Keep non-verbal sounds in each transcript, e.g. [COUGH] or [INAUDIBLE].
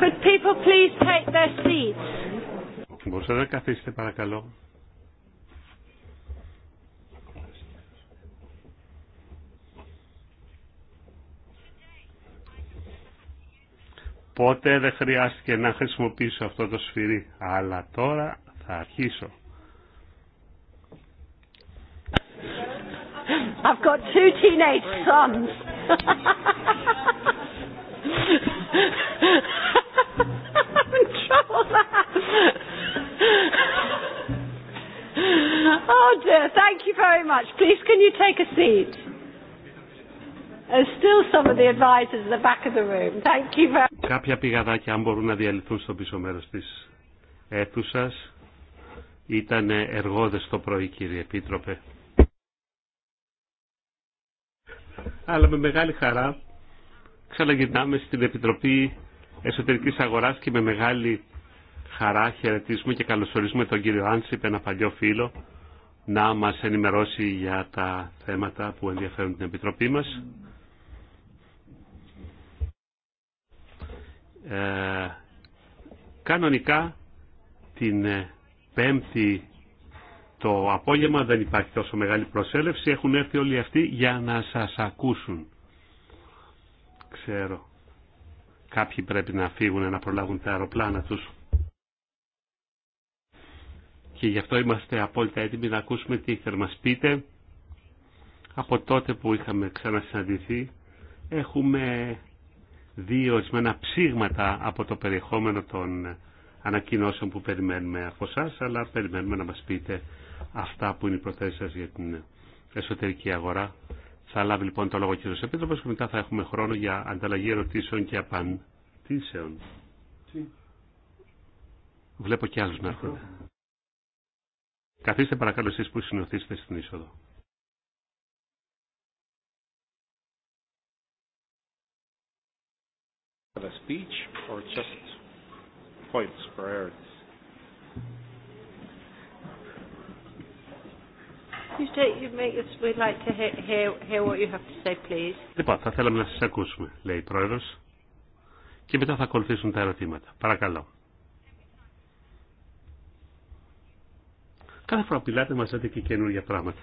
Could people please take their seats? Μπορείτε να καθίσετε παρακαλώ. Πότε δεν χρειάστηκε να χρησιμοποιήσω αυτό το σφυρί, αλλά τώρα θα αρχίσω. I've got two teenage sons. [LAUGHS] [LAUGHS] Oh dear, thank you very much. Please can you take a seat? There's still some of the advisors at the back of the room. Thank you very much. Κάποια πηγαδάκια αν μπορούν να διαλυθούν στο πίσω μέρος της αίθουσας. Ήταν εργόδες το πρωί κύριε Επίτροπε. Αλλά με μεγάλη χαρά ξαναγυρνάμε στην Επιτροπή εσωτερικής αγοράς και με μεγάλη χαρά χαιρετίζουμε και καλωσορίζουμε τον κύριο Άνσιπ, ένα παλιό φίλο, να μας ενημερώσει για τα θέματα που ενδιαφέρουν την Επιτροπή μας. Ε, κανονικά την ε, πέμπτη το απόγευμα δεν υπάρχει τόσο μεγάλη προσέλευση. Έχουν έρθει όλοι αυτοί για να σας ακούσουν. Ξέρω Κάποιοι πρέπει να φύγουν να προλάβουν τα αεροπλάνα τους. Και γι' αυτό είμαστε απόλυτα έτοιμοι να ακούσουμε τι θα μας πείτε. Από τότε που είχαμε ξανασυναντηθεί έχουμε δει ορισμένα ψήγματα από το περιεχόμενο των ανακοινώσεων που περιμένουμε από εσά, αλλά περιμένουμε να μας πείτε αυτά που είναι οι προθέσεις σας για την εσωτερική αγορά θα λάβει λοιπόν το λόγο ο κύριος Επίτροπος και μετά θα έχουμε χρόνο για ανταλλαγή ερωτήσεων και απαντήσεων. Βλέπω και άλλους να έρχονται. Καθίστε παρακαλώ εσείς που συνοθήσετε στην είσοδο. speech or just points Λοιπόν, θα θέλαμε να σας ακούσουμε, λέει η Πρόεδρος, και μετά θα ακολουθήσουν τα ερωτήματα. Παρακαλώ. Κάθε φορά που μιλάτε μας λέτε και καινούργια πράγματα.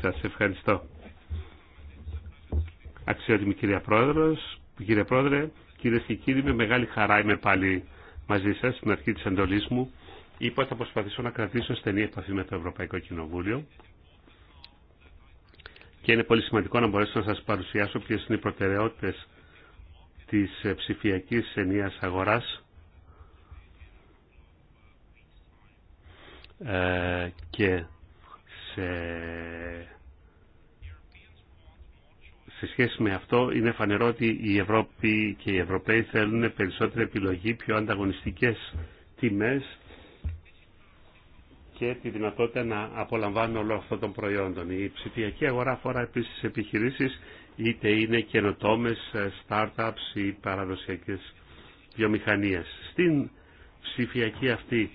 Σας ευχαριστώ. Αξιότιμη κυρία Πρόεδρος, κύριε Πρόεδρε, κυρίες και κύριοι, με μεγάλη χαρά είμαι πάλι μαζί σας στην αρχή της εντολής μου είπα θα προσπαθήσω να κρατήσω στενή επαφή με το Ευρωπαϊκό Κοινοβούλιο και είναι πολύ σημαντικό να μπορέσω να σας παρουσιάσω ποιες είναι οι προτεραιότητες της ε, ψηφιακής ενίας αγοράς ε, και σε... σε σχέση με αυτό είναι φανερό ότι η Ευρώπη και οι Ευρωπαίοι θέλουν περισσότερη επιλογή, πιο ανταγωνιστικές τιμές και τη δυνατότητα να απολαμβάνουν όλο αυτό των προϊόντων. Η ψηφιακή αγορά αφορά επίση επιχειρήσεις, είτε είναι καινοτόμε, ε, startups ή παραδοσιακές βιομηχανίες. Στην ψηφιακή αυτή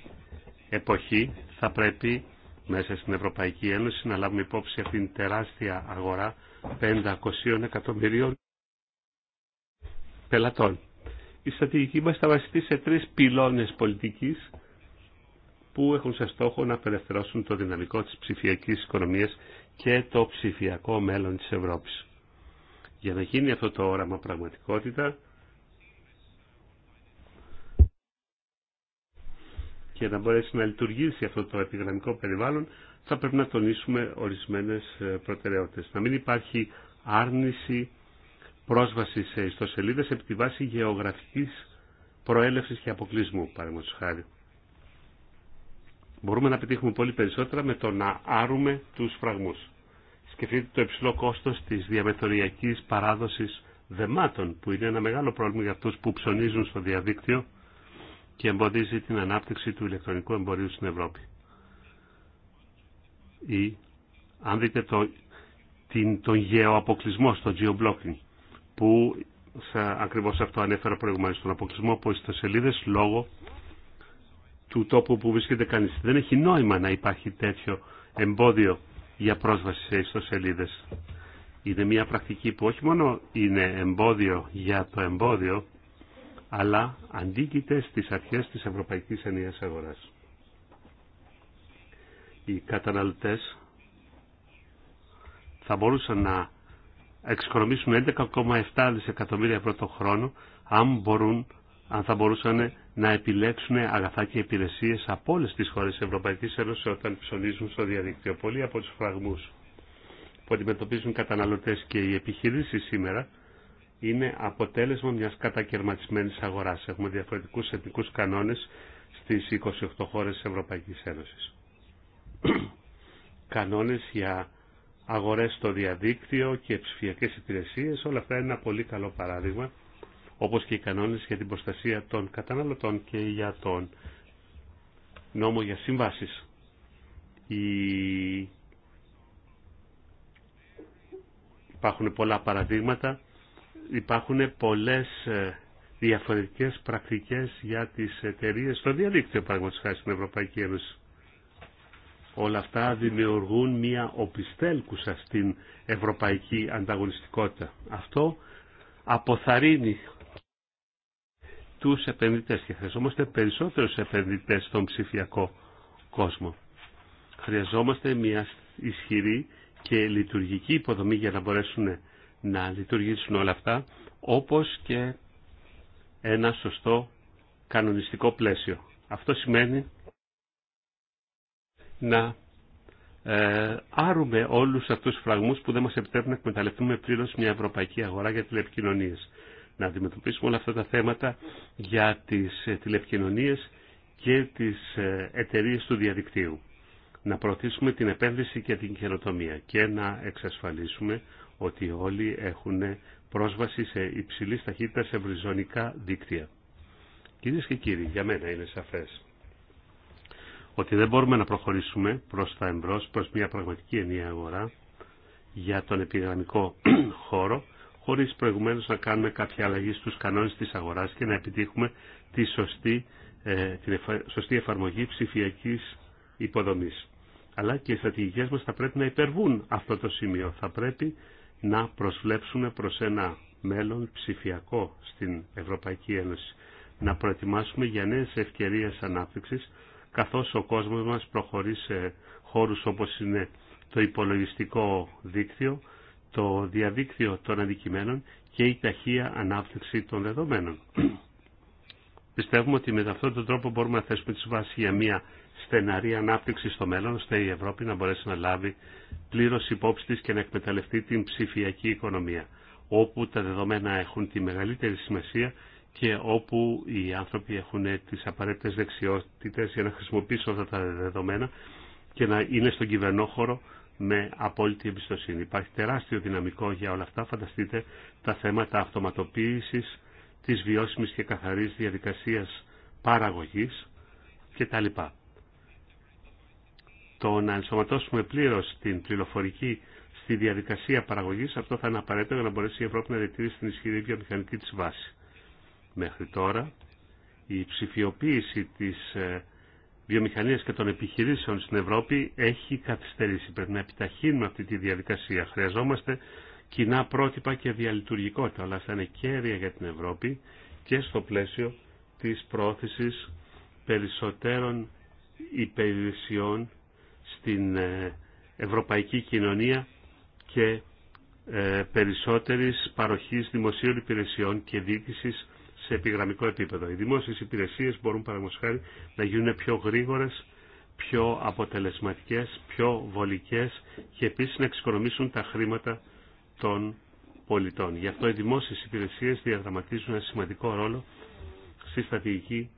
εποχή θα πρέπει μέσα στην Ευρωπαϊκή Ένωση να λάβουμε υπόψη αυτήν την τεράστια αγορά 500 εκατομμυρίων πελατών. Η παραδοσιακες βιομηχανιε στην ψηφιακη αυτη εποχη θα πρεπει μεσα στην ευρωπαικη ενωση να λαβουμε υποψη αυτην την τεραστια αγορα 500 εκατομμυριων πελατων η στρατηγικη μας θα βασιστεί σε τρεις πυλώνες πολιτικής που έχουν σε στόχο να απελευθερώσουν το δυναμικό της ψηφιακής οικονομίας και το ψηφιακό μέλλον της Ευρώπης. Για να γίνει αυτό το όραμα πραγματικότητα και να μπορέσει να λειτουργήσει αυτό το επιγραμμικό περιβάλλον, θα πρέπει να τονίσουμε ορισμένες ε, προτεραιότητες. Να μην υπάρχει άρνηση πρόσβαση σε ιστοσελίδες επί τη βάση γεωγραφικής προέλευσης και αποκλεισμού, παραδείγματος χάρη. Μπορούμε να πετύχουμε πολύ περισσότερα με το να άρουμε τους φραγμούς. Σκεφτείτε το υψηλό κόστος της διαμεθοριακής παράδοσης δεμάτων, που είναι ένα μεγάλο πρόβλημα για αυτούς που ψωνίζουν στο διαδίκτυο και εμποδίζει την ανάπτυξη του ηλεκτρονικού εμπορίου στην Ευρώπη. Ή, αν δείτε την, τον γεωαποκλεισμό στο geo-blocking, που ακριβώς αυτό ανέφερα προηγουμένως, τον αποκλεισμό από ιστοσελίδες λόγω του τόπου που βρίσκεται κανείς. Δεν έχει νόημα να υπάρχει τέτοιο εμπόδιο για πρόσβαση σε ιστοσελίδες. Είναι μια πρακτική που όχι μόνο είναι εμπόδιο για το εμπόδιο, αλλά αντίκειται στις αρχές της Ευρωπαϊκής Ενίας Αγοράς. Οι καταναλωτές θα μπορούσαν να εξοικονομήσουν 11,7 δισεκατομμύρια ευρώ το χρόνο αν, μπορούν, αν θα μπορούσαν να επιλέξουν αγαθά και υπηρεσίες από όλες τις χώρες της Ευρωπαϊκής Ένωσης όταν ψωνίζουν στο διαδίκτυο. Πολλοί από τους φραγμούς που αντιμετωπίζουν καταναλωτές και οι επιχειρήσεις σήμερα είναι αποτέλεσμα μιας κατακαιρματισμένης αγοράς. Έχουμε διαφορετικούς εθνικούς κανόνες στις 28 χώρες της Ευρωπαϊκής Ένωσης. [CLEARS THROAT] κανόνες για αγορές στο διαδίκτυο και ψηφιακές υπηρεσίες, όλα αυτά είναι ένα πολύ καλό παράδειγμα όπως και οι κανόνες για την προστασία των καταναλωτών και για τον νόμο για συμβάσεις. Υπάρχουν πολλά παραδείγματα, υπάρχουν πολλές ε, διαφορετικές πρακτικές για τις εταιρείε στο διαδίκτυο χάρη στην Ευρωπαϊκή Ένωση. Όλα αυτά δημιουργούν μία οπιστέλκουσα στην ευρωπαϊκή ανταγωνιστικότητα. Αυτό αποθαρρύνει τους επενδυτές και χρειαζόμαστε περισσότερους επενδυτές στον ψηφιακό κόσμο. Χρειαζόμαστε μια ισχυρή και λειτουργική υποδομή για να μπορέσουν να λειτουργήσουν όλα αυτά, όπως και ένα σωστό κανονιστικό πλαίσιο. Αυτό σημαίνει να ε, άρουμε όλους αυτούς τους φραγμούς που δεν μας επιτρέπουν να εκμεταλλευτούμε πλήρως μια ευρωπαϊκή αγορά για τηλεπικοινωνίες να αντιμετωπίσουμε όλα αυτά τα θέματα για τις ε, τηλεπικοινωνίες και τις ε, εταιρείε του διαδικτύου. Να προωθήσουμε την επένδυση και την καινοτομία και να εξασφαλίσουμε ότι όλοι έχουν πρόσβαση σε υψηλή ταχύτητα σε ευρυζωνικά δίκτυα. Κυρίε και κύριοι, για μένα είναι σαφές ότι δεν μπορούμε να προχωρήσουμε προς τα εμπρός, προς μια πραγματική ενιαία αγορά για τον επιγραμμικό [CLEARS THROAT] χώρο, χωρίς προηγουμένως να κάνουμε κάποια αλλαγή στους κανόνες της αγοράς και να επιτύχουμε τη ε, σωστή, εφαρμογή ψηφιακής υποδομής. Αλλά και οι στρατηγικές μας θα πρέπει να υπερβούν αυτό το σημείο. Θα πρέπει να προσβλέψουμε προς ένα μέλλον ψηφιακό στην Ευρωπαϊκή Ένωση. Να προετοιμάσουμε για νέες ευκαιρίες ανάπτυξης, καθώς ο κόσμος μας προχωρεί σε χώρους όπως είναι το υπολογιστικό δίκτυο, το διαδίκτυο των αντικειμένων και η ταχεία ανάπτυξη των δεδομένων. Πιστεύουμε ότι με αυτόν τον τρόπο μπορούμε να θέσουμε τις βάσεις για μια στεναρή ανάπτυξη στο μέλλον, ώστε η Ευρώπη να μπορέσει να λάβει πλήρως υπόψη της και να εκμεταλλευτεί την ψηφιακή οικονομία, όπου τα δεδομένα έχουν τη μεγαλύτερη σημασία και όπου οι άνθρωποι έχουν τις απαραίτητες δεξιότητες για να χρησιμοποιήσουν αυτά τα δεδομένα και να είναι στον κυβερνόχωρο με απόλυτη εμπιστοσύνη. Υπάρχει τεράστιο δυναμικό για όλα αυτά. Φανταστείτε τα θέματα αυτοματοποίησης, της βιώσιμης και καθαρής διαδικασίας παραγωγής κτλ. Το να ενσωματώσουμε πλήρως την πληροφορική στη διαδικασία παραγωγής, αυτό θα είναι απαραίτητο για να μπορέσει η Ευρώπη να διατηρήσει την ισχυρή βιομηχανική της βάση. Μέχρι τώρα η ψηφιοποίηση της ε, βιομηχανίας και των επιχειρήσεων στην Ευρώπη έχει καθυστερήσει. Πρέπει να επιταχύνουμε αυτή τη διαδικασία. Χρειαζόμαστε κοινά πρότυπα και διαλειτουργικότητα. Όλα αυτά είναι κέρια για την Ευρώπη και στο πλαίσιο της πρόθεσης περισσότερων υπηρεσιών στην ε, ευρωπαϊκή κοινωνία και ε, περισσότερης παροχής δημοσίων υπηρεσιών και διοίκησης σε επιγραμμικό επίπεδο. Οι δημόσιες υπηρεσίες μπορούν παραγωγικά να γίνουν πιο γρήγορες, πιο αποτελεσματικές, πιο βολικές και επίσης να εξοικονομήσουν τα χρήματα των πολιτών. Γι' αυτό οι δημόσιες υπηρεσίες διαδραματίζουν ένα σημαντικό ρόλο στη στρατηγική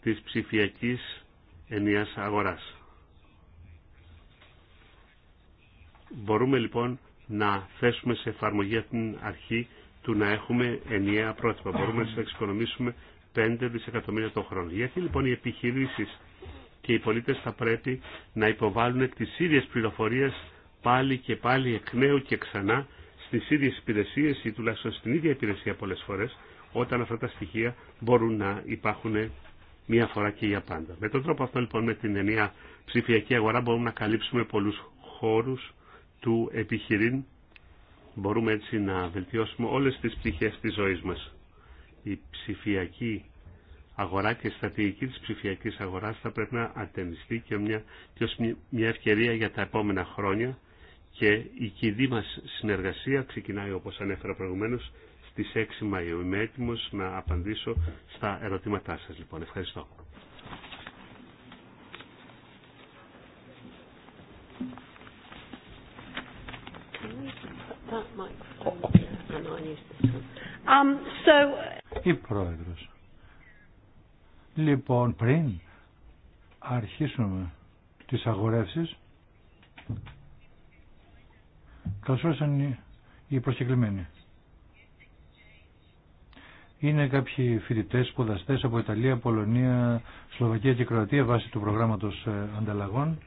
της ψηφιακής ενίας αγοράς. Μπορούμε λοιπόν να θέσουμε σε εφαρμογή αυτήν την αρχή του να έχουμε ενιαία πρότυπα. Μπορούμε να εξοικονομήσουμε 5 δισεκατομμύρια το χρόνο. Γιατί λοιπόν οι επιχειρήσεις και οι πολίτες θα πρέπει να υποβάλουν τις ίδιες πληροφορίες πάλι και πάλι εκ νέου και ξανά στις ίδιες υπηρεσίες ή τουλάχιστον στην ίδια υπηρεσία πολλές φορές όταν αυτά τα στοιχεία μπορούν να υπάρχουν μία φορά και για πάντα. Με τον τρόπο αυτό λοιπόν με την ενιαία ψηφιακή αγορά μπορούμε να καλύψουμε πολλούς χώρους του επιχειρήν Μπορούμε έτσι να βελτιώσουμε όλες τις πτυχές της ζωής μας. Η ψηφιακή αγορά και η στρατηγική της ψηφιακής αγοράς θα πρέπει να ατενιστεί και μια, ως μια ευκαιρία για τα επόμενα χρόνια και η κοινή μας συνεργασία ξεκινάει όπως ανέφερα προηγουμένως στις 6 Μαΐου. Είμαι έτοιμος να απαντήσω στα ερωτήματά σας λοιπόν. Ευχαριστώ. Oh, um, uh, Η πρόεδρος. Λοιπόν, πριν αρχίσουμε τις αγορεύσεις, καλώς ήρθαν οι προσκεκλημένοι. Είναι κάποιοι φοιτητέ, σπουδαστέ από Ιταλία, Πολωνία, Σλοβακία και Κροατία βάσει του προγράμματος ε, ανταλλαγών.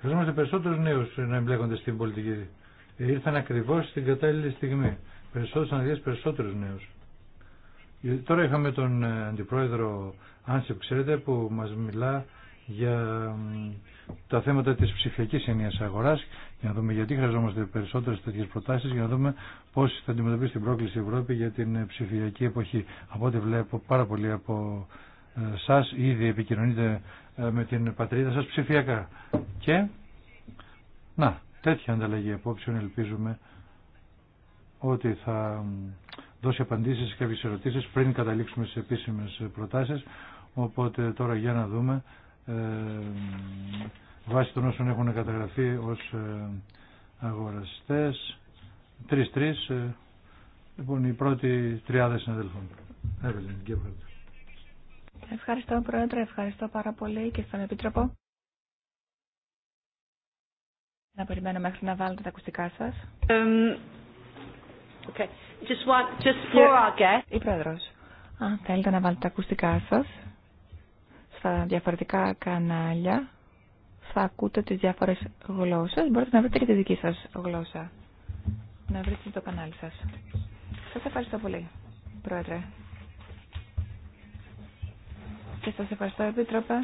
Χρειαζόμαστε περισσότερου νέου να εμπλέκονται στην πολιτική. Ήρθαν ακριβώ στην κατάλληλη στιγμή. Περισσότερου αναγκαίε, περισσότερου νέου. Ε, τώρα είχαμε τον ε, αντιπρόεδρο Άνσεπ, ξέρετε, που μα μιλά για τα θέματα της ψηφιακής ενία αγοράς για να δούμε γιατί χρειαζόμαστε περισσότερες τέτοιες προτάσεις για να δούμε πώς θα αντιμετωπίσει την πρόκληση η Ευρώπη για την ε, ψηφιακή εποχή. Από ό,τι βλέπω πάρα πολύ από εσά ήδη επικοινωνείτε ε, με την πατρίδα σας ψηφιακά. Και, να, τέτοια ανταλλαγή απόψεων ελπίζουμε ότι θα δώσει απαντήσεις και κάποιες ερωτήσεις πριν καταλήξουμε σε επίσημες προτάσεις. Οπότε τώρα για να δούμε, ε, βάσει των όσων έχουν καταγραφεί ως ε, αγοραστές, τρεις-τρεις, ε, λοιπόν η πρώτη τριάδα συναδελφών. Ευχαριστώ, Πρόεδρε. Ευχαριστώ πάρα πολύ και στον Επίτροπο. Να περιμένω μέχρι να βάλετε τα ακουστικά σας. Um, okay. just Η Πρόεδρος, αν θέλετε να βάλετε τα ακουστικά σας στα διαφορετικά κανάλια, θα ακούτε τις διάφορες γλώσσες. Μπορείτε να βρείτε και τη δική σας γλώσσα. Να βρείτε το κανάλι σας. Σας ευχαριστώ πολύ, Πρόεδρε. Και σας ευχαριστώ, Επίτροπε,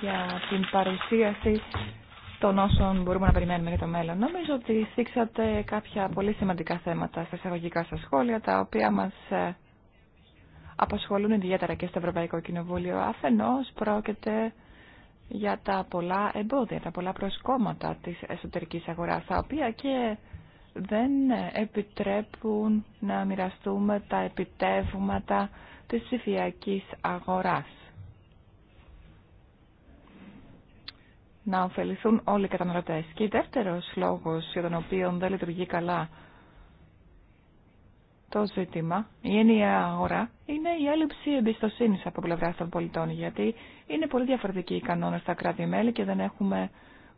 για την παρουσίαση των όσων μπορούμε να περιμένουμε για το μέλλον. Νομίζω ότι θίξατε κάποια πολύ σημαντικά θέματα στα εισαγωγικά σας σχόλια, τα οποία μας ε, απασχολούν ιδιαίτερα και στο Ευρωπαϊκό Κοινοβούλιο. Αφενός πρόκειται για τα πολλά εμπόδια, τα πολλά προσκόμματα της εσωτερικής αγοράς, τα οποία και δεν επιτρέπουν να μοιραστούμε τα επιτεύγματα της ψηφιακή αγοράς. Να ωφεληθούν όλοι οι καταναλωτές. Και η δεύτερος λόγος για τον οποίο δεν λειτουργεί καλά το ζήτημα, η ενιαία αγορά, είναι η έλλειψη εμπιστοσύνης από πλευρά των πολιτών, γιατί είναι πολύ διαφορετικοί οι κανόνες στα κράτη-μέλη και δεν έχουμε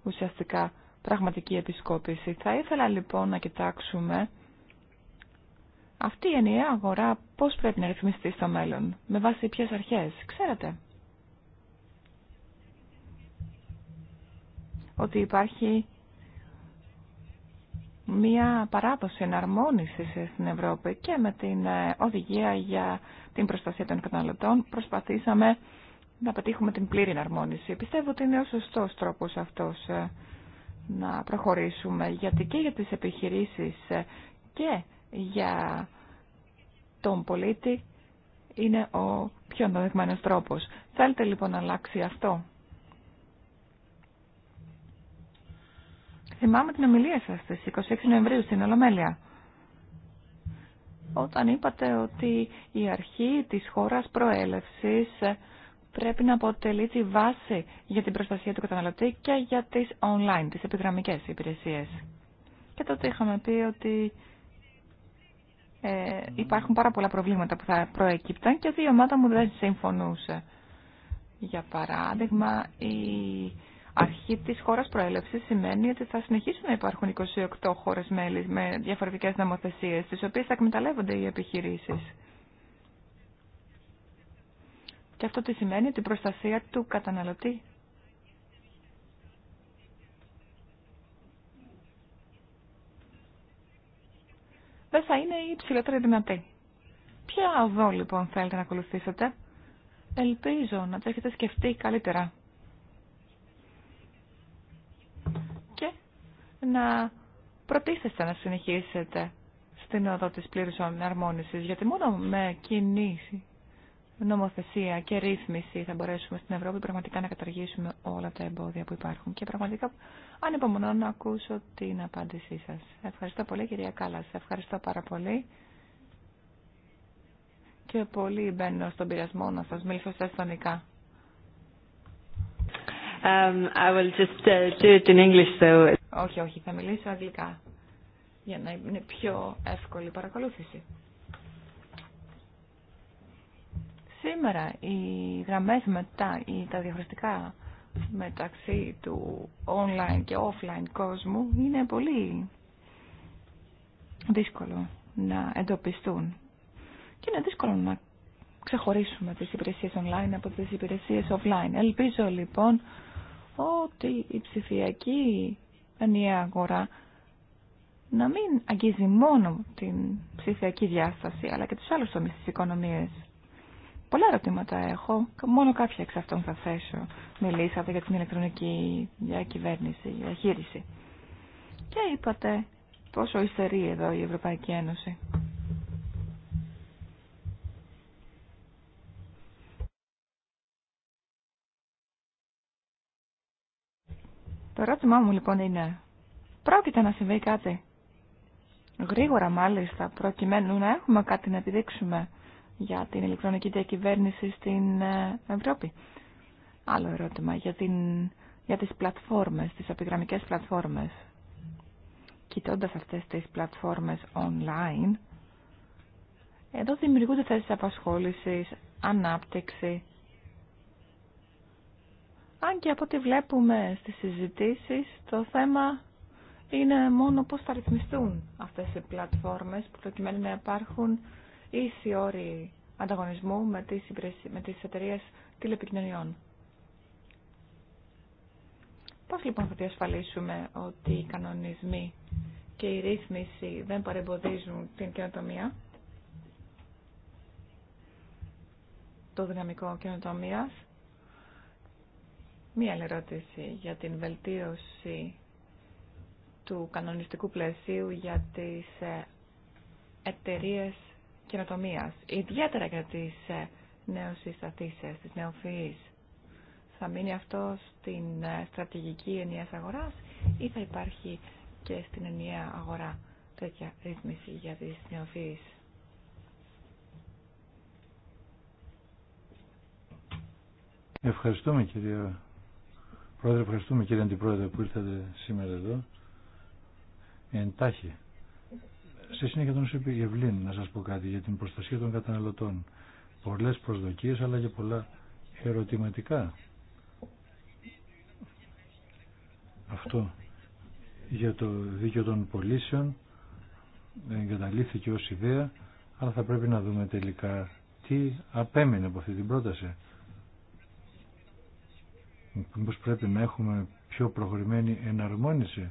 ουσιαστικά πραγματική επισκόπηση. Θα ήθελα λοιπόν να κοιτάξουμε αυτή η ενιαία αγορά πώς πρέπει να ρυθμιστεί στο μέλλον, με βάση ποιες αρχές, ξέρετε. Ότι υπάρχει μία παράδοση εναρμόνισης στην Ευρώπη και με την ε, οδηγία για την προστασία των καταναλωτών προσπαθήσαμε να πετύχουμε την πλήρη εναρμόνιση. Πιστεύω ότι είναι ο σωστός τρόπος αυτός ε, να προχωρήσουμε, γιατί και για τις επιχειρήσεις ε, και για τον πολίτη είναι ο πιο ενδεδειγμένος τρόπος. Θέλετε λοιπόν να αλλάξει αυτό. Θυμάμαι την ομιλία σας στις 26 Νοεμβρίου στην Ολομέλεια. Όταν είπατε ότι η αρχή της χώρας προέλευσης ε, πρέπει να αποτελεί τη βάση για την προστασία του καταναλωτή και για τις online, τις επιγραμμικές υπηρεσίες. Και τότε είχαμε πει ότι ε, υπάρχουν πάρα πολλά προβλήματα που θα προέκυπταν και ότι η ομάδα μου δεν συμφωνούσε. Για παράδειγμα, η αρχή της χώρας προέλευσης σημαίνει ότι θα συνεχίσουν να υπάρχουν 28 χώρες μέλη με διαφορετικές νομοθεσίες, τις οποίες θα εκμεταλλεύονται οι επιχειρήσεις. Και αυτό τι σημαίνει, την προστασία του καταναλωτή. Δεν θα είναι η υψηλότερη δυνατή. Ποια οδό λοιπόν θέλετε να ακολουθήσετε. Ελπίζω να το έχετε σκεφτεί καλύτερα. Και να προτίθεστε να συνεχίσετε στην οδό της πλήρους αρμόνισης. γιατί μόνο με κινήσει νομοθεσία και ρύθμιση θα μπορέσουμε στην Ευρώπη πραγματικά να καταργήσουμε όλα τα εμπόδια που υπάρχουν και πραγματικά ανυπομονώ να ακούσω την απάντησή σας. Ευχαριστώ πολύ κυρία Κάλλας, ευχαριστώ πάρα πολύ και πολύ μπαίνω στον πειρασμό να σας μιλήσω στα εσθονικά. Um, I will just uh, do it in English, Όχι, όχι, θα μιλήσω αγγλικά για να είναι πιο εύκολη παρακολούθηση. Σήμερα οι γραμμές μετά, τα διαφορετικά μεταξύ του online και offline κόσμου είναι πολύ δύσκολο να εντοπιστούν και είναι δύσκολο να ξεχωρίσουμε τις υπηρεσίες online από τις υπηρεσίες offline. Ελπίζω λοιπόν ότι η ψηφιακή ενιαία αγορά να μην αγγίζει μόνο την ψηφιακή διάσταση αλλά και τους άλλους τομείς της οικονομίας Πολλά ερωτήματα έχω, μόνο κάποια εξ αυτών θα θέσω. Μιλήσατε για την ηλεκτρονική διακυβέρνηση, διαχείριση. Και είπατε πόσο υστερεί εδώ η Ευρωπαϊκή Ένωση. Το ερώτημά μου λοιπόν είναι, πρόκειται να συμβεί κάτι. Γρήγορα μάλιστα, προκειμένου να έχουμε κάτι να επιδείξουμε για την ηλεκτρονική διακυβέρνηση στην ε, Ευρώπη. Άλλο ερώτημα για, την, για τις πλατφόρμες, τις επιγραμμικές πλατφόρμες. Κοιτώντας αυτές τις πλατφόρμες online, εδώ δημιουργούνται θέσεις απασχόλησης, ανάπτυξη. Αν και από ό,τι βλέπουμε στις συζητήσεις, το θέμα είναι μόνο πώς θα ρυθμιστούν αυτές οι πλατφόρμες, προκειμένου να υπάρχουν ίσοι όροι ανταγωνισμού με τις, με τις εταιρείες τηλεπικοινωνιών. Πώς λοιπόν θα διασφαλίσουμε ότι οι κανονισμοί και η ρύθμιση δεν παρεμποδίζουν την καινοτομία, το δυναμικό καινοτομίας. Μία άλλη ερώτηση για την βελτίωση του κανονιστικού πλαισίου για τις ε, εταιρείες ιδιαίτερα για τις ε, συστατήσει, τις νεοφυεί. Θα μείνει αυτό στην ε, στρατηγική ενιαία αγοράς ή θα υπάρχει και στην ενιαία αγορά τέτοια ρύθμιση για τι νεοφυεί. Ευχαριστούμε κύριε Πρόεδρε, ευχαριστούμε κύριε Αντιπρόεδρε που ήρθατε σήμερα εδώ. Εντάχει σε συνέχεια τον είπε η Ευλήν να σας πω κάτι για την προστασία των καταναλωτών. Πολλές προσδοκίες αλλά και πολλά ερωτηματικά. Αυτό για το δίκαιο των πωλήσεων εγκαταλείφθηκε ως ιδέα αλλά θα πρέπει να δούμε τελικά τι απέμεινε από αυτή την πρόταση. Μήπως πρέπει να έχουμε πιο προχωρημένη εναρμόνιση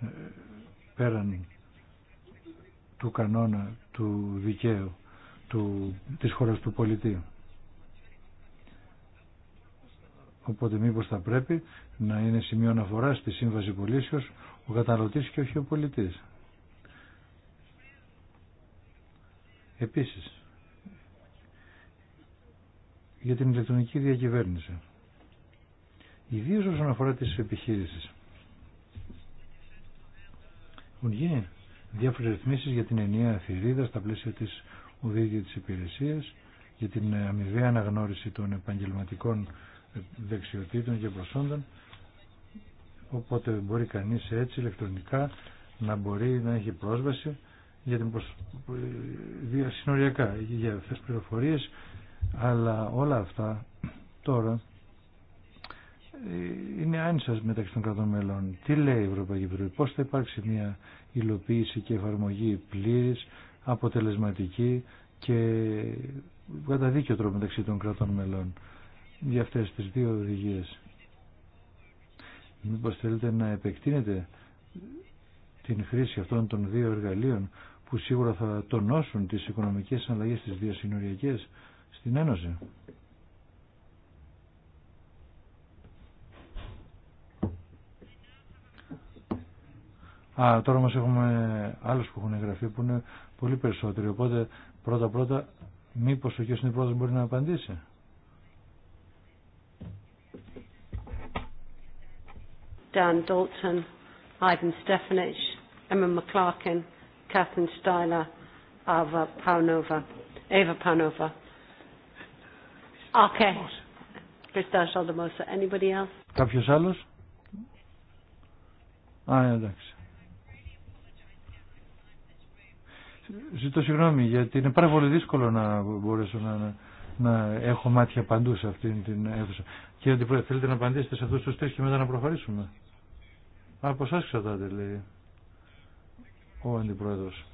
ε, πέραν του κανόνα του δικαίου του, της χώρας του πολιτείου. Οπότε μήπως θα πρέπει να είναι σημείο αναφορά στη σύμβαση πολίσεως ο καταναλωτής και όχι ο πολιτής. Επίσης, για την ηλεκτρονική διακυβέρνηση. Ιδίως όσον αφορά τις επιχείρησεις. γίνει Διάφορε ρυθμίσει για την ενιαία θηρίδα στα πλαίσια τη οδηγίας και της υπηρεσίας, για την ε, αμοιβαία αναγνώριση των επαγγελματικών ε, δεξιοτήτων και προσόντων. Οπότε μπορεί κανεί έτσι ηλεκτρονικά να μπορεί να έχει πρόσβαση για την προσ... Ε, για αυτέ τις πληροφορίες αλλά όλα αυτά τώρα είναι άνισας μεταξύ των κρατών μελών. Τι λέει η Ευρωπαϊκή Επιτροπή, πώς θα υπάρξει μια υλοποίηση και εφαρμογή πλήρης, αποτελεσματική και κατά δίκιο τρόπο μεταξύ των κρατών μελών για αυτές τις δύο οδηγίες. Μήπως θέλετε να επεκτείνετε την χρήση αυτών των δύο εργαλείων που σίγουρα θα τονώσουν τις οικονομικές αλλαγές στις δύο συνοριακές στην Ένωση. Α, τώρα μας έχουμε άλλους που έχουν εγγραφεί που είναι πολύ περισσότεροι. Οπότε πρώτα πρώτα μήπως ο κ. Συνεπρόεδρος μπορεί να απαντήσει. Dan Dalton, Ivan Stefanich, Emma McClarkin, Catherine Styler, Ava Paunova, Ava Paunova. Okay. Aldemosa. Anybody else? Κάποιος άλλος? Α, εντάξει. Ζητώ συγγνώμη γιατί είναι πάρα πολύ δύσκολο να μπορέσω να, έχω μάτια παντού σε αυτήν την αίθουσα. Κύριε Αντιπρόεδρε, θέλετε να απαντήσετε σε αυτούς τους τρεις και μετά να προχωρήσουμε. από εσάς ξατάτε, λέει ο Αντιπρόεδρος.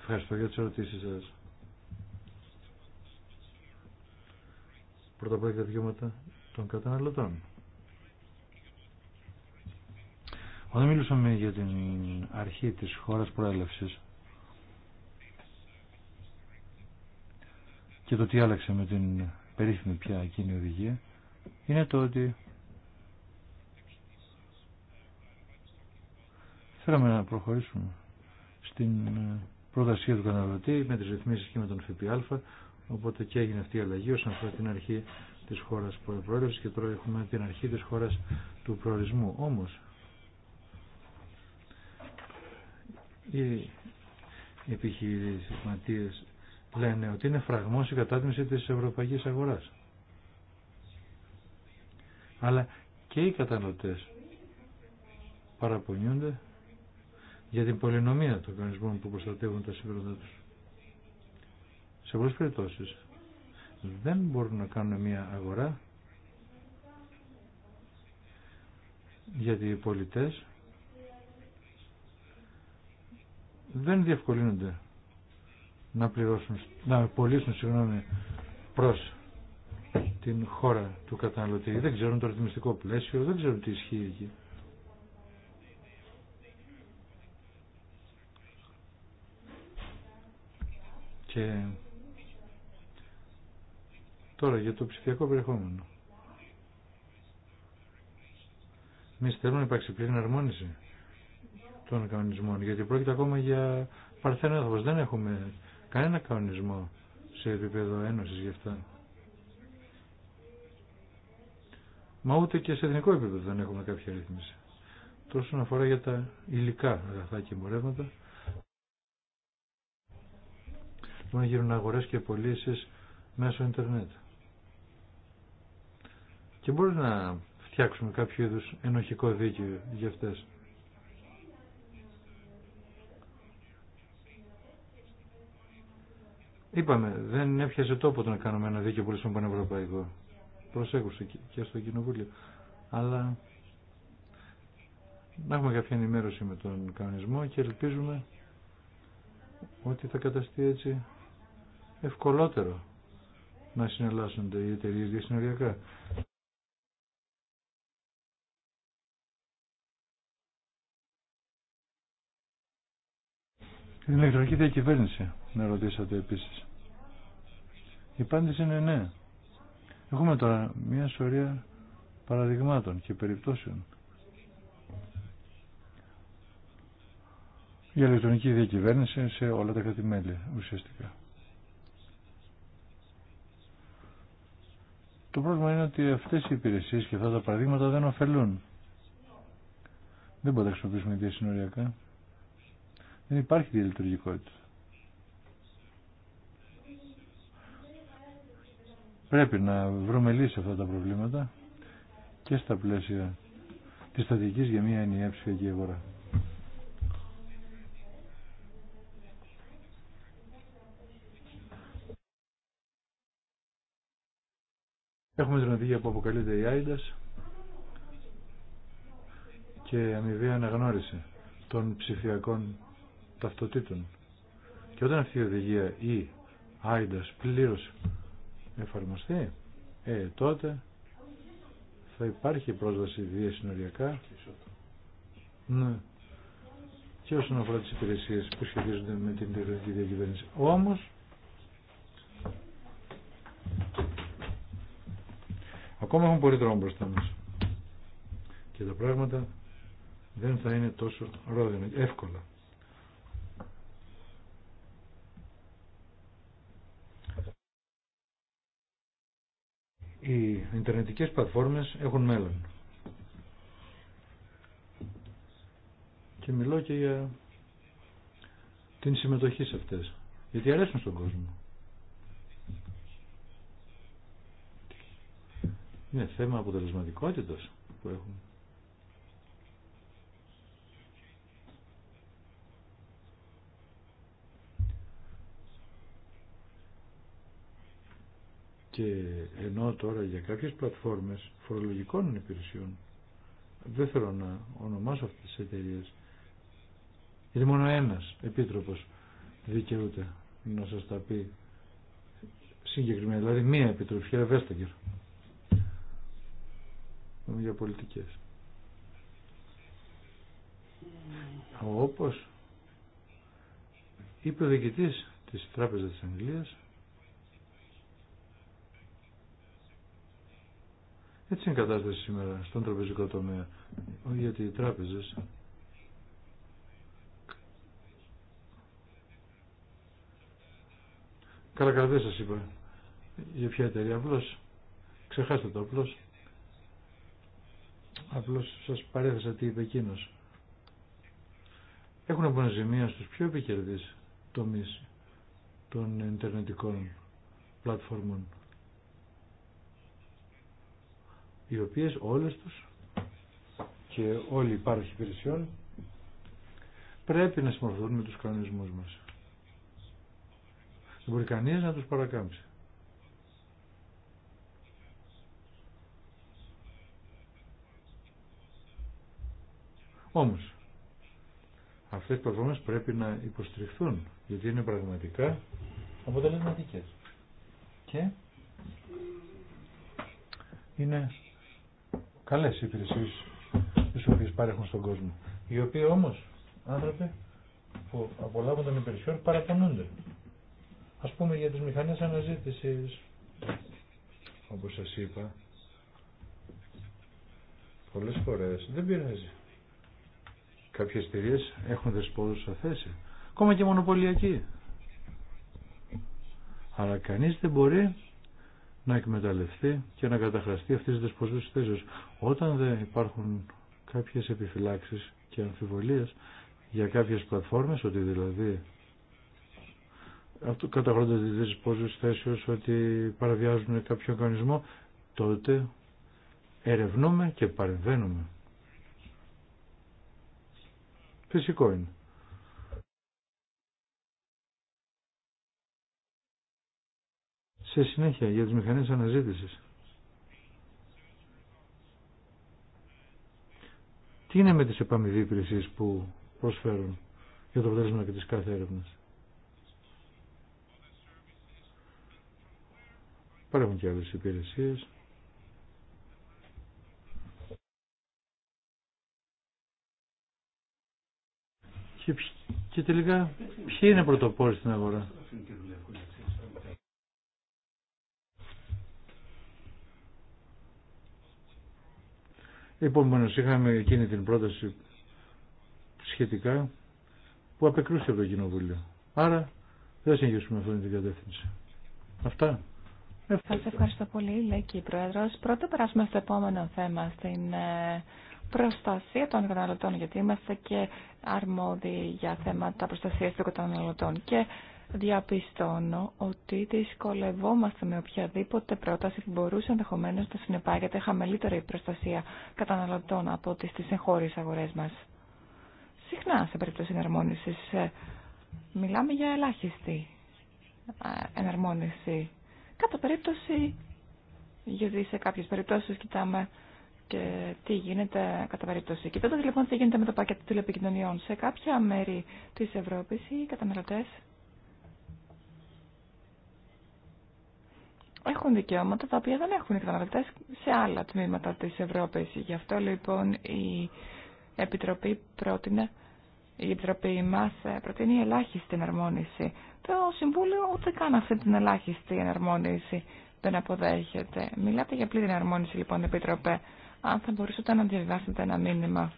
Ευχαριστώ για τις ερωτήσεις σας. Πρώτα απ' όλα τα δικαιώματα των καταναλωτών. Όταν μιλούσαμε για την αρχή της χώρας προέλευσης, και το τι άλλαξε με την περίφημη πια εκείνη οδηγία είναι το ότι θέλαμε να προχωρήσουμε στην ε, πρόταση του καταναλωτή με τις ρυθμίσεις και με τον ΦΠΑ οπότε και έγινε αυτή η αλλαγή όσον αφορά την αρχή της χώρας προέλευσης και τώρα έχουμε την αρχή της χώρας του προορισμού όμως οι επιχειρηματίες λένε ότι είναι φραγμός η κατάτμιση της ευρωπαϊκής αγοράς. Αλλά και οι καταναλωτές παραπονιούνται για την πολυνομία των οργανισμών που προστατεύουν τα συμφέροντά τους. Σε πολλές περιπτώσεις δεν μπορούν να κάνουν μια αγορά γιατί οι πολιτές δεν διευκολύνονται να πληρώσουν, να πωλήσουν συγγνώμη προς την χώρα του καταναλωτή. Δεν ξέρουν το ρυθμιστικό πλαίσιο, δεν ξέρουν τι ισχύει εκεί. Και τώρα για το ψηφιακό περιεχόμενο. Εμεί θέλουμε να υπάρξει πλήρη αρμόνιση των κανονισμών, γιατί πρόκειται ακόμα για παρθένο έδαφος. Δεν έχουμε κανένα κανονισμό σε επίπεδο ένωσης γι' αυτά. Μα ούτε και σε εθνικό επίπεδο δεν έχουμε κάποια ρύθμιση. Τόσο αφορά για τα υλικά αγαθά και εμπορεύματα. Μπορεί να γίνουν αγορές και πωλήσει μέσω ίντερνετ. Και μπορεί να φτιάξουμε κάποιο είδου ενοχικό δίκαιο για αυτές. Είπαμε, δεν έπιασε τόπο το να κάνουμε ένα δίκαιο πολύ πανευρωπαϊκό. Προσέχουσε και στο κοινοβούλιο. Αλλά να έχουμε κάποια ενημέρωση με τον κανονισμό και ελπίζουμε ότι θα καταστεί έτσι ευκολότερο να συνελάσσονται οι εταιρείε διασυνοριακά. Η ηλεκτρονική διακυβέρνηση, να ρωτήσατε επίσης. Η απάντηση είναι ναι. Έχουμε τώρα μια σωρία παραδειγμάτων και περιπτώσεων. Η ηλεκτρονική διακυβέρνηση σε όλα τα κρατη ουσιαστικά. Το πρόβλημα είναι ότι αυτές οι υπηρεσίες και αυτά τα παραδείγματα δεν ωφελούν. Δεν μπορούμε να χρησιμοποιήσουμε διασυνοριακά. Δεν υπάρχει διαλειτουργικότητα. Πρέπει να βρούμε λύση αυτά τα προβλήματα και στα πλαίσια της στατικής για μια ενιαία ψηφιακή αγορά. Έχουμε την οδηγία που αποκαλείται η Άιντας και αμοιβή αναγνώριση των ψηφιακών ταυτοτήτων. Και όταν αυτή η οδηγία ή άιντας πλήρως εφαρμοστεί, ε, τότε θα υπάρχει πρόσβαση διασυνοριακά. Ναι. Και όσον αφορά τις υπηρεσίες που σχετίζονται με την τεχνική διακυβέρνηση. Όμως, ακόμα έχουμε πολύ δρόμο μπροστά μας. Και τα πράγματα δεν θα είναι τόσο ρόδινα, εύκολα. οι Ιντερνετικές πλατφόρμες έχουν μέλλον. Και μιλώ και για την συμμετοχή σε αυτές. Γιατί αρέσουν στον κόσμο. Είναι θέμα αποτελεσματικότητας που έχουμε. Και ενώ τώρα για κάποιες πλατφόρμες φορολογικών υπηρεσιών, δεν θέλω να ονομάσω αυτές τις εταιρείες είναι μόνο ένας επίτροπος δικαιούται να σας τα πει συγκεκριμένα, δηλαδή μία επιτροπή, κύριε Βέσταγκερ, για πολιτικές. Όπως είπε ο διοικητής της Τράπεζας της Αγγλίας, Έτσι είναι η κατάσταση σήμερα στον τραπεζικό τομέα. Όχι γιατί οι τράπεζες Καλά καλά δεν σα είπα για ποια εταιρεία απλώ Ξεχάστε το απλώς. Απλώς σας παρέθεσα τι είπε εκείνο. Έχουν ζημία στου πιο επικερδείς τομεί των Ιντερνετικών πλατφόρμων. οι οποίες όλες τους και όλοι οι υπάρχοι υπηρεσιών πρέπει να συμμορφωθούν με τους κανονισμούς μας. Δεν μπορεί κανείς να τους παρακάμψει. Όμως, αυτές οι πλατφόρμες πρέπει να υποστηριχθούν, γιατί είναι πραγματικά αποτελεσματικές. Και είναι καλές υπηρεσίες τις οποίες παρέχουν στον κόσμο. Οι οποίοι όμως άνθρωποι που απολάβουν των υπηρεσιών παραπονούνται. Ας πούμε για τις μηχανές αναζήτησης. Όπως σας είπα, Πολλέ φορές δεν πειράζει. Κάποιες εταιρείε έχουν δεσπόζουσα θέση. Ακόμα και μονοπωλιακή. Αλλά κανείς δεν μπορεί να εκμεταλλευτεί και να καταχραστεί αυτής της δεσποζούς θέσεως. Όταν δεν υπάρχουν κάποιες επιφυλάξεις και αμφιβολίες για κάποιες πλατφόρμες, ότι δηλαδή αυτό καταχρώνται τη δεσποζούς θέσεως ότι παραβιάζουν κάποιο κανονισμό, τότε ερευνούμε και παρεμβαίνουμε. Φυσικό είναι. Σε συνέχεια για τις μηχανές αναζήτησης. Τι είναι με τις επαμοιβή που προσφέρουν για το αποτέλεσμα και τις κάθε έρευνες. Παρέχουν και άλλες υπηρεσίες. Και, και τελικά ποιοι είναι πρωτοπόροι στην αγορά. Επομένως είχαμε εκείνη την πρόταση σχετικά που απεκρούσε από το Κοινοβούλιο. Άρα δεν συνεχίσουμε αυτήν την κατεύθυνση. Αυτά. Σα ευχαριστώ πολύ, λέει Πρόεδρο. Πρώτα περάσουμε στο επόμενο θέμα, στην ε, προστασία των καταναλωτών, γιατί είμαστε και αρμόδιοι για θέματα προστασία των καταναλωτών. Και διαπιστώνω ότι δυσκολευόμαστε με οποιαδήποτε πρόταση που μπορούσε ενδεχομένω να συνεπάγεται χαμελότερη προστασία καταναλωτών από τις στι εγχώριες αγορές Συχνά σε περίπτωση εναρμόνισης ε, μιλάμε για ελάχιστη ε, εναρμόνιση. Κατά περίπτωση, γιατί σε κάποιε περιπτώσει κοιτάμε και τι γίνεται κατά περίπτωση. Κοιτώντα λοιπόν τι γίνεται με το πακέτο τηλεπικοινωνιών, σε κάποια μέρη τη Ευρώπη οι καταναλωτέ. έχουν δικαιώματα τα οποία δεν έχουν οι καταναλωτέ σε άλλα τμήματα τη Ευρώπη. Γι' αυτό λοιπόν η Επιτροπή πρότεινε. Η Επιτροπή μα ε, προτείνει ελάχιστη εναρμόνιση. Το Συμβούλιο ούτε καν αυτή την ελάχιστη εναρμόνιση δεν αποδέχεται. Μιλάτε για πλήρη εναρμόνιση λοιπόν, Επιτροπέ. Αν θα μπορούσατε να διαβάσετε ένα μήνυμα.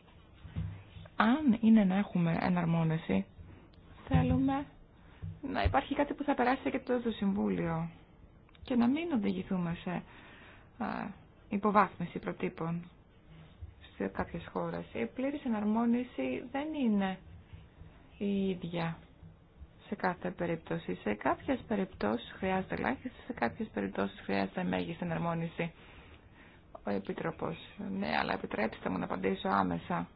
Αν είναι να έχουμε εναρμόνιση, θέλουμε να υπάρχει κάτι που θα περάσει και το Συμβούλιο και να μην οδηγηθούμε σε υποβάθμιση προτύπων σε κάποιες χώρες. Η πλήρης εναρμόνιση δεν είναι η ίδια σε κάθε περίπτωση. Σε κάποιες περιπτώσεις χρειάζεται ελάχιστη, σε κάποιες περιπτώσεις χρειάζεται μέγιστη εναρμόνιση. Ο Επίτροπος. Ναι, αλλά επιτρέψτε μου να απαντήσω άμεσα.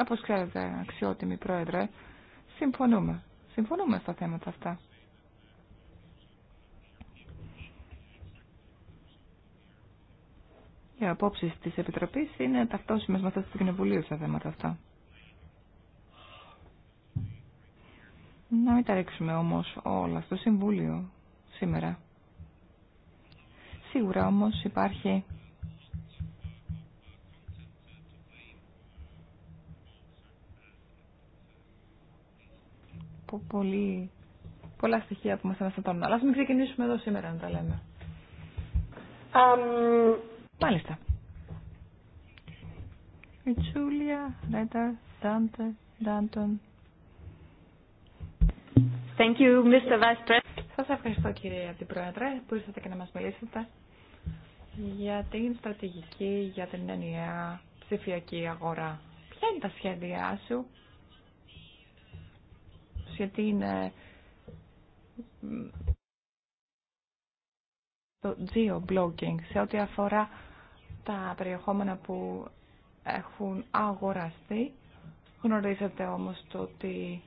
Όπως ξέρετε, αξιότιμη Πρόεδρε, συμφωνούμε. Συμφωνούμε στα θέματα αυτά. Οι απόψει τη Επιτροπή είναι ταυτόσιμε με αυτέ του Κοινοβουλίου στα θέματα αυτά. Να μην τα ρίξουμε όμω όλα στο Συμβούλιο σήμερα. Σίγουρα όμως υπάρχει πολύ, πολλά στοιχεία που μας αναστατώνουν. Αλλά ας μην ξεκινήσουμε εδώ σήμερα να τα λέμε. Um... Μάλιστα. Η Ρέτα, Thank you, Mr. Vice President. Σας ευχαριστώ κύριε Αντιπρόεδρε που ήρθατε και να μας μιλήσετε για την στρατηγική για την ενιαία ψηφιακή αγορά. Ποια είναι τα σχέδιά σου γιατί είναι το geo-blocking σε ό,τι αφορά τα περιεχόμενα που έχουν αγοραστεί. Γνωρίζετε όμως το ότι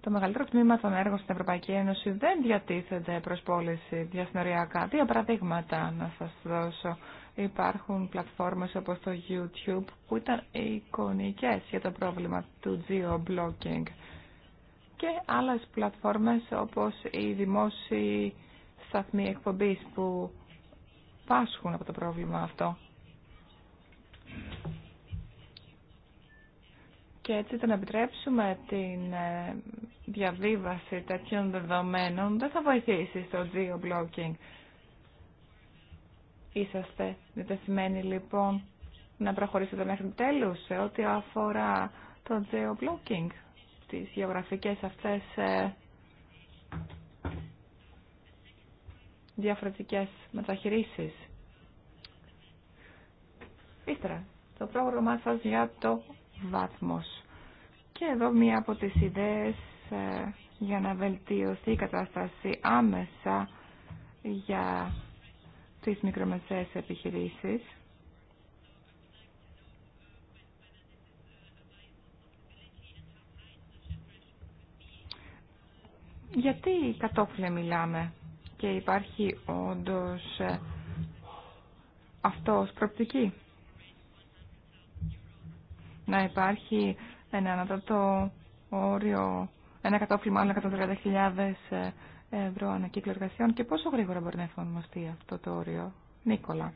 το μεγαλύτερο τμήμα των έργων στην Ευρωπαϊκή Ένωση δεν διατίθεται προς πώληση διασυνοριακά. Δύο παραδείγματα να σας δώσω. Υπάρχουν πλατφόρμες όπως το YouTube που ήταν εικονικές για το πρόβλημα του geo-blocking και άλλες πλατφόρμες όπως η δημόσιοι σταθμοί εκπομπής που πάσχουν από το πρόβλημα αυτό. Και έτσι το να επιτρέψουμε την ε, διαβίβαση τέτοιων δεδομένων δεν θα βοηθήσει στο geo-blocking. Είσαστε διτεθειμένοι λοιπόν να προχωρήσετε μέχρι τέλους σε ό,τι αφορά το geo-blocking, τις γεωγραφικές αυτές ε, διαφορετικές μεταχειρήσεις. Ύστερα, το πρόγραμμά σας για το βάθμος. Και εδώ μία από τις ιδέες ε, για να βελτιωθεί η κατάσταση άμεσα για τις μικρομεσαίες επιχειρήσεις. Γιατί κατόφλε μιλάμε και υπάρχει όντως ε, αυτό προπτική. Να υπάρχει ένα ανατατό όριο, ένα κατόφλι μάλλον 130.000 ε, ευρώ ανακύκλω εργασιών και πόσο γρήγορα μπορεί να εφαρμοστεί αυτό το όριο. Νίκολα.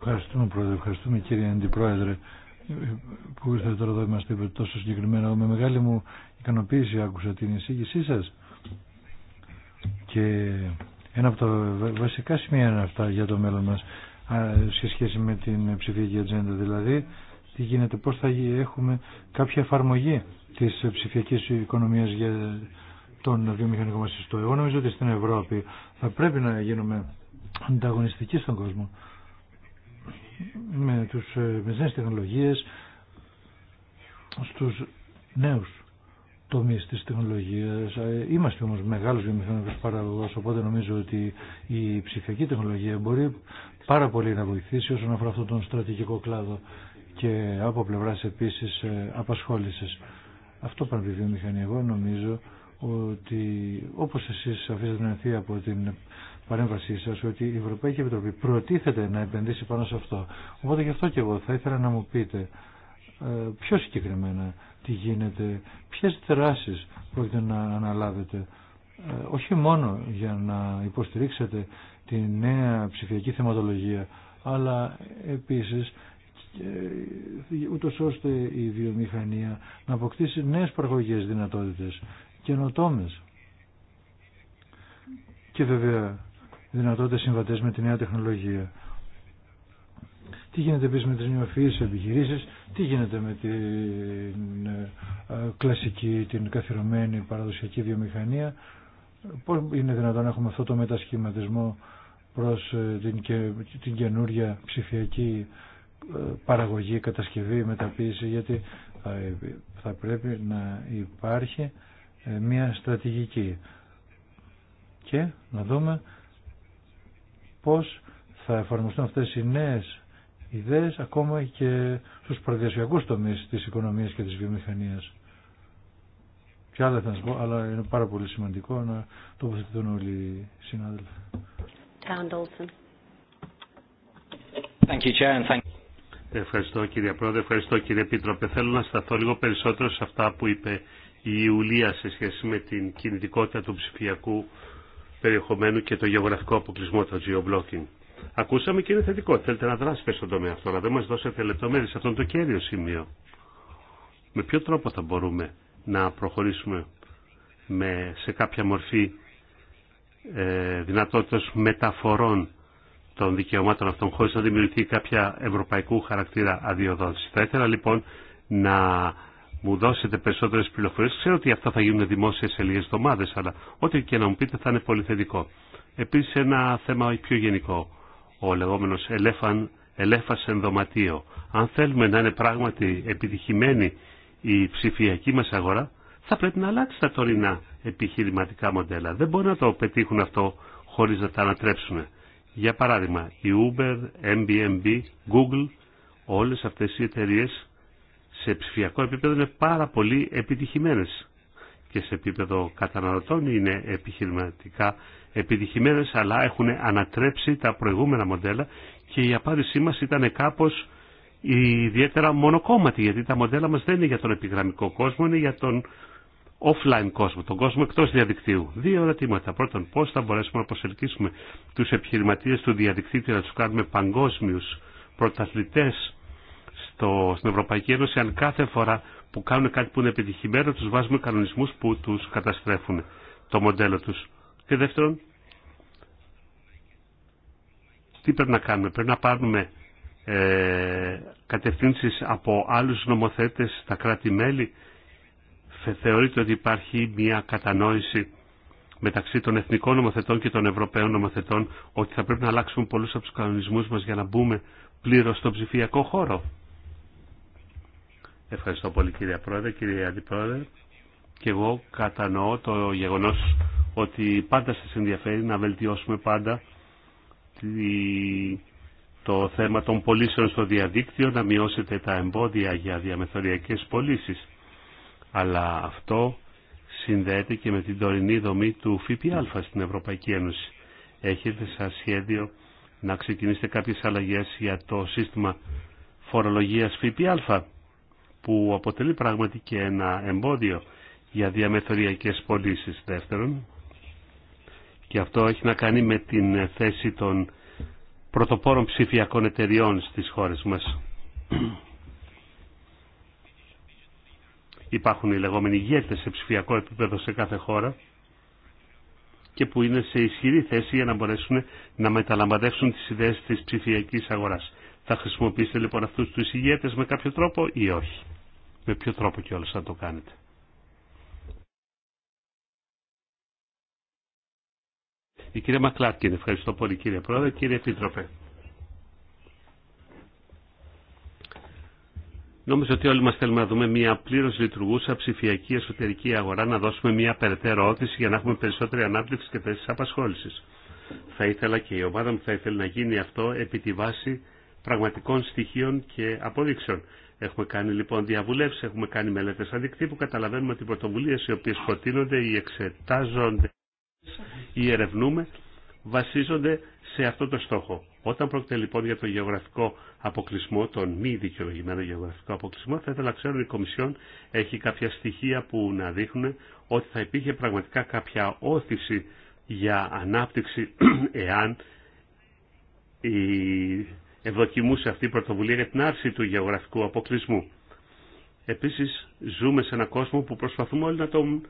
Ευχαριστούμε πρόεδρε, ευχαριστούμε κύριε Αντιπρόεδρε που ήρθατε τώρα εδώ είμαστε τόσο συγκεκριμένα. Με μεγάλη μου ικανοποίηση άκουσα την εισήγησή σας και ένα από τα βασικά σημεία είναι αυτά για το μέλλον μας σε σχέση με την ψηφιακή ατζέντα. Δηλαδή, τι γίνεται, πώς θα έχουμε κάποια εφαρμογή της ψηφιακής οικονομίας για τον βιομηχανικό μας ιστό. Εγώ νομίζω ότι στην Ευρώπη θα πρέπει να γίνουμε ανταγωνιστικοί στον κόσμο με, ε, τις νέες τεχνολογίες στους νέους τομείς τη τεχνολογία. Ε, είμαστε όμω μεγάλο βιομηχανικό παραγωγό, οπότε νομίζω ότι η ψηφιακή τεχνολογία μπορεί πάρα πολύ να βοηθήσει όσον αφορά αυτόν τον στρατηγικό κλάδο και από πλευρά επίση ε, απασχόληση. Αυτό πάνω από τη βιομηχανία. Εγώ νομίζω ότι όπω εσεί αφήσατε να ενθεί από την παρέμβασή σα, ότι η Ευρωπαϊκή Επιτροπή προτίθεται να επενδύσει πάνω σε αυτό. Οπότε γι' αυτό και εγώ θα ήθελα να μου πείτε ε, πιο συγκεκριμένα τι γίνεται, ποιες δράσεις πρόκειται να αναλάβετε ε, όχι μόνο για να υποστηρίξετε τη νέα ψηφιακή θεματολογία αλλά επίσης ε, ούτως ώστε η βιομηχανία να αποκτήσει νέες παραγωγές δυνατότητες καινοτόμες και βέβαια δυνατότητες συμβατές με τη νέα τεχνολογία τι γίνεται επίσης με τις νεοφυείς επιχειρήσεις, τι γίνεται με την ε, κλασική, την καθιερωμένη παραδοσιακή βιομηχανία, πώς είναι δυνατόν να έχουμε αυτό το μετασχηματισμό προς ε, την, καινούρια την ψηφιακή ε, παραγωγή, κατασκευή, μεταποίηση, γιατί θα πρέπει να υπάρχει μια στρατηγική. Και να δούμε πώς θα εφαρμοστούν αυτές οι νέες ιδέες ακόμα και στους προδιασιακού τομείς της οικονομίας και της βιομηχανίας. Και άλλα θα σας πω, αλλά είναι πάρα πολύ σημαντικό να τοποθετηθούν όλοι οι συνάδελφοι. Thank you, Chair, and thank you. Ευχαριστώ κύριε Πρόεδρε, ευχαριστώ κύριε Επίτροπε. Θέλω να σταθώ λίγο περισσότερο σε αυτά που είπε η Ιουλία σε σχέση με την κινητικότητα του ψηφιακού περιεχομένου και το γεωγραφικό αποκλεισμό, το geo ακούσαμε και είναι θετικό. Θέλετε να δράσετε στον τομέα αυτό, να δεν μα δώσετε λεπτομέρειες. Αυτό είναι το κέριο σημείο. Με ποιο τρόπο θα μπορούμε να προχωρήσουμε με, σε κάποια μορφή ε, δυνατότητας μεταφορών των δικαιωμάτων αυτών χωρί να δημιουργηθεί κάποια ευρωπαϊκού χαρακτήρα αδειοδότηση. Θα ήθελα λοιπόν να μου δώσετε περισσότερε πληροφορίε, Ξέρω ότι αυτά θα γίνουν δημόσια σε λίγε εβδομάδε, αλλά ό,τι και να μου πείτε θα είναι πολύ θετικό. Επίση, ένα θέμα πιο γενικό ο λεγόμενος ελέφαν, ελέφας ενδοματίο. Αν θέλουμε να είναι πράγματι επιτυχημένη η ψηφιακή μας αγορά, θα πρέπει να αλλάξει τα τωρινά επιχειρηματικά μοντέλα. Δεν μπορεί να το πετύχουν αυτό χωρίς να τα ανατρέψουν. Για παράδειγμα, η Uber, MBMB, Google, όλες αυτές οι εταιρείες σε ψηφιακό επίπεδο είναι πάρα πολύ επιτυχημένες και σε επίπεδο καταναλωτών είναι επιχειρηματικά επιτυχημένες αλλά έχουν ανατρέψει τα προηγούμενα μοντέλα και η απάντησή μας ήταν κάπως ιδιαίτερα μονοκόμματη γιατί τα μοντέλα μας δεν είναι για τον επιγραμμικό κόσμο, είναι για τον offline κόσμο, τον κόσμο εκτός διαδικτύου. Δύο ερωτήματα. Πρώτον, πώς θα μπορέσουμε να προσελκύσουμε τους επιχειρηματίες του διαδικτύου και να τους κάνουμε παγκόσμιους πρωταθλητές στο, στην Ευρωπαϊκή Ένωση αν κάθε φορά που κάνουν κάτι που είναι επιτυχημένο τους βάζουμε κανονισμούς που τους καταστρέφουν το μοντέλο τους. Και δεύτερον, τι πρέπει να κάνουμε. Πρέπει να πάρουμε ε, κατευθύνσεις από άλλους νομοθέτες στα κράτη-μέλη. Θεωρείται ότι υπάρχει μια κατανόηση μεταξύ των εθνικών νομοθετών και των ευρωπαίων νομοθετών ότι θα πρέπει να αλλάξουμε πολλούς από τους κανονισμούς μας για να μπούμε πλήρως στον ψηφιακό χώρο. Ευχαριστώ πολύ κύριε Πρόεδρε, κύριε Αντιπρόεδρε και εγώ κατανοώ το γεγονός ότι πάντα σας ενδιαφέρει να βελτιώσουμε πάντα το θέμα των πωλήσεων στο διαδίκτυο, να μειώσετε τα εμπόδια για διαμεθοριακές πωλήσει. Αλλά αυτό συνδέεται και με την τωρινή δομή του ΦΠΑ στην Ευρωπαϊκή Ένωση. Έχετε σαν σχέδιο να ξεκινήσετε κάποιες αλλαγές για το σύστημα φορολογίας ΦΠΑ που αποτελεί πράγματι και ένα εμπόδιο για διαμεθοριακές πωλήσει δεύτερον. Και αυτό έχει να κάνει με την θέση των πρωτοπόρων ψηφιακών εταιριών στις χώρες μας. Υπάρχουν οι λεγόμενοι ηγέτες σε ψηφιακό επίπεδο σε κάθε χώρα και που είναι σε ισχυρή θέση για να μπορέσουν να μεταλαμβαδεύσουν τις ιδέες της ψηφιακής αγοράς. Θα χρησιμοποιήσετε λοιπόν αυτούς τους ηγέτες με κάποιο τρόπο ή όχι. Με ποιο τρόπο κιόλας θα το κάνετε. Η κυρία Μακλάρκιν, ευχαριστώ πολύ κύριε Πρόεδρε, κύριε Επίτροπε. Νομίζω ότι όλοι μας θέλουμε να δούμε μια πλήρως λειτουργούσα ψηφιακή εσωτερική αγορά, να δώσουμε μια περαιτέρω όθηση για να έχουμε περισσότερη ανάπτυξη και θέσεις απασχόληση. Θα ήθελα και η ομάδα μου θα ήθελε να γίνει αυτό επί τη βάση πραγματικών στοιχείων και αποδείξεων. Έχουμε κάνει λοιπόν διαβουλεύσεις, έχουμε κάνει μελέτες αντικτύπου, καταλαβαίνουμε ότι οι πρωτοβουλίε οι οποίες προτείνονται ή εξετάζονται ή ερευνούμε βασίζονται σε αυτό το στόχο. Όταν πρόκειται λοιπόν για το γεωγραφικό αποκλεισμό, τον μη δικαιολογημένο γεωγραφικό αποκλεισμό, θα ήθελα να ξέρω η Κομισιόν έχει κάποια στοιχεία που να δείχνουν ότι θα υπήρχε πραγματικά κάποια όθηση για ανάπτυξη [CLEARS THROAT] εάν η ευδοκιμούσε αυτή η πρωτοβουλία για την άρση του γεωγραφικού αποκλεισμού. Επίσης ζούμε σε έναν κόσμο που προσπαθούμε όλοι να τον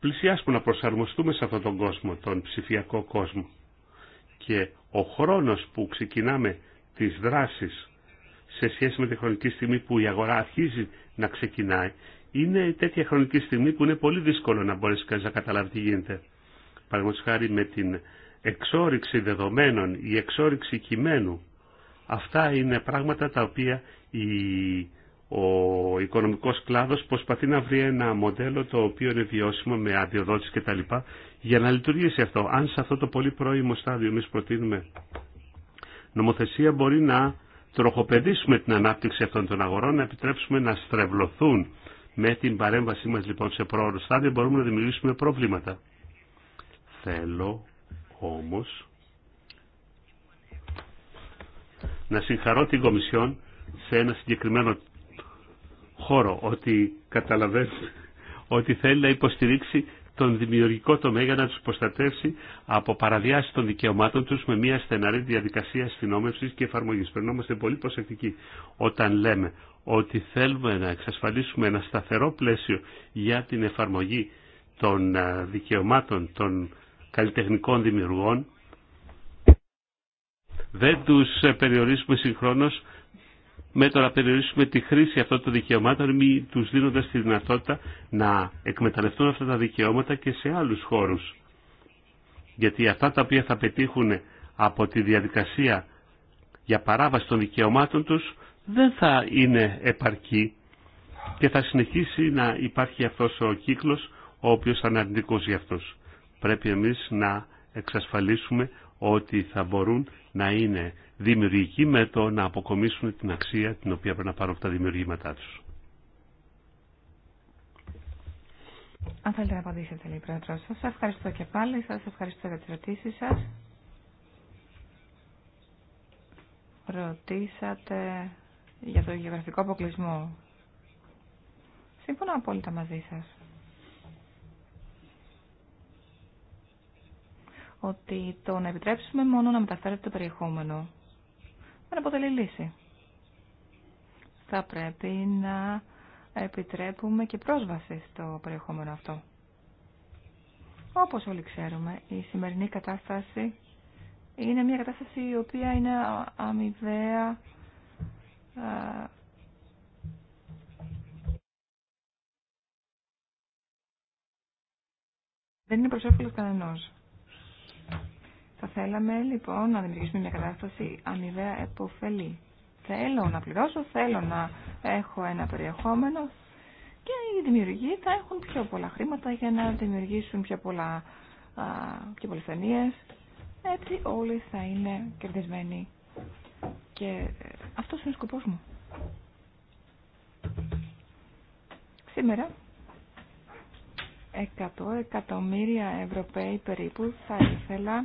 πλησιάσουμε να προσαρμοστούμε σε αυτόν τον κόσμο, τον ψηφιακό κόσμο. Και ο χρόνος που ξεκινάμε τις δράσεις σε σχέση με τη χρονική στιγμή που η αγορά αρχίζει να ξεκινάει, είναι τέτοια χρονική στιγμή που είναι πολύ δύσκολο να μπορέσει κανείς να καταλάβει τι γίνεται. Παραδείγματος χάρη με την εξόριξη δεδομένων, η εξόριξη κειμένου, αυτά είναι πράγματα τα οποία οι ο οικονομικός κλάδος προσπαθεί να βρει ένα μοντέλο το οποίο είναι βιώσιμο με αδειοδότηση κτλ. για να λειτουργήσει αυτό. Αν σε αυτό το πολύ πρώιμο στάδιο εμείς προτείνουμε νομοθεσία μπορεί να τροχοπεδίσουμε την ανάπτυξη αυτών των αγορών, να επιτρέψουμε να στρεβλωθούν με την παρέμβασή μας λοιπόν σε πρόωρο στάδιο μπορούμε να δημιουργήσουμε προβλήματα. Θέλω όμως να συγχαρώ την Κομισιόν σε ένα συγκεκριμένο χώρο, ότι καταλαβαίνει ότι θέλει να υποστηρίξει τον δημιουργικό τομέα για να τους προστατεύσει από παραδιάσει των δικαιωμάτων τους με μια στεναρή διαδικασία συνόμευσης και εφαρμογής. Πρέπει να πολύ προσεκτικοί όταν λέμε ότι θέλουμε να εξασφαλίσουμε ένα σταθερό πλαίσιο για την εφαρμογή των ε, δικαιωμάτων των καλλιτεχνικών δημιουργών. Δεν τους ε, περιορίσουμε συγχρόνως με το να περιορίσουμε τη χρήση αυτών των δικαιωμάτων μη τους δίνοντας τη δυνατότητα να εκμεταλλευτούν αυτά τα δικαιώματα και σε άλλους χώρους. Γιατί αυτά τα οποία θα πετύχουν από τη διαδικασία για παράβαση των δικαιωμάτων τους δεν θα είναι επαρκή και θα συνεχίσει να υπάρχει αυτός ο κύκλος ο οποίος θα είναι αρνητικός για Πρέπει εμείς να εξασφαλίσουμε ότι θα μπορούν να είναι δημιουργική, με το να αποκομίσουν την αξία την οποία πρέπει να πάρουν από τα δημιουργήματά τους. Αν θέλετε να απαντήσετε, λέει πρόεδρο, σα ευχαριστώ και πάλι. Σα ευχαριστώ για τι ερωτήσει σα. Ρωτήσατε για το γεωγραφικό αποκλεισμό. Συμφωνώ απόλυτα μαζί σας. Ότι το να επιτρέψουμε μόνο να μεταφέρετε το περιεχόμενο δεν αποτελεί λύση. Θα πρέπει να επιτρέπουμε και πρόσβαση στο περιεχόμενο αυτό. Όπως όλοι ξέρουμε, η σημερινή κατάσταση είναι μια κατάσταση η οποία είναι αμοιβαία δεν είναι προς όφελος θα θέλαμε λοιπόν να δημιουργήσουμε μια κατάσταση αμοιβαία επωφελή. Θέλω να πληρώσω, θέλω να έχω ένα περιεχόμενο και οι δημιουργοί θα έχουν πιο πολλά χρήματα για να δημιουργήσουν πιο, πολλά, α, πολλές ταινίες. Έτσι όλοι θα είναι κερδισμένοι. Και ε, αυτό είναι ο σκοπός μου. Σήμερα 100 εκατομμύρια Ευρωπαίοι περίπου θα ήθελα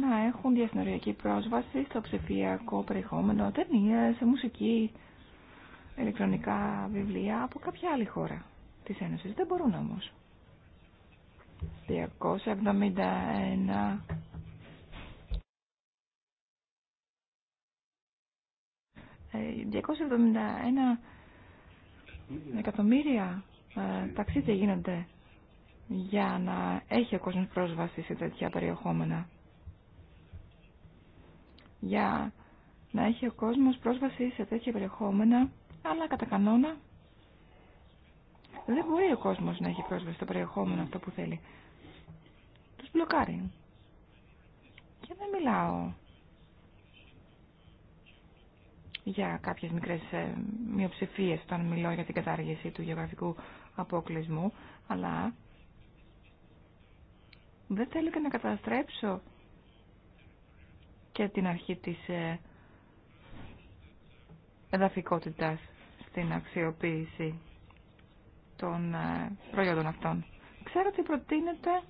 να έχουν διασυνοριακή πρόσβαση στο ψηφιακό περιεχόμενο, σε μουσική, ηλεκτρονικά βιβλία από κάποια άλλη χώρα της Ένωσης. Δεν μπορούν όμως. 271 271 ε, εκατομμύρια ε, ταξίδια γίνονται για να έχει ο κόσμος πρόσβαση σε τέτοια περιεχόμενα. Για να έχει ο κόσμος πρόσβαση σε τέτοια περιεχόμενα, αλλά κατά κανόνα δεν μπορεί ο κόσμος να έχει πρόσβαση στο περιεχόμενο αυτό που θέλει. Τους μπλοκάρει. Και δεν μιλάω για κάποιες μικρές ε, μειοψηφίες όταν μιλώ για την κατάργηση του γεωγραφικού αποκλεισμού, αλλά δεν θέλω και να καταστρέψω και την αρχή της ε, εδαφικότητας στην αξιοποίηση των ε, προϊόντων αυτών. Ξέρω ότι προτείνεται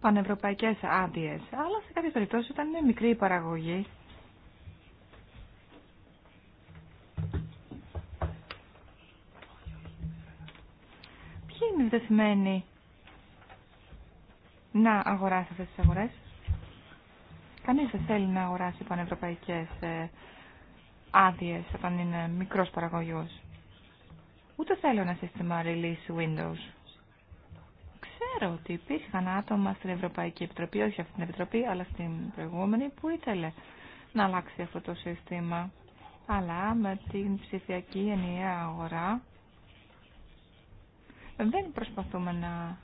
πανευρωπαϊκές άδειε, αλλά σε κάποιες περιπτώσεις όταν είναι μικρή η παραγωγή ποιοι είναι δεσμένοι να αγοράσει αυτές τις αγορές. Κανείς δεν θέλει να αγοράσει πανευρωπαϊκές ε, άδειες όταν είναι μικρός παραγωγιός. Ούτε θέλω ένα σύστημα release Windows. Ξέρω ότι υπήρχαν άτομα στην Ευρωπαϊκή Επιτροπή, όχι αυτή την Επιτροπή, αλλά στην προηγούμενη, που ήθελε να αλλάξει αυτό το σύστημα. Αλλά με την ψηφιακή ενιαία αγορά δεν προσπαθούμε να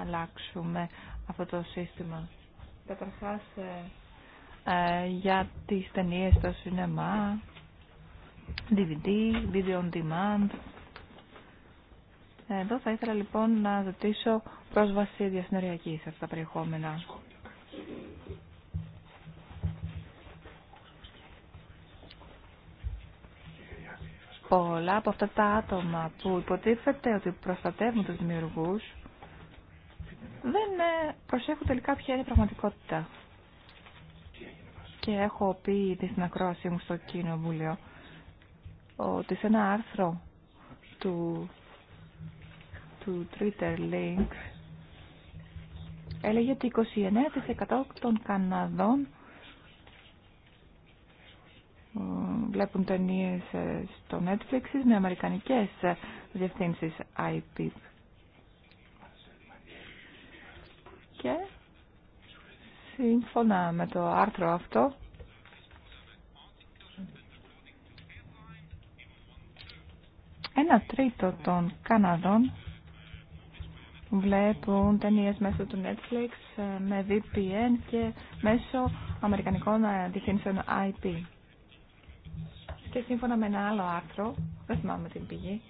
αλλάξουμε αυτό το σύστημα. Καταρχά ε, ε, για τι ταινίε στο σινεμά, DVD, video on demand. Εδώ θα ήθελα λοιπόν να ζητήσω πρόσβαση διασυνοριακή σε αυτά τα περιεχόμενα. Πολλά από αυτά τα άτομα που υποτίθεται ότι προστατεύουν τους δημιουργούς δεν ε, προσέχω τελικά ποια είναι η πραγματικότητα. Και έχω πει ήδη στην ακρόαση μου στο Κοινοβούλιο ότι σε ένα άρθρο του, του Twitter Link έλεγε ότι 29% των Καναδών ε, βλέπουν ταινίες ε, στο Netflix με αμερικανικές διευθύνσεις IP. και σύμφωνα με το άρθρο αυτό ένα τρίτο των Καναδών βλέπουν ταινίε μέσω του Netflix με VPN και μέσω αμερικανικών ε, διευθύνσεων IP. Και σύμφωνα με ένα άλλο άρθρο, δεν θυμάμαι την πηγή,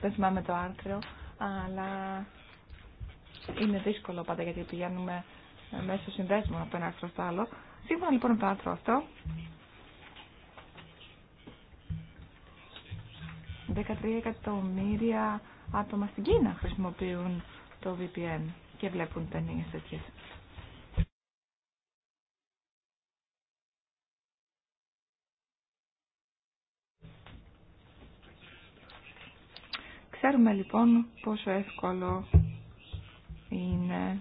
Δεν θυμάμαι το άρθρο, αλλά είναι δύσκολο πάντα γιατί πηγαίνουμε μέσω συνδέσμων από ένα άρθρο στο άλλο. Σύμφωνα λοιπόν με το άρθρο αυτό, 13 εκατομμύρια άτομα στην Κίνα χρησιμοποιούν το VPN και βλέπουν ταινίες τέτοιες. Ξέρουμε λοιπόν πόσο εύκολο είναι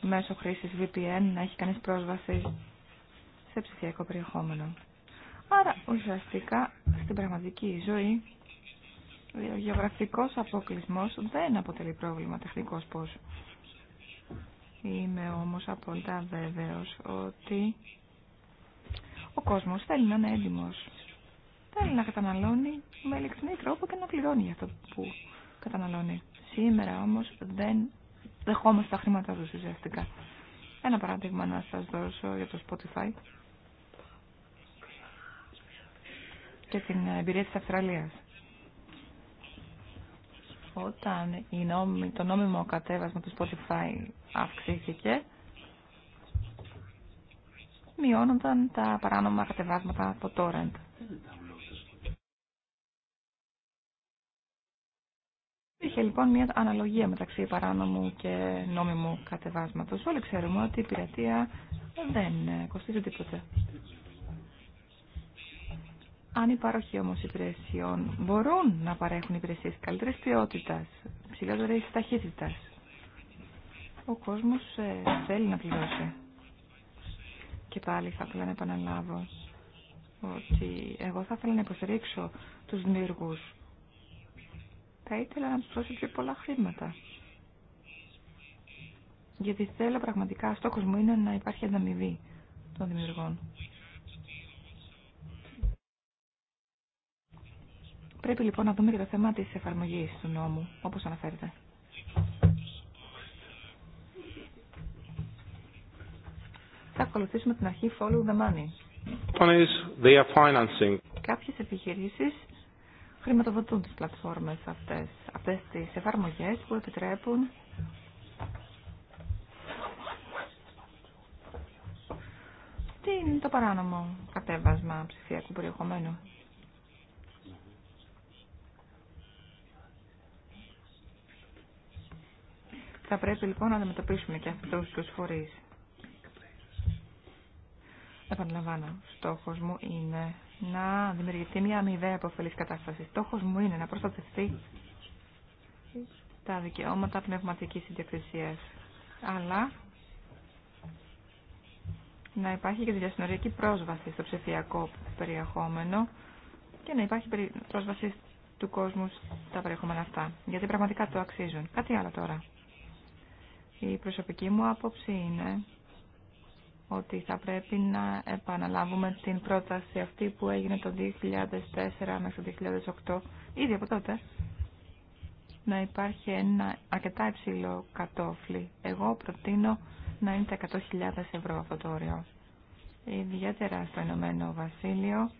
μέσω χρήσης VPN να έχει κανείς πρόσβαση σε ψηφιακό περιεχόμενο. Άρα ουσιαστικά στην πραγματική ζωή ο γεωγραφικός αποκλεισμός δεν αποτελεί πρόβλημα τεχνικός πόσο. Είμαι όμως απόλυτα βέβαιος ότι ο κόσμος θέλει να είναι έντιμος θέλει να καταναλώνει με ειλικρινή τρόπο και να πληρώνει για αυτό που καταναλώνει. Σήμερα όμω δεν δεχόμαστε τα χρήματά του ουσιαστικά. Ένα παράδειγμα να σα δώσω για το Spotify και την εμπειρία τη Αυστραλία. Όταν η το νόμιμο κατέβασμα του Spotify αυξήθηκε, μειώνονταν τα παράνομα κατεβάσματα από torrent. Είχε λοιπόν μια αναλογία μεταξύ παράνομου και νόμιμου κατεβάσματο. Όλοι ξέρουμε ότι η πειρατεία δεν ε, κοστίζει τίποτα. Αν οι παροχοί όμω υπηρεσιών μπορούν να παρέχουν υπηρεσίες καλύτερη ποιότητα, ψηλότερης ταχύτητα. ο κόσμος ε, θέλει να πληρώσει. Και πάλι θα ήθελα να επαναλάβω ότι εγώ θα ήθελα να υποστηρίξω του δημιουργού θα ήθελα να του δώσω πιο πολλά χρήματα. Γιατί θέλω πραγματικά, στόχος μου είναι να υπάρχει ανταμοιβή των δημιουργών. Πρέπει λοιπόν να δούμε και το θέμα της εφαρμογή του νόμου, όπως αναφέρεται. Θα ακολουθήσουμε την αρχή follow the money. Κάποιε επιχειρήσει επιχειρήσεις χρηματοδοτούν τις πλατφόρμες αυτές, αυτές τις εφαρμογές που επιτρέπουν είναι το παράνομο κατέβασμα ψηφιακού περιεχομένου. Θα πρέπει λοιπόν να αντιμετωπίσουμε και αυτούς τους φορείς. Επαναλαμβάνω, στόχος μου είναι να δημιουργηθεί μια αμοιβαία αποφελή κατάσταση. Στόχο μου είναι να προστατευτεί τα δικαιώματα πνευματική ιδιοκτησία. αλλά να υπάρχει και διασυνοριακή πρόσβαση στο ψηφιακό περιεχόμενο και να υπάρχει πρόσβαση του κόσμου στα περιεχόμενα αυτά, γιατί πραγματικά το αξίζουν. Κάτι άλλο τώρα. Η προσωπική μου άποψη είναι ότι θα πρέπει να επαναλάβουμε την πρόταση αυτή που έγινε το 2004 μέχρι το 2008, ήδη από τότε, να υπάρχει ένα αρκετά υψηλό κατόφλι. Εγώ προτείνω να είναι τα 100.000 ευρώ αυτό το όριο. Ιδιαίτερα στο Ηνωμένο Βασίλειο,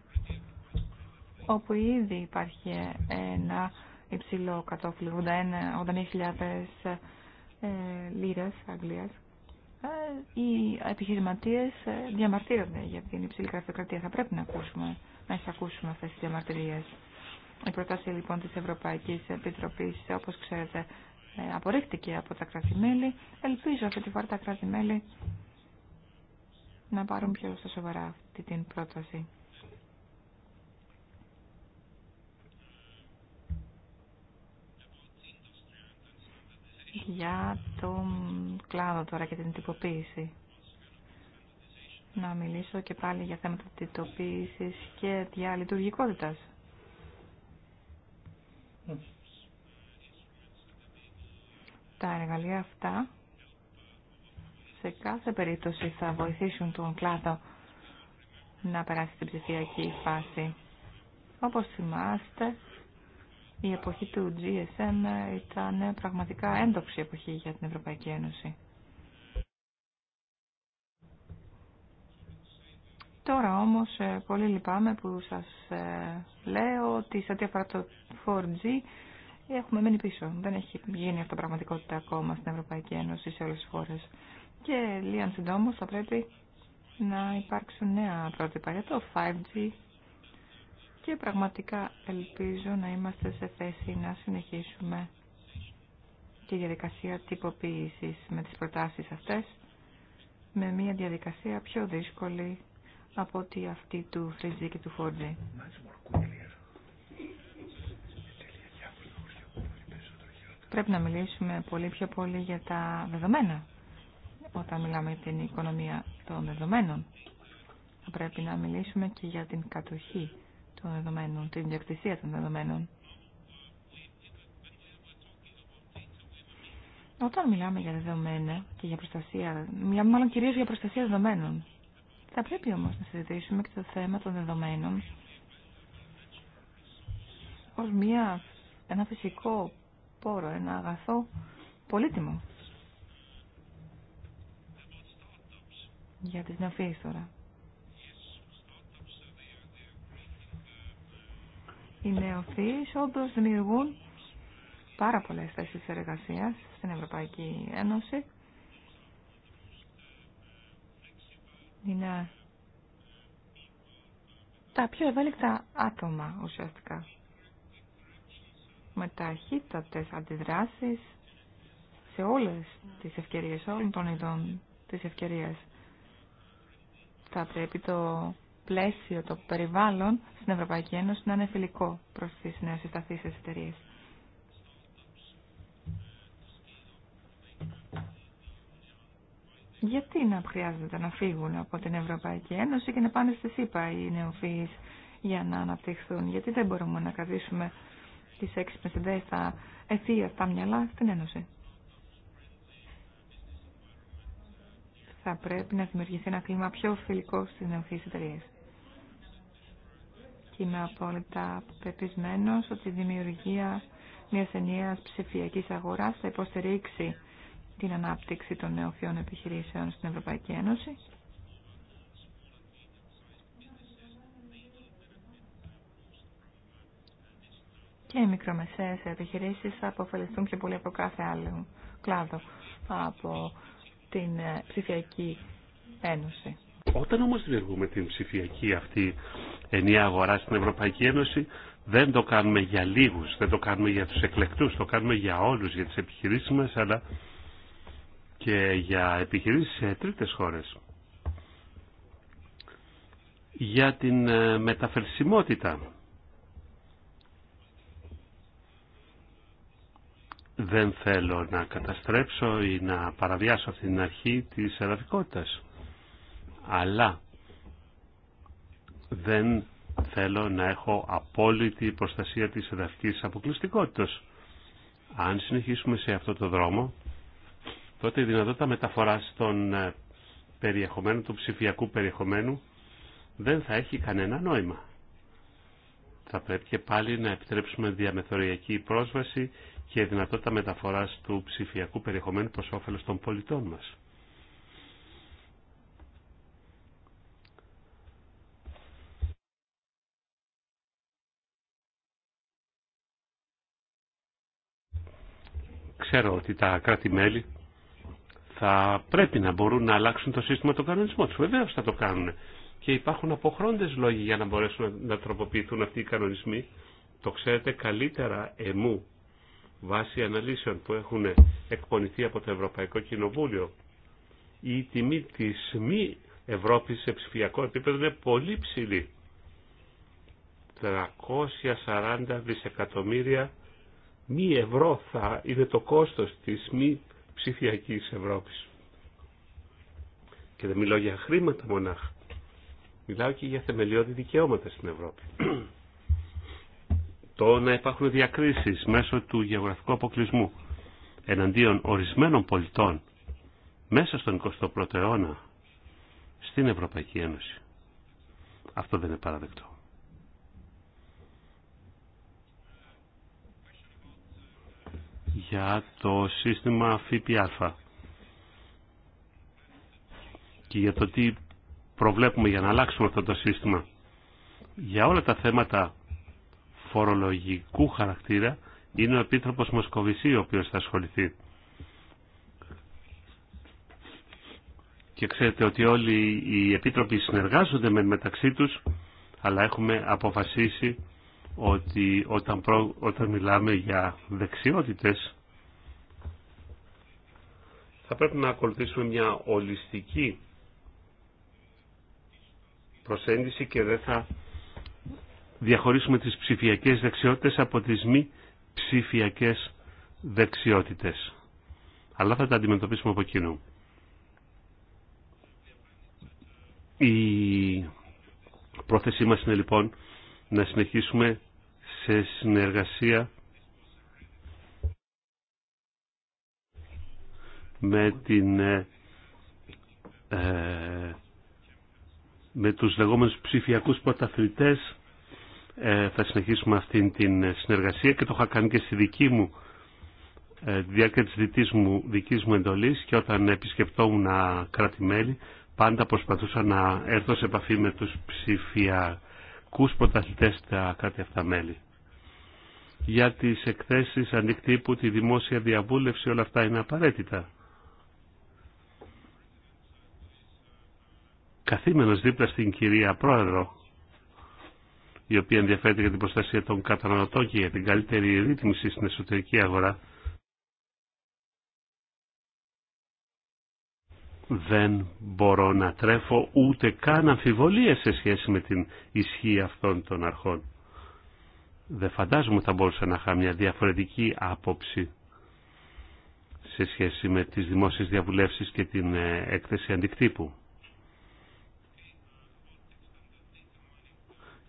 όπου ήδη υπάρχει ένα υψηλό κατόφλι, 81.000 ε, λίρες Αγγλίας, ε, οι επιχειρηματίες ε, διαμαρτύρονται για την υψηλή γραφειοκρατία. Θα πρέπει να ακούσουμε, να εισακούσουμε αυτές τις διαμαρτυρίες. Η πρόταση λοιπόν της Ευρωπαϊκής Επιτροπής, όπως ξέρετε, ε, απορρίφθηκε από τα κράτη-μέλη. Ελπίζω αυτή τη φορά τα κράτη-μέλη να πάρουν πιο στα σοβαρά αυτή την πρόταση. Για το κλάδο τώρα και την τυποποίηση. Να μιλήσω και πάλι για θέματα τυποποίησης και διαλειτουργικότητας. Mm. Τα εργαλεία αυτά σε κάθε περίπτωση θα βοηθήσουν τον κλάδο να περάσει την ψηφιακή φάση. Όπως θυμάστε, η εποχή του GSM ήταν πραγματικά έντοξη εποχή για την Ευρωπαϊκή Ένωση. Τώρα όμως ε, πολύ λυπάμαι που σας ε, λέω ότι σε ό,τι αφορά το 4G έχουμε μείνει πίσω. Δεν έχει γίνει αυτό πραγματικότητα ακόμα στην Ευρωπαϊκή Ένωση σε όλες τις χώρες. Και λίγαν συντόμως θα πρέπει να υπάρξουν νέα πρότυπα για το 5G και πραγματικά ελπίζω να είμαστε σε θέση να συνεχίσουμε τη διαδικασία τυποποίησης με τις προτάσεις αυτές με μια διαδικασία πιο δύσκολη από ότι αυτή του Φρέζη και του Φόρτζη. Πρέπει να μιλήσουμε πολύ πιο πολύ για τα δεδομένα όταν μιλάμε για την οικονομία των δεδομένων. Θα πρέπει να μιλήσουμε και για την κατοχή των δεδομένων, την διακτησία των δεδομένων. Όταν μιλάμε για δεδομένα και για προστασία, μιλάμε μάλλον κυρίως για προστασία δεδομένων. Θα πρέπει όμως να συζητήσουμε και το θέμα των δεδομένων ως μια, ένα φυσικό πόρο, ένα αγαθό πολύτιμο. Για τις νεοφυείς τώρα. Οι νεοφυείς όντως δημιουργούν πάρα πολλές θέσεις εργασίας στην Ευρωπαϊκή Ένωση είναι τα πιο ευέλικτα άτομα ουσιαστικά. Με ταχύτατες αντιδράσεις σε όλες τις ευκαιρίες, όλων των ειδών τις ευκαιρία. Θα πρέπει το πλαίσιο, το περιβάλλον στην Ευρωπαϊκή Ένωση να είναι φιλικό προς τις νέες συσταθεί εταιρείε. Γιατί να χρειάζεται να φύγουν από την Ευρωπαϊκή Ένωση και να πάνε στη ΣΥΠΑ οι νεοφύης για να αναπτυχθούν. Γιατί δεν μπορούμε να καθίσουμε τις έξυπνες ιδέες τα ευθεία, στα μυαλά στην Ένωση. Θα πρέπει να δημιουργηθεί ένα κλίμα πιο φιλικό στις νεοφύης εταιρείε. Και είμαι απόλυτα πεπισμένος ότι η δημιουργία μιας ενιαίας ψηφιακής αγοράς θα υποστηρίξει την ανάπτυξη των νεοφιών επιχειρήσεων στην Ευρωπαϊκή Ένωση. Και οι μικρομεσαίες επιχειρήσεις θα αποφεληθούν πιο πολύ από κάθε άλλο κλάδο από την ε, ψηφιακή ένωση. Όταν όμως δημιουργούμε την ψηφιακή αυτή ενιαία αγορά στην Ευρωπαϊκή Ένωση, δεν το κάνουμε για λίγους, δεν το κάνουμε για τους εκλεκτούς, το κάνουμε για όλους, για τις επιχειρήσεις μα. αλλά και για επιχειρήσεις σε τρίτες χώρες. Για την ε, μεταφερσιμότητα. Δεν θέλω να καταστρέψω ή να παραβιάσω αυτή την αρχή της εδαφικότητας. Αλλά δεν θέλω να έχω απόλυτη προστασία της εδαφικής αποκλειστικότητας. Αν συνεχίσουμε σε αυτό το δρόμο, τότε η δυνατότητα μεταφοράς των ε, περιεχομένων του ψηφιακού περιεχομένου, δεν θα έχει κανένα νόημα. Θα πρέπει και πάλι να επιτρέψουμε διαμεθοριακή πρόσβαση και δυνατότητα μεταφοράς του ψηφιακού περιεχομένου προς όφελος των πολιτών μας. Ξέρω ότι τα κράτη-μέλη θα πρέπει να μπορούν να αλλάξουν το σύστημα των κανονισμών Του βεβαίω θα το κάνουν. Και υπάρχουν αποχρόντες λόγοι για να μπορέσουν να τροποποιηθούν αυτοί οι κανονισμοί. Το ξέρετε καλύτερα εμού βάσει αναλύσεων που έχουν εκπονηθεί από το Ευρωπαϊκό Κοινοβούλιο. Η τιμή της μη Ευρώπης σε ψηφιακό επίπεδο είναι πολύ ψηλή. 340 δισεκατομμύρια μη ευρώ θα είναι το κόστος της μη ψηφιακής Ευρώπης. Και δεν μιλάω για χρήματα μονάχα. Μιλάω και για θεμελιώδη δικαιώματα στην Ευρώπη. Το να υπάρχουν διακρίσεις μέσω του γεωγραφικού αποκλεισμού εναντίον ορισμένων πολιτών μέσα στον 21ο αιώνα στην Ευρωπαϊκή Ένωση. Αυτό δεν είναι παραδεκτό. για το σύστημα ΦΠΑ και για το τι προβλέπουμε για να αλλάξουμε αυτό το σύστημα. Για όλα τα θέματα φορολογικού χαρακτήρα είναι ο Επίτροπος Μοσκοβισή ο οποίος θα ασχοληθεί. Και ξέρετε ότι όλοι οι Επίτροποι συνεργάζονται με μεταξύ τους, αλλά έχουμε αποφασίσει ότι όταν, προ... όταν μιλάμε για δεξιότητες θα πρέπει να ακολουθήσουμε μια ολιστική προσέγγιση και δεν θα διαχωρίσουμε τις ψηφιακές δεξιότητες από τις μη ψηφιακές δεξιότητες. Αλλά θα τα αντιμετωπίσουμε από κοινού. Η πρόθεσή μας είναι λοιπόν να συνεχίσουμε σε συνεργασία με, την, ε, ε, με τους λεγόμενους ψηφιακούς πρωταθλητές ε, θα συνεχίσουμε αυτήν την συνεργασία και το είχα κάνει και στη δική μου ε, διάρκεια της δικής μου, δικής μου εντολής και όταν επισκεπτόμουν κράτη-μέλη πάντα προσπαθούσα να έρθω σε επαφή με τους ψηφιακούς πρωταθλητές στα κράτη αυτά μέλη. Για τις εκθέσεις που τη δημόσια διαβούλευση, όλα αυτά είναι απαραίτητα. καθήμενος δίπλα στην κυρία Πρόεδρο, η οποία ενδιαφέρεται για την προστασία των καταναλωτών και για την καλύτερη ρύθμιση στην εσωτερική αγορά, δεν μπορώ να τρέφω ούτε καν αμφιβολίες σε σχέση με την ισχύ αυτών των αρχών. Δεν φαντάζομαι ότι θα μπορούσα να είχα μια διαφορετική άποψη σε σχέση με τις δημόσιες διαβουλεύσεις και την ε, έκθεση αντικτύπου.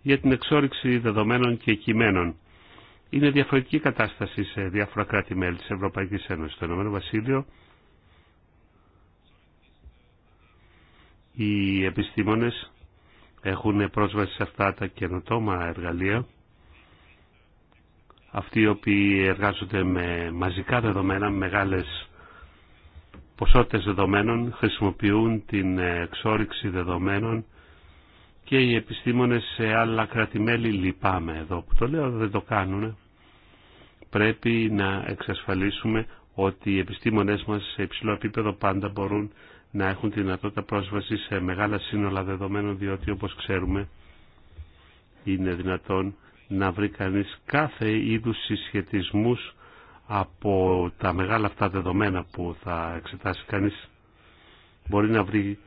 για την εξόριξη δεδομένων και κειμένων. Είναι διαφορετική κατάσταση σε διάφορα κράτη-μέλη της Ευρωπαϊκής Ένωσης. Στο Ηνωμένο Βασίλειο οι επιστήμονες έχουν πρόσβαση σε αυτά τα καινοτόμα εργαλεία. Αυτοί οι οποίοι εργάζονται με μαζικά δεδομένα, με μεγάλες ποσότητες δεδομένων, χρησιμοποιούν την εξόριξη δεδομένων και οι επιστήμονες σε άλλα κρατημέλη λυπάμαι εδώ που το λέω δεν το κάνουν. Πρέπει να εξασφαλίσουμε ότι οι επιστήμονές μας σε υψηλό επίπεδο πάντα μπορούν να έχουν τη δυνατότητα πρόσβαση σε μεγάλα σύνολα δεδομένων διότι όπως ξέρουμε είναι δυνατόν να βρει κανείς κάθε είδους συσχετισμούς από τα μεγάλα αυτά δεδομένα που θα εξετάσει κανείς. Μπορεί να βρει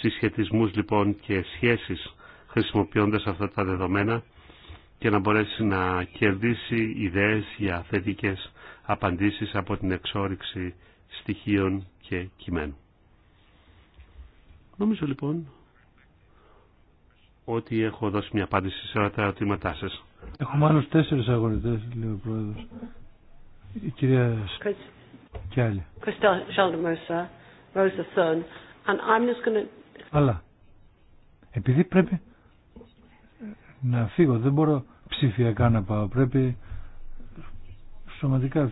συσχετισμούς λοιπόν και σχέσεις χρησιμοποιώντας αυτά τα δεδομένα και να μπορέσει να κερδίσει ιδέες για θετικές απαντήσεις από την εξόριξη στοιχείων και κειμένου. Νομίζω λοιπόν ότι έχω δώσει μια απάντηση σε όλα τα ερωτήματά σας. Έχω μάλλον τέσσερις αγωνιτές, λέει ο Πρόεδρος. Η κυρία και Rosa and I'm αλλά επειδή πρέπει να φύγω, δεν μπορώ ψηφιακά να πάω, πρέπει σωματικά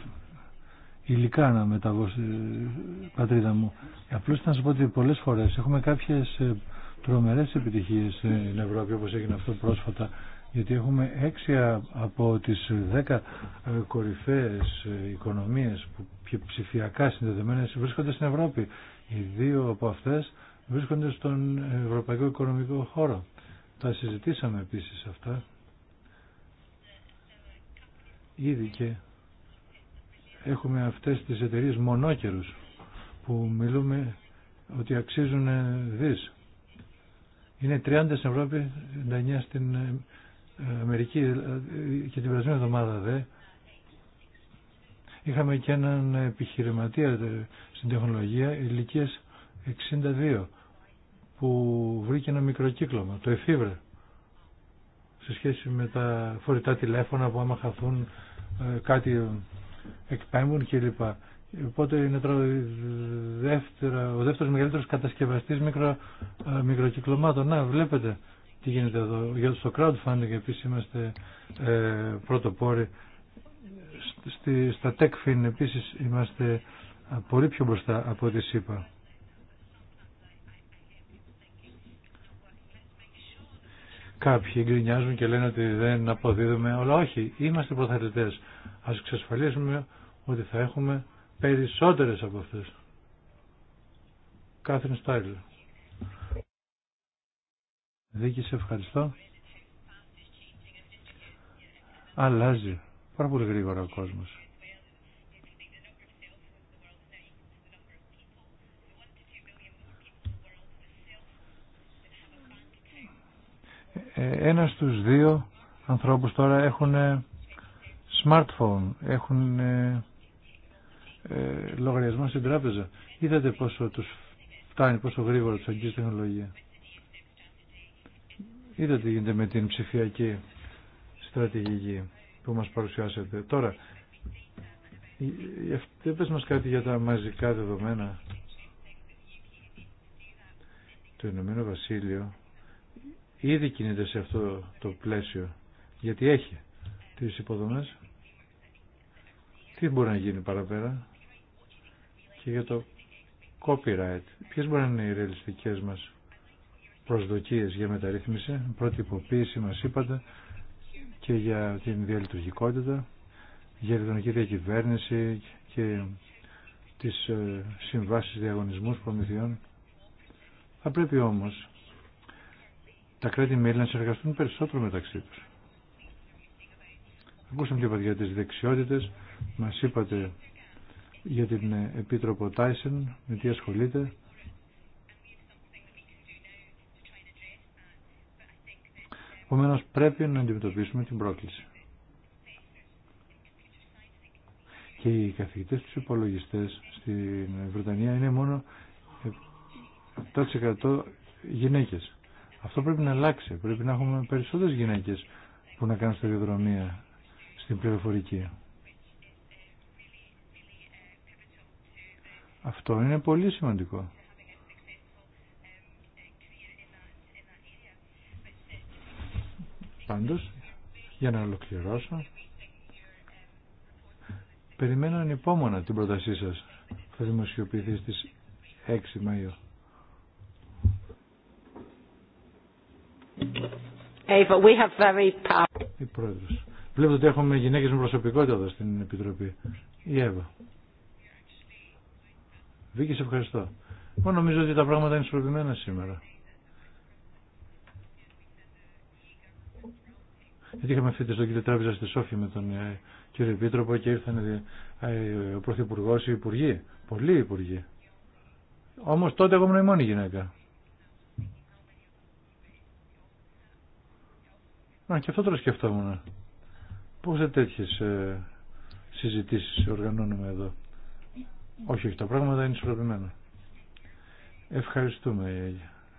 υλικά να μεταβώ στην πατρίδα μου. Απλώς να σα πω ότι πολλές φορές έχουμε κάποιες ε, τρομερές επιτυχίες στην Ευρώπη όπως έγινε αυτό πρόσφατα γιατί έχουμε έξι από τις δέκα ε, κορυφαίε ε, οικονομίες που ψηφιακά συνδεδεμένε βρίσκονται στην Ευρώπη. Οι δύο από αυτές βρίσκονται στον Ευρωπαϊκό Οικονομικό Χώρο. Τα συζητήσαμε επίσης αυτά ήδη και έχουμε αυτές τις εταιρείε μονόκερους που μιλούμε ότι αξίζουν δις. Είναι 30 στην Ευρώπη, 99 στην ε, Αμερική ε, και την περασμένη εβδομάδα δε. Είχαμε και έναν επιχειρηματία στην τεχνολογία ηλικίας 62 που βρήκε ένα μικροκύκλωμα, το εφήβρε, σε σχέση με τα φορητά τηλέφωνα που άμα χαθούν ε, κάτι ε, εκπέμπουν κλπ. Οπότε είναι τώρα ο δεύτερος μεγαλύτερος κατασκευαστής μικρο, ε, μικροκυκλωμάτων. Να, βλέπετε τι γίνεται εδώ. Για το crowdfunding επίσης είμαστε ε, πρωτοπόροι. Στη, στα TechFin επίσης είμαστε πολύ πιο μπροστά από ό,τι είπα. Κάποιοι γκρινιάζουν και λένε ότι δεν αποδίδουμε, αλλά όχι, είμαστε προθαλητές. Ας εξασφαλίσουμε ότι θα έχουμε περισσότερες από αυτές. Κάθριν Στάιλ. Δίκη, σε ευχαριστώ. Αλλάζει πάρα πολύ γρήγορα ο κόσμος. Ε, ένα στους δύο ανθρώπους τώρα έχουν ε, smartphone, έχουν ε, λογαριασμό στην τράπεζα. Είδατε πόσο τους φτάνει, πόσο γρήγορα τους αγγίζει τεχνολογία. Είδατε τι γίνεται με την ψηφιακή στρατηγική που μας παρουσιάσετε. Τώρα, πες μας κάτι για τα μαζικά δεδομένα. Το Ηνωμένο Βασίλειο ήδη κινείται σε αυτό το πλαίσιο γιατί έχει τις υποδομές τι μπορεί να γίνει παραπέρα και για το copyright ποιες μπορεί να είναι οι ρεαλιστικές μας προσδοκίες για μεταρρύθμιση πρώτη υποποίηση μας είπατε και για την διαλειτουργικότητα για ηλεκτρονική διακυβέρνηση και τις ε, συμβάσεις διαγωνισμούς προμηθειών θα πρέπει όμως τα κράτη-μέλη να συνεργαστούν περισσότερο μεταξύ τους. Ακούσαμε και για τις δεξιότητες, μας είπατε για την ε, Επίτροπο Τάισεν, με τι ασχολείται. Επομένω πρέπει να αντιμετωπίσουμε την πρόκληση. Και οι καθηγητές τους υπολογιστές στην Βρετανία είναι μόνο 7% γυναίκες. Αυτό πρέπει να αλλάξει. Πρέπει να έχουμε περισσότερες γυναίκες που να κάνουν σταδιοδρομία στην πληροφορική. Αυτό είναι πολύ σημαντικό. Πάντως, για να ολοκληρώσω, περιμένω ανυπόμονα την πρότασή σας θα δημοσιοποιηθεί στις 6 Μαΐου. we have very ότι έχουμε γυναίκες με προσωπικότητα εδώ στην Επιτροπή. Η Εύα. Βίκη, σε ευχαριστώ. Εγώ νομίζω ότι τα πράγματα είναι ισορροπημένα σήμερα. Γιατί είχαμε τη στον κύριο Τράπεζα στη Σόφη με τον ε, κύριο Επίτροπο και ήρθαν ε, ε, ο Πρωθυπουργό, οι Υπουργοί. Πολλοί Υπουργοί. Όμω τότε εγώ ήμουν η μόνη γυναίκα. Να και αυτό τώρα σκεφτόμουν. Πόσε τέτοιες ε, συζητήσεις οργανώνουμε εδώ. Όχι, όχι, τα πράγματα είναι ισορροπημένα. Ευχαριστούμε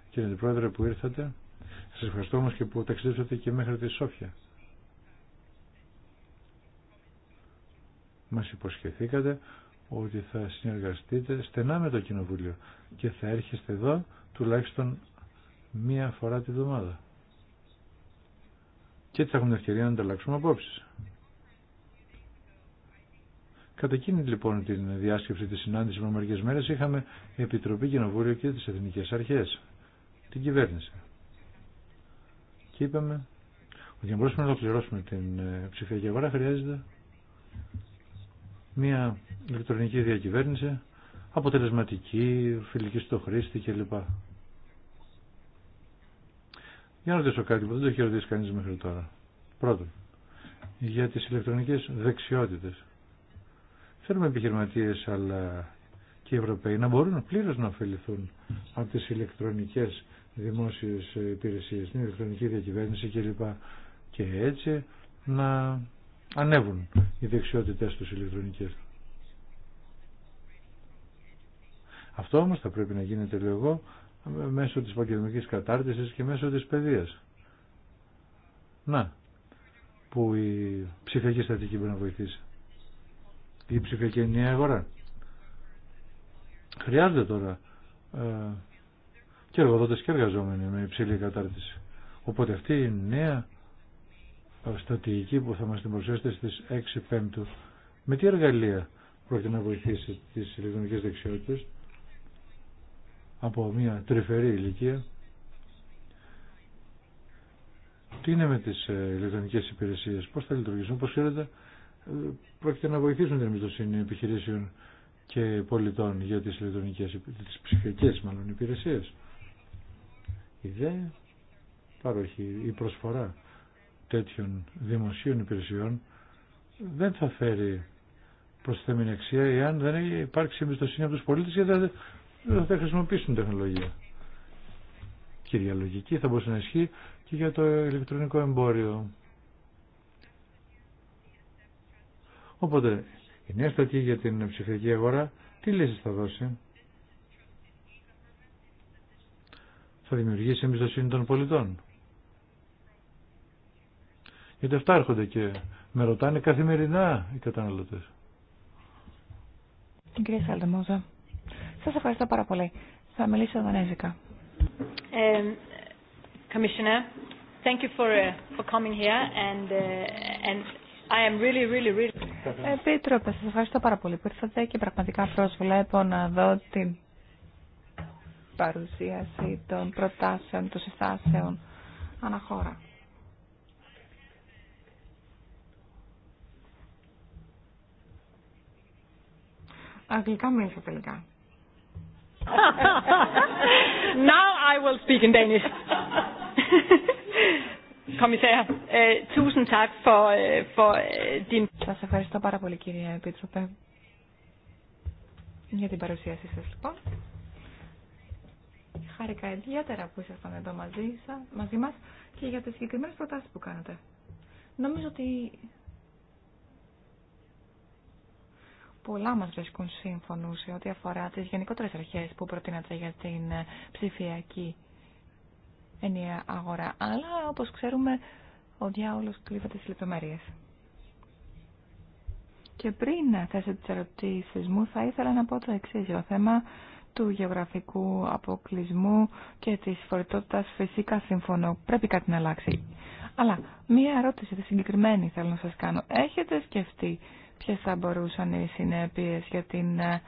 κύριε Πρόεδρε που ήρθατε. Σας ευχαριστώ όμω και που ταξιδέψατε και μέχρι τη Σόφια. Μας υποσχεθήκατε ότι θα συνεργαστείτε στενά με το Κοινοβούλιο και θα έρχεστε εδώ τουλάχιστον μία φορά τη βδομάδα και έτσι θα έχουμε την ευκαιρία να ανταλλάξουμε απόψει. Κατά εκείνη λοιπόν την διάσκεψη τη συνάντηση με μερικές μέρες είχαμε Επιτροπή Κοινοβούλιο και τι εθνικέ αρχέ, την κυβέρνηση. Και είπαμε ότι για να μπορέσουμε να ολοκληρώσουμε την ε, ψηφιακή αγορά χρειάζεται μια ηλεκτρονική διακυβέρνηση αποτελεσματική, φιλική στο χρήστη κλπ. Για να ρωτήσω κάτι που δεν το έχει ρωτήσει κανείς μέχρι τώρα. Πρώτον, για τις ηλεκτρονικές δεξιότητες. Θέλουμε επιχειρηματίες αλλά και οι Ευρωπαίοι να μπορούν πλήρω να ωφεληθούν από τις ηλεκτρονικές δημόσιες υπηρεσίες, την ηλεκτρονική διακυβέρνηση κλπ. Και έτσι να ανέβουν οι δεξιότητες τους ηλεκτρονικές. Αυτό όμως θα πρέπει να γίνεται, λέω μέσω της επαγγελματική κατάρτισης και μέσω της παιδείας. Να, που η ψηφιακή στατική μπορεί να βοηθήσει. Η ψηφιακή νέα αγορά. Χρειάζεται τώρα ε, και εργοδότες και εργαζόμενοι με υψηλή κατάρτιση. Οπότε αυτή η νέα ε, στρατηγική που θα μας την παρουσιάσετε στις 6 Πέμπτου, με τι εργαλεία πρόκειται να βοηθήσει τις ηλεκτρονικές δεξιότητες, από μια τρυφερή ηλικία. Τι είναι με τις ε, ηλεκτρονικές υπηρεσίες, πώς θα λειτουργήσουν, πώς ξέρετε, ε, πρόκειται να βοηθήσουν την εμπιστοσύνη επιχειρήσεων και πολιτών για τις ηλεκτρονικές, τις ψηφιακές μάλλον υπηρεσίες. Η δε παροχή, η προσφορά τέτοιων δημοσίων υπηρεσιών δεν θα φέρει προς αξία εάν δεν υπάρξει εμπιστοσύνη από τους πολίτες γιατί δεν θα χρησιμοποιήσουν τεχνολογία. κυριαλογική θα μπορούσε να ισχύει και για το ηλεκτρονικό εμπόριο. Οπότε, η νέα στρατηγική για την ψηφιακή αγορά τι λύσεις θα δώσει. Θα δημιουργήσει εμπιστοσύνη των πολιτών. Γιατί αυτά έρχονται και με ρωτάνε καθημερινά οι καταναλωτές. Κύριε Σαλτεμόζα, σας ευχαριστώ πάρα πολύ. Θα μιλήσω δανέζικα. Commissioner, thank you for, uh, coming here uh, and, I am really, really, really... Επίτροπε, σας ευχαριστώ πάρα πολύ που ήρθατε και πραγματικά προσβλέπω να δω την παρουσίαση των προτάσεων, των συστάσεων αναχώρα. Αγγλικά μίλησα τελικά. [LAUGHS] Now I will speak ευχαριστώ πάρα πολύ κύριε Επίτροπε για την παρουσίασή σας λοιπόν. Χάρηκα ιδιαίτερα που ήσασταν εδώ μαζί, μα μαζί μας και για τις συγκεκριμένες προτάσεις που κάνατε. Νομίζω ότι πολλά μας βρίσκουν σύμφωνου σε ό,τι αφορά τις γενικότερες αρχές που προτείνατε για την ε, ψηφιακή ενιαία αγορά. Αλλά, όπως ξέρουμε, ο διάολος κλείβεται στις λεπτομέρειες. Και πριν θέσω τις ερωτήσεις μου, θα ήθελα να πω το εξή το θέμα του γεωγραφικού αποκλεισμού και της φορητότητας φυσικά συμφωνώ. Πρέπει κάτι να αλλάξει. Αλλά μία ερώτηση συγκεκριμένη θέλω να σας κάνω. Έχετε σκεφτεί ποιες θα μπορούσαν οι συνέπειες για την ε,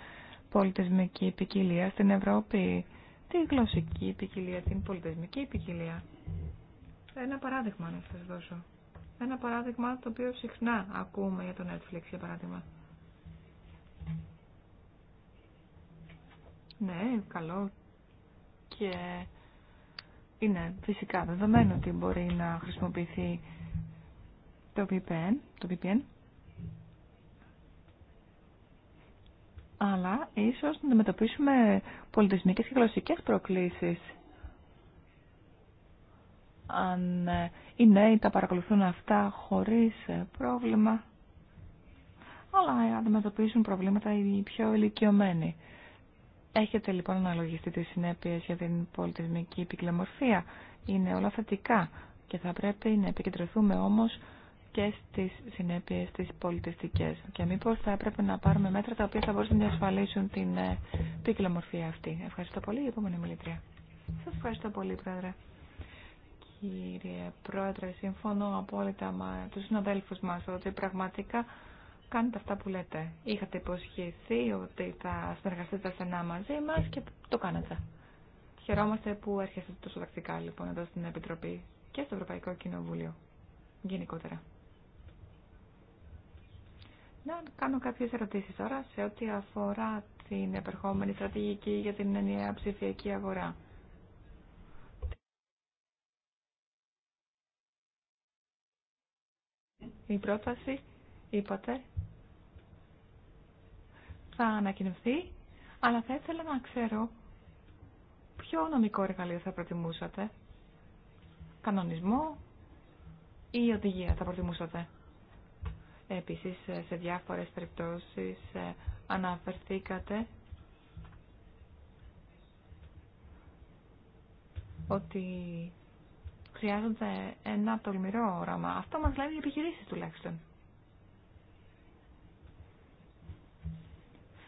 πολιτισμική ποικιλία στην Ευρώπη, τη γλωσσική ποικιλία, την πολιτισμική ποικιλία. Ένα παράδειγμα να σας δώσω. Ένα παράδειγμα το οποίο συχνά ακούμε για το Netflix, για παράδειγμα. Ναι, καλό και είναι φυσικά δεδομένο ότι μπορεί να χρησιμοποιηθεί το VPN, το VPN αλλά ίσως να αντιμετωπίσουμε πολιτισμικές και γλωσσικές προκλήσεις. Αν οι νέοι τα παρακολουθούν αυτά χωρίς ε, πρόβλημα, αλλά ε, αντιμετωπίσουν προβλήματα οι πιο ηλικιωμένοι. Έχετε λοιπόν αναλογιστεί τις συνέπειες για την πολιτισμική επικλεμορφία. Είναι όλα θετικά και θα πρέπει να επικεντρωθούμε όμως και στις συνέπειες τις πολιτιστικές και μήπως θα έπρεπε να πάρουμε μέτρα τα οποία θα μπορούσαν να διασφαλίσουν την ε, μορφή αυτή. Ευχαριστώ πολύ, η επόμενη μιλήτρια. Σας ευχαριστώ πολύ, Πρόεδρε. Κύριε Πρόεδρε, συμφωνώ απόλυτα με τους συναδέλφους μας ότι πραγματικά κάνετε αυτά που λέτε. Είχατε υποσχεθεί ότι θα συνεργαστείτε στενά μαζί μας και το κάνατε Χαιρόμαστε που έρχεστε τόσο δακτικά λοιπόν εδώ στην Επιτροπή και στο Ευρωπαϊκό Κοινοβούλιο γενικότερα. Να κάνω κάποιε ερωτήσεις τώρα σε ό,τι αφορά την επερχόμενη στρατηγική για την ενιαία ψηφιακή αγορά. Η πρόταση, είπατε, θα ανακοινωθεί, αλλά θα ήθελα να ξέρω ποιο νομικό εργαλείο θα προτιμούσατε. Κανονισμό ή οδηγία θα προτιμούσατε. Επίσης, σε διάφορες περιπτώσεις ε, αναφερθήκατε ότι χρειάζονται ένα τολμηρό όραμα. Αυτό μας λέει οι επιχειρήσεις τουλάχιστον.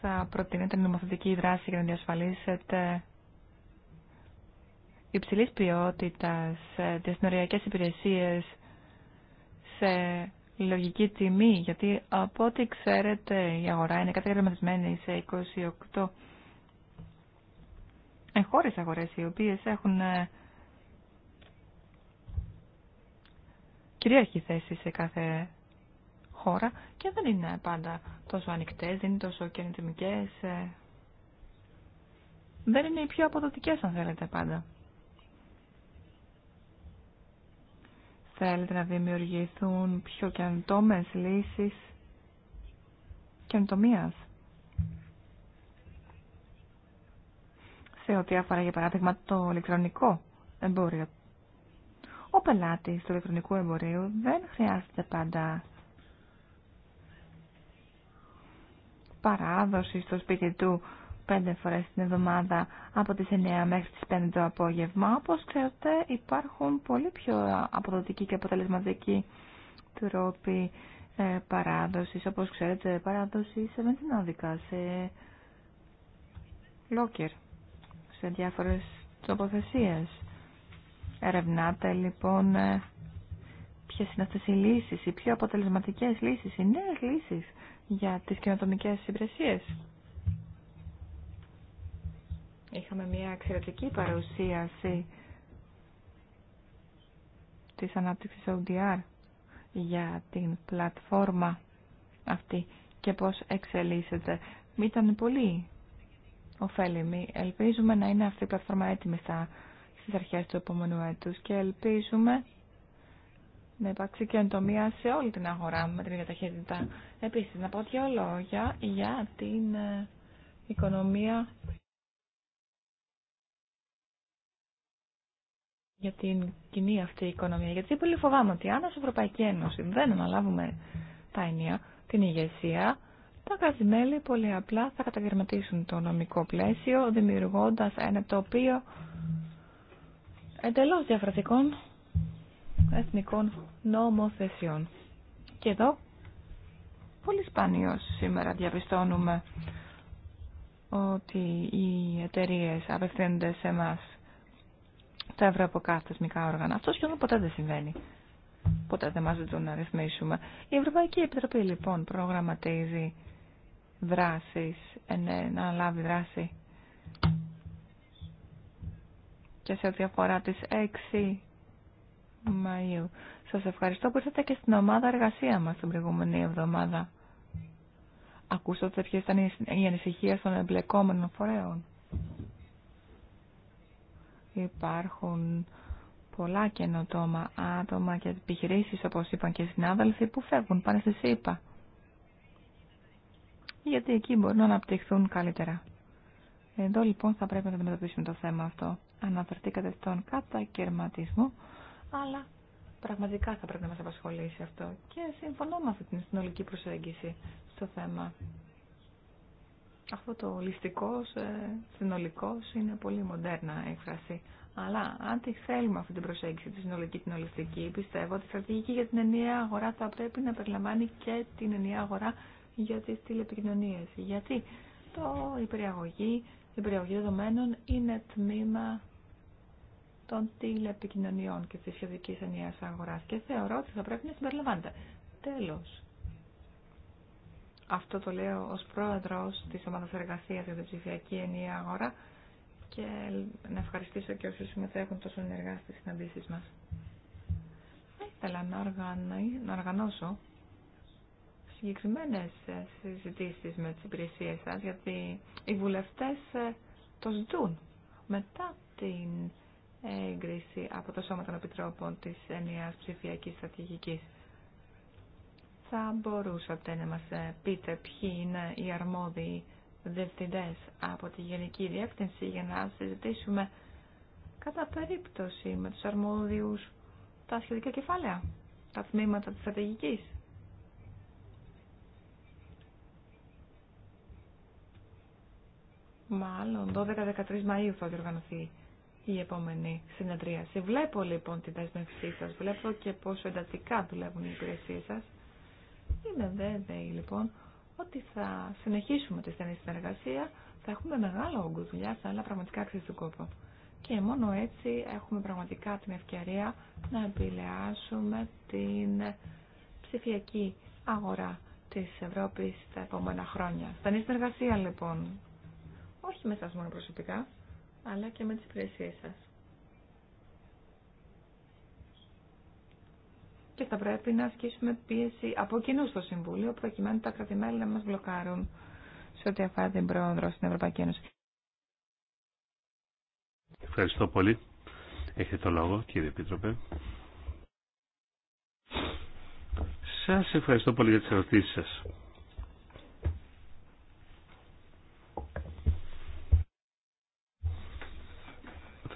Θα προτείνετε νομοθετική δράση για να διασφαλίσετε υψηλής ποιότητας ε, διασυνοριακές υπηρεσίες σε λογική τιμή, γιατί από ό,τι ξέρετε η αγορά είναι καταγραμματισμένη σε 28 εγχώρες αγορές, οι οποίες έχουν ε, κυρίαρχη θέση σε κάθε χώρα και δεν είναι πάντα τόσο ανοιχτές, δεν είναι τόσο καινοτομικές. Ε, δεν είναι οι πιο αποδοτικές αν θέλετε πάντα. Θέλετε να δημιουργηθούν πιο καινοτόμες λύσεις καινοτομίας. Σε ό,τι αφορά για παράδειγμα το ηλεκτρονικό εμπόριο. Ο πελάτης του ηλεκτρονικού εμπορίου δεν χρειάζεται πάντα παράδοση στο σπίτι του πέντε φορές την εβδομάδα από τις 9 μέχρι τις 5 το απόγευμα. Όπως ξέρετε υπάρχουν πολύ πιο αποδοτικοί και αποτελεσματικοί τρόποι ε, παράδοσης. Όπως ξέρετε παράδοση σε βενζινάδικα, σε λόκερ, σε διάφορες τοποθεσίες. Ερευνάτε λοιπόν ε, ποιες είναι αυτές οι λύσεις, οι πιο αποτελεσματικές λύσεις, οι νέες λύσεις για τις καινοτομικές υπηρεσίες. Είχαμε μια εξαιρετική παρουσίαση της ανάπτυξης ODR για την πλατφόρμα αυτή και πώς εξελίσσεται. Ήταν πολύ ωφέλιμη. Ελπίζουμε να είναι αυτή η πλατφόρμα έτοιμη στα, στις αρχές του επόμενου έτους και ελπίζουμε να υπάρξει και εντομία σε όλη την αγορά με την ταχύτητα Επίσης, να πω δύο λόγια για την ε, οικονομία για την κοινή αυτή η οικονομία. Γιατί πολύ φοβάμαι ότι αν ως Ευρωπαϊκή Ένωση δεν αναλάβουμε τα ενία, την ηγεσία, τα κρατη πολύ απλά θα καταγερματίσουν το νομικό πλαίσιο, δημιουργώντας ένα τοπίο εντελώς διαφορετικών εθνικών νομοθεσιών. Και εδώ, πολύ σπανίως σήμερα διαπιστώνουμε ότι οι εταιρείε απευθύνονται σε εμάς τα ευρώ από όργανα. Αυτό σχεδόν ποτέ δεν συμβαίνει. Ποτέ δεν μας ζητούν να ρυθμίσουμε. Η Ευρωπαϊκή Επιτροπή λοιπόν προγραμματίζει δράσεις, ε, ναι, να λάβει δράση και σε ό,τι αφορά τις 6 Μαΐου. Σας ευχαριστώ που ήρθατε και στην ομάδα εργασία μας την προηγούμενη εβδομάδα. Ακούσατε ποιε ήταν η ανησυχία των εμπλεκόμενων φορέων υπάρχουν πολλά καινοτόμα άτομα και επιχειρήσει, όπως είπαν και οι συνάδελφοι, που φεύγουν, πάνε στη ΣΥΠΑ. Γιατί εκεί μπορούν να αναπτυχθούν καλύτερα. Εδώ λοιπόν θα πρέπει να αντιμετωπίσουμε το θέμα αυτό. Αναφερθήκατε στον κατακαιρματισμό, αλλά πραγματικά θα πρέπει να μας απασχολήσει αυτό. Και συμφωνώ με αυτή την συνολική προσέγγιση στο θέμα. Αυτό το ληστικός, ε, συνολικός είναι πολύ μοντέρνα έκφραση. Αλλά αν τη θέλουμε αυτή την προσέγγιση, τη συνολική την ολιστική, πιστεύω ότι η στρατηγική για την ενιαία αγορά θα πρέπει να περιλαμβάνει και την ενιαία αγορά για τις τηλεπικοινωνίες. Γιατί το, η περιαγωγή, η περιαγωγή δεδομένων είναι τμήμα των τηλεπικοινωνιών και της σχετικής ενιαίας αγοράς και θεωρώ ότι θα πρέπει να συμπεριλαμβάνεται. Τέλος, αυτό το λέω ως πρόεδρος της ομάδας εργασίας για την ψηφιακή ενιαία αγορά και να ευχαριστήσω και όσους συμμετέχουν τόσο ενεργά στις συναντήσεις μας. Θα ήθελα να οργανώσω συγκεκριμένες ε, συζητήσεις με τις υπηρεσίες σας, γιατί οι βουλευτές ε, το ζητούν μετά την έγκριση από το Σώμα των Επιτρόπων της ενιαίας ψηφιακής στρατηγικής θα μπορούσατε να μας ε, πείτε ποιοι είναι οι αρμόδιοι διευθυντές από τη Γενική Διεύθυνση για να συζητήσουμε κατά περίπτωση με τους αρμόδιους τα σχετικά κεφάλαια, τα τμήματα της στρατηγικής. Μάλλον 12-13 Μαΐου θα διοργανωθεί η επόμενη συνεδρίαση. Βλέπω λοιπόν τη δέσμευσή σας, βλέπω και πόσο εντατικά δουλεύουν οι υπηρεσίες σας. Είμαι βέβαιη λοιπόν ότι θα συνεχίσουμε τη στενή συνεργασία, θα έχουμε μεγάλο όγκο δουλειά, αλλά πραγματικά αξίζει τον κόπο. Και μόνο έτσι έχουμε πραγματικά την ευκαιρία να επιλεάσουμε την ψηφιακή αγορά της Ευρώπης τα επόμενα χρόνια. Στενή συνεργασία λοιπόν, όχι με σας μόνο προσωπικά, αλλά και με τις υπηρεσίες σας. και θα πρέπει να ασκήσουμε πίεση από κοινού στο Συμβούλιο προκειμένου τα κρατημέλη να μα μπλοκάρουν σε ό,τι αφορά την πρόοδο στην Ευρωπαϊκή Ένωση. Ευχαριστώ πολύ. Έχετε το λόγο κύριε Επίτροπε. Σας ευχαριστώ πολύ για τις ερωτήσεις σας.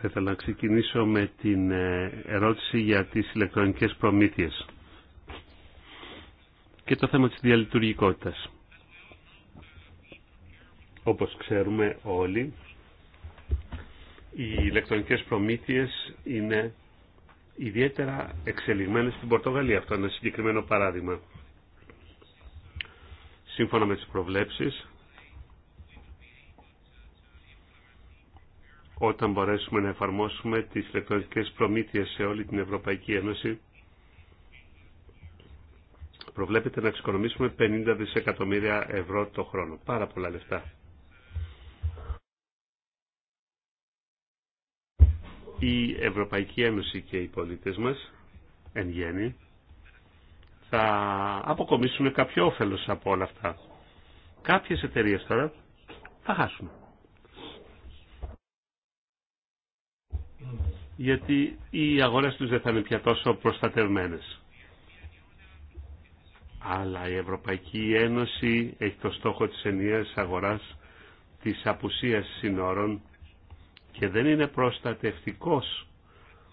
Θα ήθελα να ξεκινήσω με την ε, ερώτηση για τις ηλεκτρονικές προμήθειες και το θέμα της διαλειτουργικότητας. Όπως ξέρουμε όλοι, οι ηλεκτρονικές προμήθειες είναι ιδιαίτερα εξελιγμένες στην Πορτογαλία. Αυτό είναι ένα συγκεκριμένο παράδειγμα. Σύμφωνα με τις προβλέψεις, όταν μπορέσουμε να εφαρμόσουμε τις ηλεκτρονικές προμήθειες σε όλη την Ευρωπαϊκή Ένωση προβλέπεται να εξοικονομήσουμε 50 δισεκατομμύρια ευρώ το χρόνο. Πάρα πολλά λεφτά. Η Ευρωπαϊκή Ένωση και οι πολίτες μας, εν γέννη, θα αποκομίσουν κάποιο όφελος από όλα αυτά. Κάποιες εταιρείες τώρα θα χάσουν. γιατί οι αγορές τους δεν θα είναι πια τόσο προστατευμένες. Αλλά η Ευρωπαϊκή Ένωση έχει το στόχο της ενιαίας αγοράς της απουσίας συνόρων και δεν είναι προστατευτικός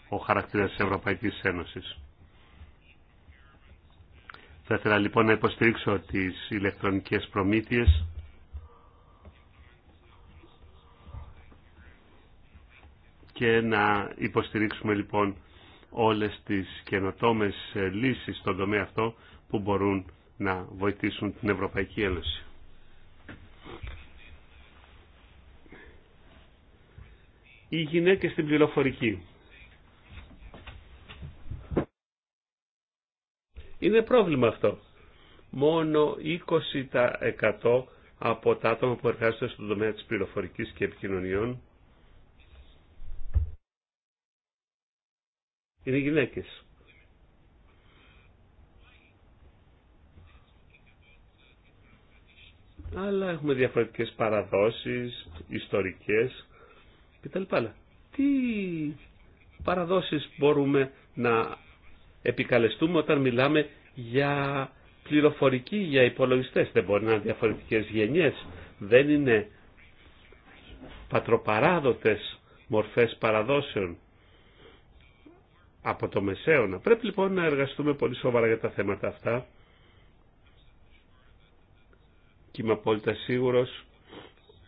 ο χαρακτήρας της Ευρωπαϊκής Ένωσης. Θα ήθελα λοιπόν να υποστηρίξω τις ηλεκτρονικές προμήθειες και να υποστηρίξουμε λοιπόν όλες τις καινοτόμες ε, λύσεις στον τομέα αυτό που μπορούν να βοηθήσουν την Ευρωπαϊκή Ένωση. Οι γυναίκες στην πληροφορική. Είναι πρόβλημα αυτό. Μόνο 20% από τα άτομα που εργάζονται στον τομέα της πληροφορικής και επικοινωνιών είναι γυναίκες. Αλλά έχουμε διαφορετικές παραδόσεις, ιστορικές κτλ. Τι παραδόσεις μπορούμε να επικαλεστούμε όταν μιλάμε για πληροφορική, για υπολογιστές. Δεν μπορεί να είναι διαφορετικές γενιές. Δεν είναι πατροπαράδοτες μορφές παραδόσεων από το μεσαίωνα. Πρέπει λοιπόν να εργαστούμε πολύ σοβαρά για τα θέματα αυτά και είμαι απόλυτα σίγουρος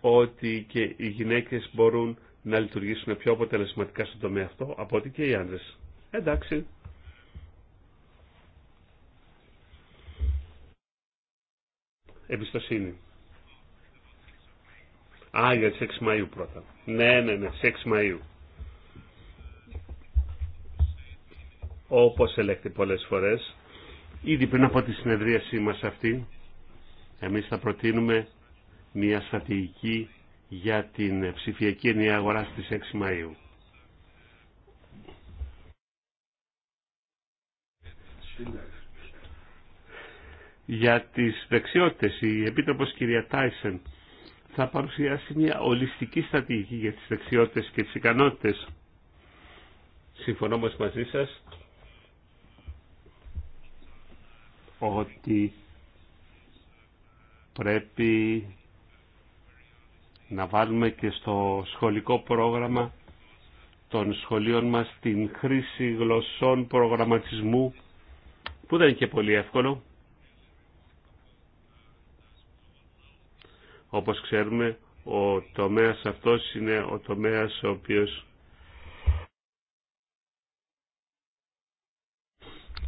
ότι και οι γυναίκες μπορούν να λειτουργήσουν πιο αποτελεσματικά στον τομέα αυτό από ότι και οι άντρες. Εντάξει. Εμπιστοσύνη. Α, για τις 6 Μαΐου πρώτα. Ναι, ναι, ναι, 6 Μαΐου. όπως ελέγχεται πολλές φορές. Ήδη πριν από τη συνεδρίασή μας αυτή, εμείς θα προτείνουμε μια στρατηγική για την ψηφιακή ενιαία αγορά στις 6 Μαΐου. Για τις δεξιότητες, η Επίτροπος κυρία Τάισεν θα παρουσιάσει μια ολιστική στρατηγική για τις δεξιότητες και τις ικανότητες. Συμφωνώ μαζί σας ότι πρέπει να βάλουμε και στο σχολικό πρόγραμμα των σχολείων μας την χρήση γλωσσών προγραμματισμού που δεν είναι και πολύ εύκολο. Όπως ξέρουμε, ο τομέας αυτός είναι ο τομέας ο οποίος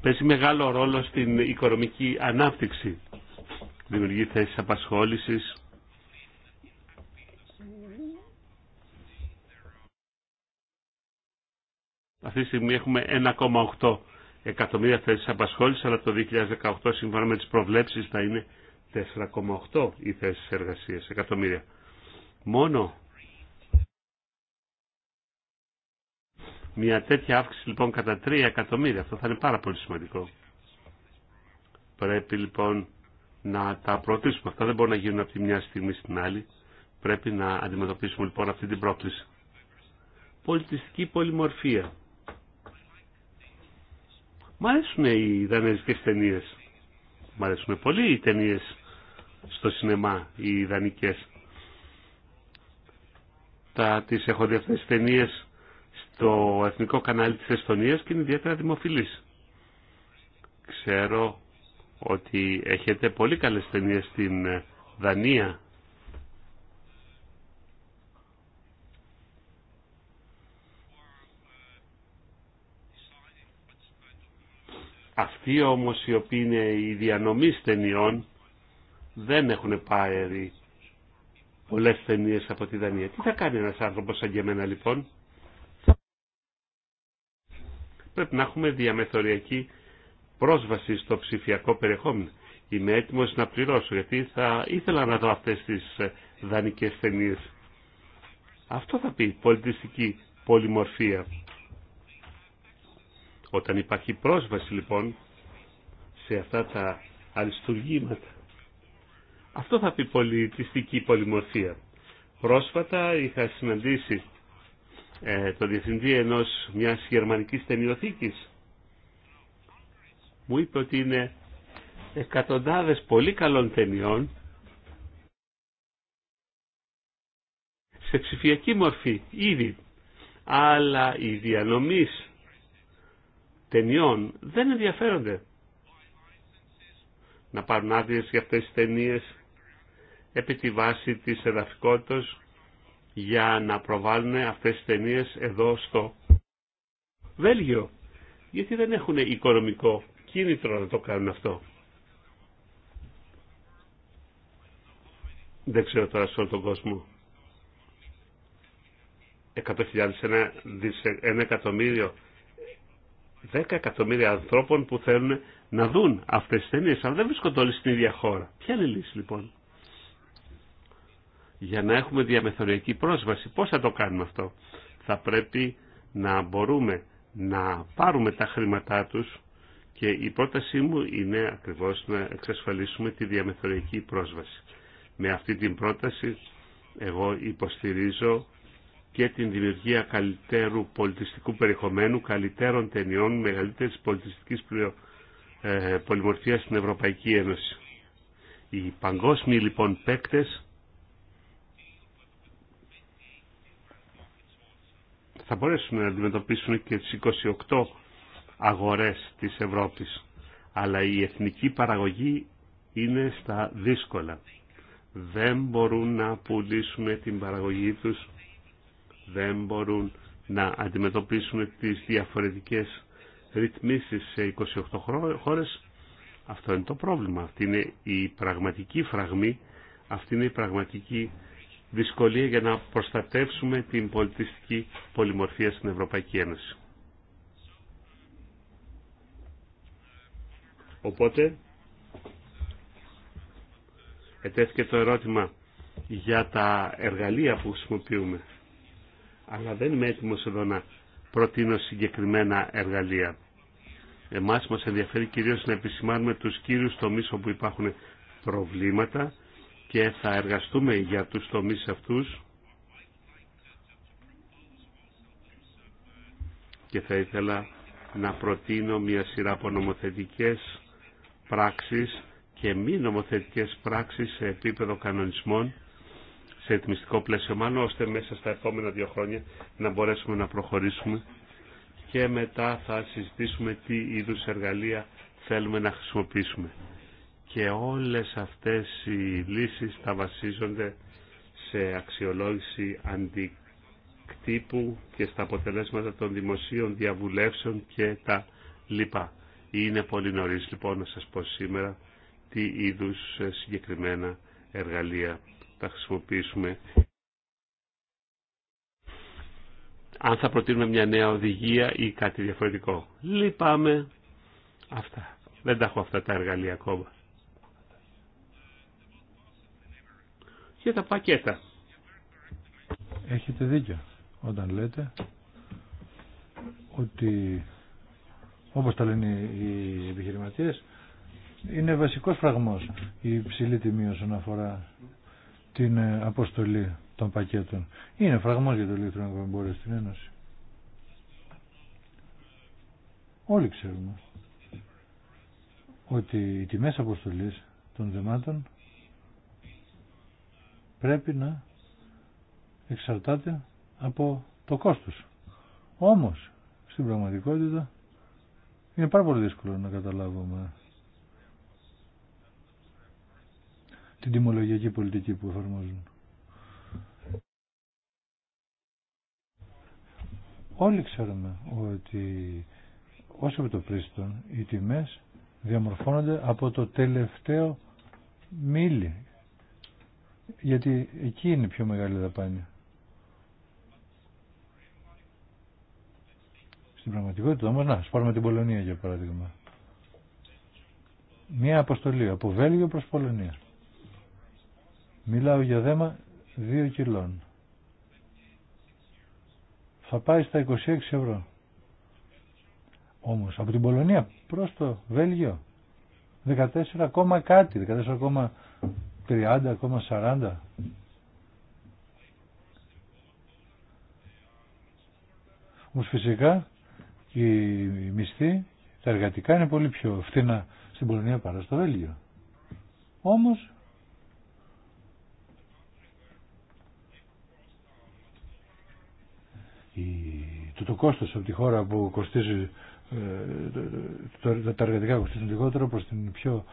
παίζει μεγάλο ρόλο στην οικονομική ανάπτυξη. Δημιουργεί θέσεις απασχόλησης. Αυτή τη στιγμή έχουμε 1,8 εκατομμύρια θέσεις απασχόλησης, αλλά το 2018 σύμφωνα με τις προβλέψεις θα είναι 4,8 οι θέσεις εργασίας εκατομμύρια. Μόνο Μια τέτοια αύξηση λοιπόν κατά 3 εκατομμύρια, αυτό θα είναι πάρα πολύ σημαντικό. Πρέπει λοιπόν να τα προωθήσουμε. Αυτά δεν μπορούν να γίνουν από τη μια στιγμή στην άλλη. Πρέπει να αντιμετωπίσουμε λοιπόν αυτή την πρόκληση. Πολιτιστική πολυμορφία. Μ' αρέσουν οι δανειστικέ ταινίε. Μ' αρέσουν πολύ οι ταινίε στο σινεμά, οι ιδανικές. Τα, τις έχω δει αυτές τις ταινίες το εθνικό κανάλι της Εστονίας και είναι ιδιαίτερα δημοφιλής. Ξέρω ότι έχετε πολύ καλές ταινίες στην ε, Δανία. Αυτοί όμως οι οποίοι είναι οι διανομής ταινιών δεν έχουν πάρει πολλές ταινίες από τη Δανία. Τι θα κάνει ένας άνθρωπος σαν και εμένα λοιπόν πρέπει να έχουμε διαμεθοριακή πρόσβαση στο ψηφιακό περιεχόμενο. Είμαι έτοιμο να πληρώσω γιατί θα ήθελα να δω αυτέ τι ε, δανεικές ταινίε. Αυτό θα πει πολιτιστική πολυμορφία. Όταν υπάρχει πρόσβαση λοιπόν σε αυτά τα αριστουργήματα. Αυτό θα πει πολιτιστική πολυμορφία. Πρόσφατα είχα συναντήσει ε, το διευθυντή ενός μιας γερμανικής ταινιοθήκης. Μου είπε ότι είναι εκατοντάδες πολύ καλών ταινιών σε ψηφιακή μορφή ήδη, αλλά οι διανομής ταινιών δεν ενδιαφέρονται να πάρουν άδειε για αυτές τις ταινίες επί τη βάση της εδαφικότητας για να προβάλλουν αυτές τις ταινίε εδώ στο Βέλγιο. Γιατί δεν έχουν οικονομικό κίνητρο να το κάνουν αυτό. Δεν ξέρω τώρα σε όλο τον κόσμο. 100.000, ένα, ένα εκατομμύριο, δέκα εκατομμύρια ανθρώπων που θέλουν να δουν αυτές τις ταινίες, αλλά δεν βρίσκονται όλοι στην ίδια χώρα. Ποια είναι η λύση λοιπόν για να έχουμε διαμεθοριακή πρόσβαση. Πώς θα το κάνουμε αυτό. Θα πρέπει να μπορούμε να πάρουμε τα χρήματά τους και η πρότασή μου είναι ακριβώς να εξασφαλίσουμε τη διαμεθοριακή πρόσβαση. Με αυτή την πρόταση εγώ υποστηρίζω και την δημιουργία καλύτερου πολιτιστικού περιεχομένου, καλύτερων ταινιών, μεγαλύτερης πολιτιστικής ε, πολυμορφίας στην Ευρωπαϊκή Ένωση. Οι παγκόσμιοι λοιπόν παίκτες θα μπορέσουν να αντιμετωπίσουν και τις 28 αγορές της Ευρώπης. Αλλά η εθνική παραγωγή είναι στα δύσκολα. Δεν μπορούν να πουλήσουν την παραγωγή τους, δεν μπορούν να αντιμετωπίσουν τις διαφορετικές ρυθμίσεις σε 28 χώρες. Αυτό είναι το πρόβλημα. Αυτή είναι η πραγματική φραγμή, αυτή είναι η πραγματική δυσκολία για να προστατεύσουμε την πολιτιστική πολυμορφία στην Ευρωπαϊκή Ένωση. Οπότε, ετέθηκε το ερώτημα για τα εργαλεία που χρησιμοποιούμε. Αλλά δεν είμαι έτοιμο εδώ να προτείνω συγκεκριμένα εργαλεία. Εμάς μας ενδιαφέρει κυρίως να επισημάνουμε τους κύριους τομείς όπου υπάρχουν προβλήματα και θα εργαστούμε για τους τομείς αυτούς και θα ήθελα να προτείνω μια σειρά από νομοθετικές πράξεις και μη νομοθετικές πράξεις σε επίπεδο κανονισμών σε ρυθμιστικό πλαίσιο μάλλον ώστε μέσα στα επόμενα δύο χρόνια να μπορέσουμε να προχωρήσουμε και μετά θα συζητήσουμε τι είδους εργαλεία θέλουμε να χρησιμοποιήσουμε και όλες αυτές οι λύσεις θα βασίζονται σε αξιολόγηση αντικτύπου και στα αποτελέσματα των δημοσίων διαβουλεύσεων και τα λοιπά. Είναι πολύ νωρίς λοιπόν να σας πω σήμερα τι είδους συγκεκριμένα εργαλεία θα χρησιμοποιήσουμε. Αν θα προτείνουμε μια νέα οδηγία ή κάτι διαφορετικό. Λυπάμαι. Αυτά. Δεν τα έχω αυτά τα εργαλεία ακόμα. και τα πακέτα. Έχετε δίκιο όταν λέτε ότι όπως τα λένε οι επιχειρηματίες είναι βασικός φραγμός η υψηλή τιμή όσον αφορά την ε, αποστολή των πακέτων. Είναι φραγμός για το ηλεκτρονικό εμπόριο στην Ένωση. Όλοι ξέρουμε ότι οι τιμές αποστολής των δεμάτων πρέπει να εξαρτάται από το κόστος. Όμως, στην πραγματικότητα, είναι πάρα πολύ δύσκολο να καταλάβουμε την τιμολογιακή πολιτική που εφαρμόζουν. Όλοι ξέρουμε ότι όσο με το πρίστον οι τιμές διαμορφώνονται από το τελευταίο μίλι γιατί εκεί είναι η πιο μεγάλη δαπάνη. Στην πραγματικότητα όμως, να, ας την Πολωνία για παράδειγμα. Μία αποστολή από Βέλγιο προς Πολωνία. Μιλάω για δέμα 2 κιλών. Θα πάει στα 26 ευρώ. Όμως από την Πολωνία προς το Βέλγιο 14, κάτι, 14, 30, ακόμα 40. Όμως φυσικά οι μισθοί, τα εργατικά είναι πολύ πιο φθηνά στην Πολωνία παρά στο Βέλγιο. Όμως το, το κόστος από τη χώρα που κοστίζει ε, τα εργατικά κοστίζουν λιγότερο προς την πιο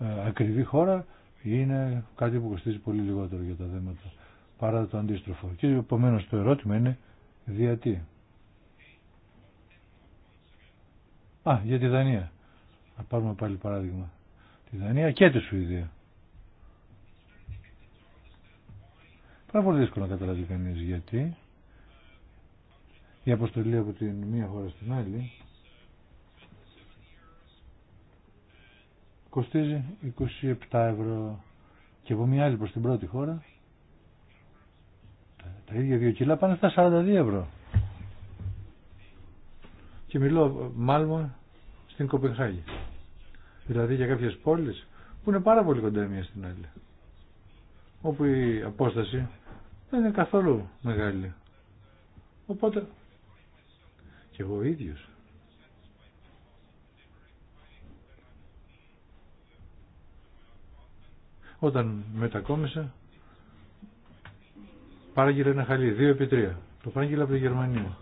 ε, ακριβή χώρα είναι κάτι που κοστίζει πολύ λιγότερο για τα θέματα παρά το αντίστροφο. Και επομένω το ερώτημα είναι γιατί. Α, για τη Δανία. Να πάρουμε πάλι παράδειγμα. Τη Δανία και τη Σουηδία. Πάρα πολύ δύσκολο να καταλάβει κανεί γιατί. Η αποστολή από την μία χώρα στην άλλη κοστίζει 27 ευρώ και από μια άλλη προς την πρώτη χώρα τα, ίδια δύο κιλά πάνε στα 42 ευρώ και μιλώ μάλμα στην Κοπενχάγη δηλαδή για κάποιες πόλεις που είναι πάρα πολύ κοντά μία στην άλλη όπου η απόσταση δεν είναι καθόλου μεγάλη οπότε και εγώ ίδιος Όταν μετακόμισα, παράγγειλε ένα χαλί, δύο επί τρία. Το παράγγειλε από τη Γερμανία.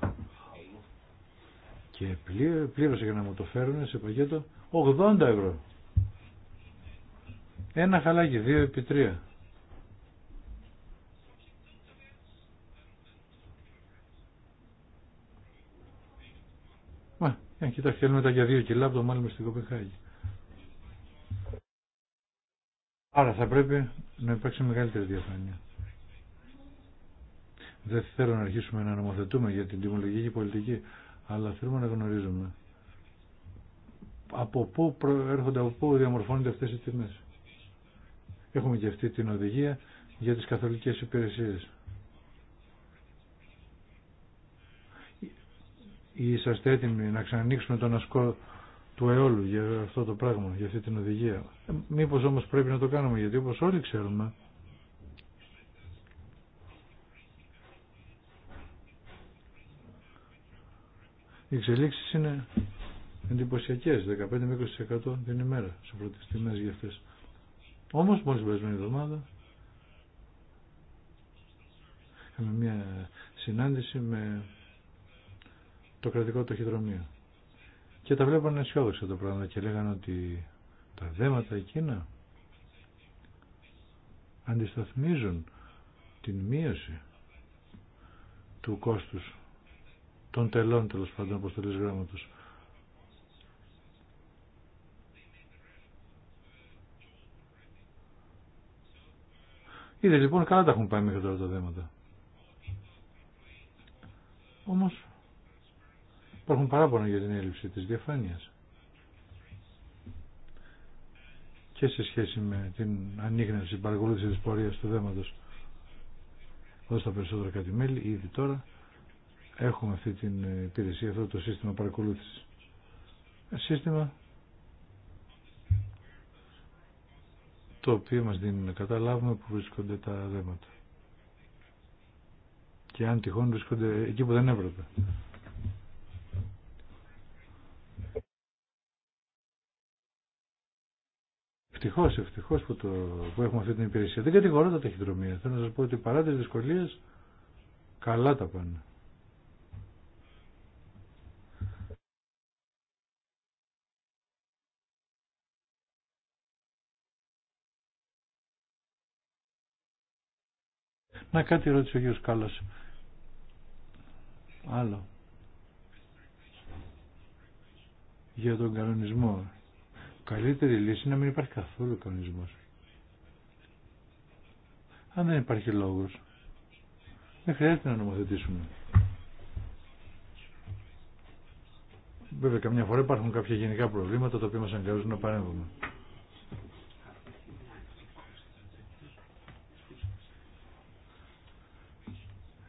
Και πλήρωσε για να μου το φέρουν σε πακέτο 80 ευρώ. Ένα χαλάκι, δύο επί τρία. Μα, ε, κοιτάξτε, θέλουμε τα για δύο κιλά από το μάλλον στην Κοπεχάγη. Άρα θα πρέπει να υπάρξει μεγαλύτερη διαφάνεια. Δεν θέλω να αρχίσουμε να νομοθετούμε για την τιμολογική πολιτική, αλλά θέλουμε να γνωρίζουμε από πού προέρχονται, από πού διαμορφώνονται αυτές οι τιμές. Έχουμε και αυτή την οδηγία για τις καθολικές υπηρεσίες. Είσαστε έτοιμοι να ξανανοίξουμε τον ασκό του αιώλου για αυτό το πράγμα, για αυτή την οδηγία. Ε, μήπως όμως πρέπει να το κάνουμε, γιατί όπως όλοι ξέρουμε, οι εξελίξεις είναι εντυπωσιακές, 15 20% την ημέρα σε πρώτες τιμές για αυτές. Όμως, μόλις την η εβδομάδα, είχαμε μια συνάντηση με το κρατικό τοχυδρομείο και τα βλέπανε αισιόδοξα τα πράγματα και λέγανε ότι τα δέματα εκείνα αντισταθμίζουν την μείωση του κόστους των τελών τέλο πάντων αποστολής γράμματος. Είδε λοιπόν καλά τα έχουν πάει μέχρι τώρα τα δέματα. Όμως Υπάρχουν παράπονα για την έλλειψη της διαφάνειας. Και σε σχέση με την ανίγνευση παρακολούθηση της πορείας του δέματος εδώ στα περισσότερα κατημέλη ήδη τώρα έχουμε αυτή την υπηρεσία, αυτό το σύστημα παρακολούθησης. Σύστημα το οποίο μας δίνει να καταλάβουμε που βρίσκονται τα δέματα. Και αν τυχόν βρίσκονται εκεί που δεν έπρεπε. Ευτυχώ, ευτυχώ που, το, που έχουμε αυτή την υπηρεσία. Δεν κατηγορώ τα ταχυδρομεία. Θέλω να σα πω ότι παρά τι δυσκολίε, καλά τα πάνε. Να κάτι ρώτησε ο Γιος Κάλλας. Άλλο. Για τον κανονισμό καλύτερη λύση είναι να μην υπάρχει καθόλου κανονισμός. Αν δεν υπάρχει λόγος, δεν χρειάζεται να νομοθετήσουμε. Βέβαια, καμιά φορά υπάρχουν κάποια γενικά προβλήματα τα οποία μας αγκαλούν να παρέμβουμε.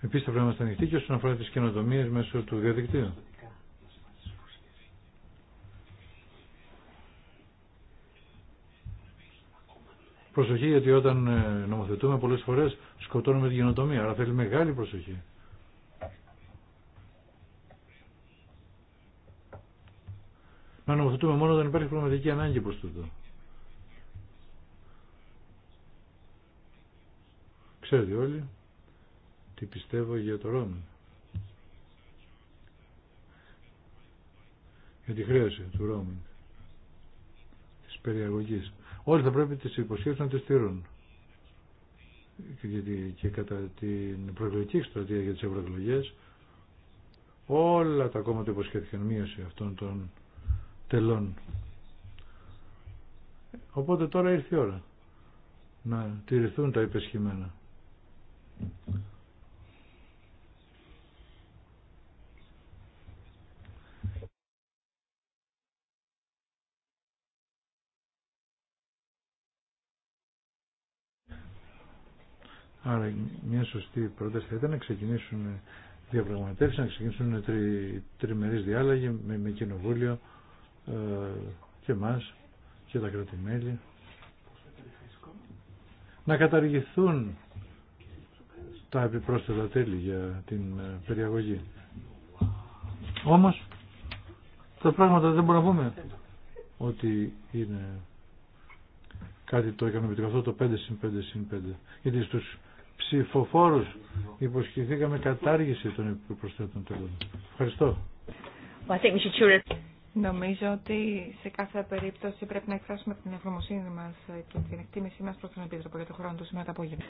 Επίσης θα πρέπει να είμαστε ανοιχτοί και όσον αφορά τις καινοτομίες μέσω του διαδικτύου. προσοχή γιατί όταν ε, νομοθετούμε πολλές φορές σκοτώνουμε την γενοτομία, άρα θέλει μεγάλη προσοχή. Να νομοθετούμε μόνο όταν υπάρχει πραγματική ανάγκη προς τούτο. Ξέρετε όλοι τι πιστεύω για το Ρώμη. Για τη χρέωση του Ρώμη. Της περιαγωγής. Όλοι θα πρέπει τις υποσχέσεις να τις στήρουν. Και, κατά την προεκλογική εκστρατεία για τις ευρωεκλογέ, όλα τα κόμματα υποσχέθηκαν μείωση αυτών των τελών. Οπότε τώρα ήρθε η ώρα να τηρηθούν τα υπεσχημένα. Άρα μια σωστή πρόταση θα ήταν να ξεκινήσουν διαπραγματεύσεις, να ξεκινήσουν τρι, τριμερείς διάλογοι με, με κοινοβούλιο ε, και μας και τα κρατημέλη. Να καταργηθούν τα επιπρόσθετα τέλη για την ε, περιαγωγή. Όμως τα πράγματα δεν μπορούμε να πούμε ότι είναι κάτι το ικανοποιητικό αυτό το 5 συν 5 συν 5. Γιατί στους ψηφοφόρους υποσχεθήκαμε κατάργηση των προσθέτων τελών. Ευχαριστώ. Νομίζω ότι σε κάθε περίπτωση πρέπει να εκφράσουμε την ευγνωμοσύνη μα και την εκτίμησή μα προ τον Επίτροπο για τον χρόνο του σήμερα το απόγευμα.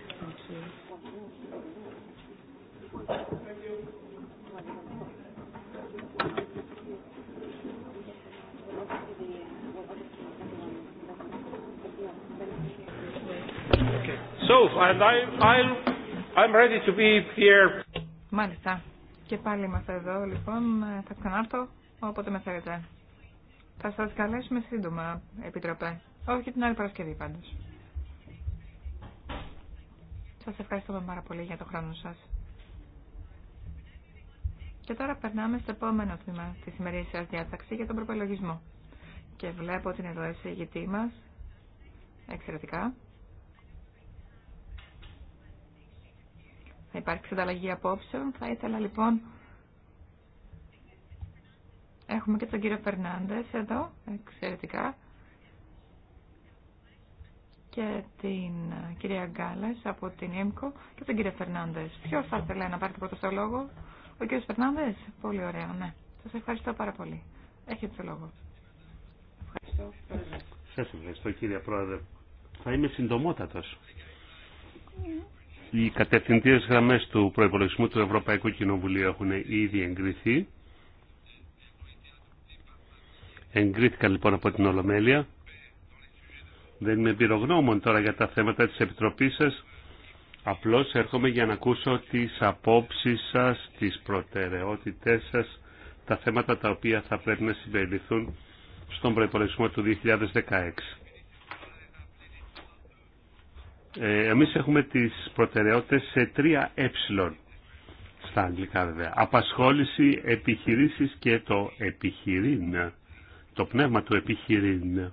So, and I, I'm, ready to be here. Μάλιστα. Και πάλι είμαστε εδώ, λοιπόν. Θα ξανάρθω όποτε με θέλετε. Θα σας καλέσουμε σύντομα, επιτροπέ. Όχι την άλλη Παρασκευή, πάντως. Σας ευχαριστούμε πάρα πολύ για το χρόνο σας. Και τώρα περνάμε στο επόμενο τμήμα τη σημερινή σας διάταξη για τον προπολογισμό. Και βλέπω ότι είναι εδώ η ηγητή μα. Εξαιρετικά. Υπάρχει υπάρξει ανταλλαγή απόψεων. Θα ήθελα λοιπόν... Έχουμε και τον κύριο Φερνάντες εδώ, εξαιρετικά. Και την κυρία Γκάλε από την ΕΜΚΟ και τον κύριο Φερνάντες. Ποιο θα ήθελε να πάρει το πρώτο στο λόγο, ο κύριο Φερνάντες. Πολύ ωραίο, ναι. Σα ευχαριστώ πάρα πολύ. Έχετε το λόγο. Ευχαριστώ. Σα ευχαριστώ κύριε Πρόεδρε. Θα είμαι συντομότατο. Ναι. Οι κατευθυντήρες γραμμές του προϋπολογισμού του Ευρωπαϊκού Κοινοβουλίου έχουν ήδη εγκριθεί. Εγκρίθηκαν λοιπόν από την Ολομέλεια. Δεν είμαι εμπειρογνώμων τώρα για τα θέματα της Επιτροπής σας. Απλώς έρχομαι για να ακούσω τις απόψεις σας, τις προτεραιότητές σας, τα θέματα τα οποία θα πρέπει να συμπεριληφθούν στον προϋπολογισμό του 2016. Ε, εμείς έχουμε τις προτεραιότητες σε τρία ε, στα αγγλικά βέβαια. Απασχόληση, επιχειρήσεις και το επιχειρήν, το πνεύμα του επιχειρήν.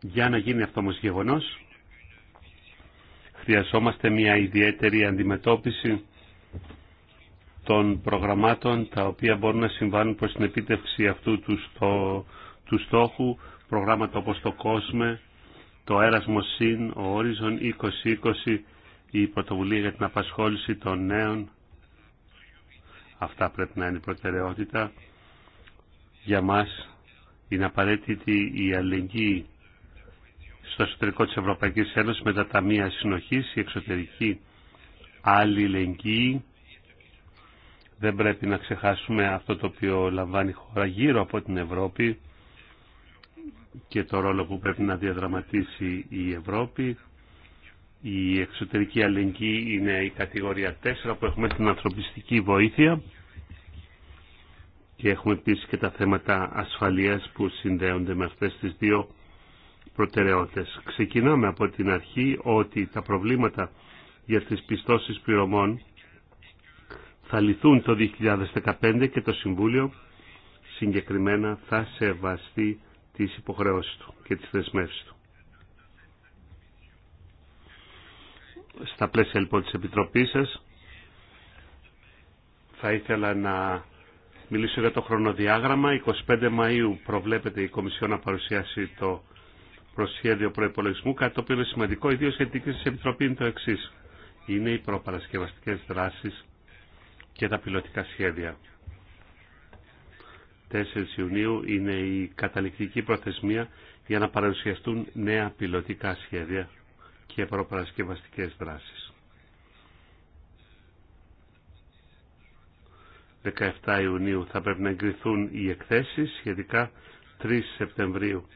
Για να γίνει αυτό όμως γεγονός, χρειαζόμαστε μια ιδιαίτερη αντιμετώπιση των προγραμμάτων τα οποία μπορούν να συμβάνουν προς την επίτευξη αυτού του, στο, του στόχου, προγράμματα όπως το COSME, το έρασμο συν, ο ορίζον 2020, η πρωτοβουλία για την απασχόληση των νέων. Αυτά πρέπει να είναι η προτεραιότητα. Για μας είναι απαραίτητη η αλληλεγγύη στο εσωτερικό της Ευρωπαϊκής Ένωσης με τα ταμεία συνοχής, η εξωτερική αλληλεγγύη. Δεν πρέπει να ξεχάσουμε αυτό το οποίο λαμβάνει η χώρα γύρω από την Ευρώπη και το ρόλο που πρέπει να διαδραματίσει η Ευρώπη. Η εξωτερική αλληλεγγύη είναι η κατηγορία 4 που έχουμε στην ανθρωπιστική βοήθεια και έχουμε επίσης και τα θέματα ασφαλείας που συνδέονται με αυτές τις δύο προτεραιότητες. Ξεκινάμε από την αρχή ότι τα προβλήματα για τις πιστώσεις πληρωμών θα λυθούν το 2015 και το Συμβούλιο συγκεκριμένα θα σεβαστεί τις υποχρεώσεις του και τις δεσμεύσεις του. Στα πλαίσια λοιπόν της Επιτροπής σας θα ήθελα να μιλήσω για το χρονοδιάγραμμα. 25 Μαΐου προβλέπεται η Κομισιόν να παρουσιάσει το προσχέδιο προϋπολογισμού, κάτι το οποίο είναι σημαντικό, ιδίως γιατί η Επιτροπή είναι το εξή. Είναι οι προπαρασκευαστικές δράσεις και τα πιλωτικά σχέδια. 4 Ιουνίου είναι η καταληκτική προθεσμία για να παρουσιαστούν νέα πιλωτικά σχέδια και προπαρασκευαστικές δράσεις. 17 Ιουνίου θα πρέπει να εγκριθούν οι εκθέσεις, σχετικά 3 Σεπτεμβρίου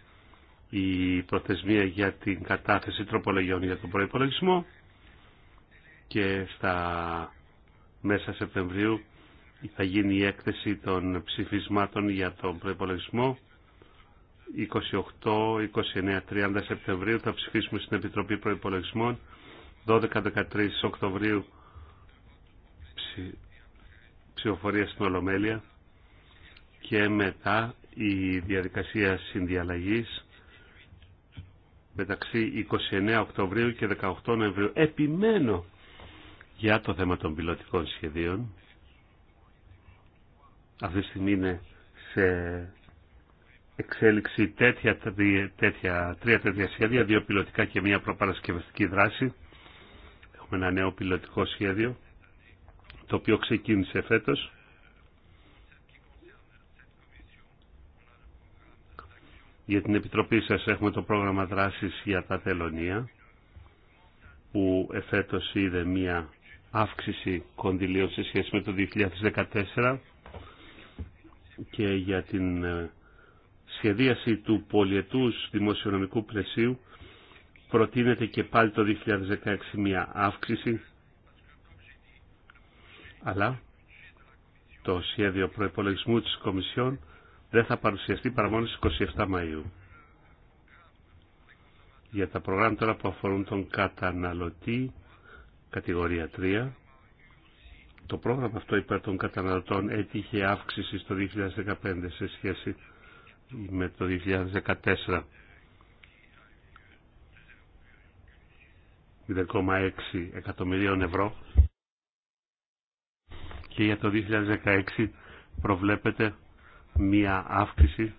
η προθεσμία για την κατάθεση τροπολογιών για τον προϋπολογισμό και στα μέσα Σεπτεμβρίου θα γίνει η έκθεση των ψηφισμάτων για τον προπολογισμό. 28, 29, 30 Σεπτεμβρίου θα ψηφίσουμε στην Επιτροπή Προϋπολογισμών. 12, 13 Οκτωβρίου ψη... ψηφοφορία στην Ολομέλεια και μετά η διαδικασία συνδιαλλαγής μεταξύ 29 Οκτωβρίου και 18 Νοεμβρίου. Επιμένω για το θέμα των πιλωτικών σχεδίων αυτή τη στιγμή είναι σε εξέλιξη τέτοια, τέτοια, τρία τέτοια σχέδια, δύο πιλωτικά και μία προπαρασκευαστική δράση. Έχουμε ένα νέο πιλωτικό σχέδιο, το οποίο ξεκίνησε φέτος. Για την Επιτροπή σας έχουμε το πρόγραμμα δράσης για τα τελωνία, που εφέτος είδε μία αύξηση κονδυλίων σε σχέση με το 2014 και για την ε, σχεδίαση του πολιετούς δημοσιονομικού πλαισίου προτείνεται και πάλι το 2016 μια αύξηση αλλά το σχέδιο προϋπολογισμού της Κομισιόν δεν θα παρουσιαστεί παρά μόνο 27 Μαΐου. Για τα προγράμματα που αφορούν τον καταναλωτή, κατηγορία 3, το πρόγραμμα αυτό υπέρ των καταναλωτών έτυχε αύξηση στο 2015 σε σχέση με το 2014. 0,6 εκατομμυρίων ευρώ και για το 2016 προβλέπεται μία αύξηση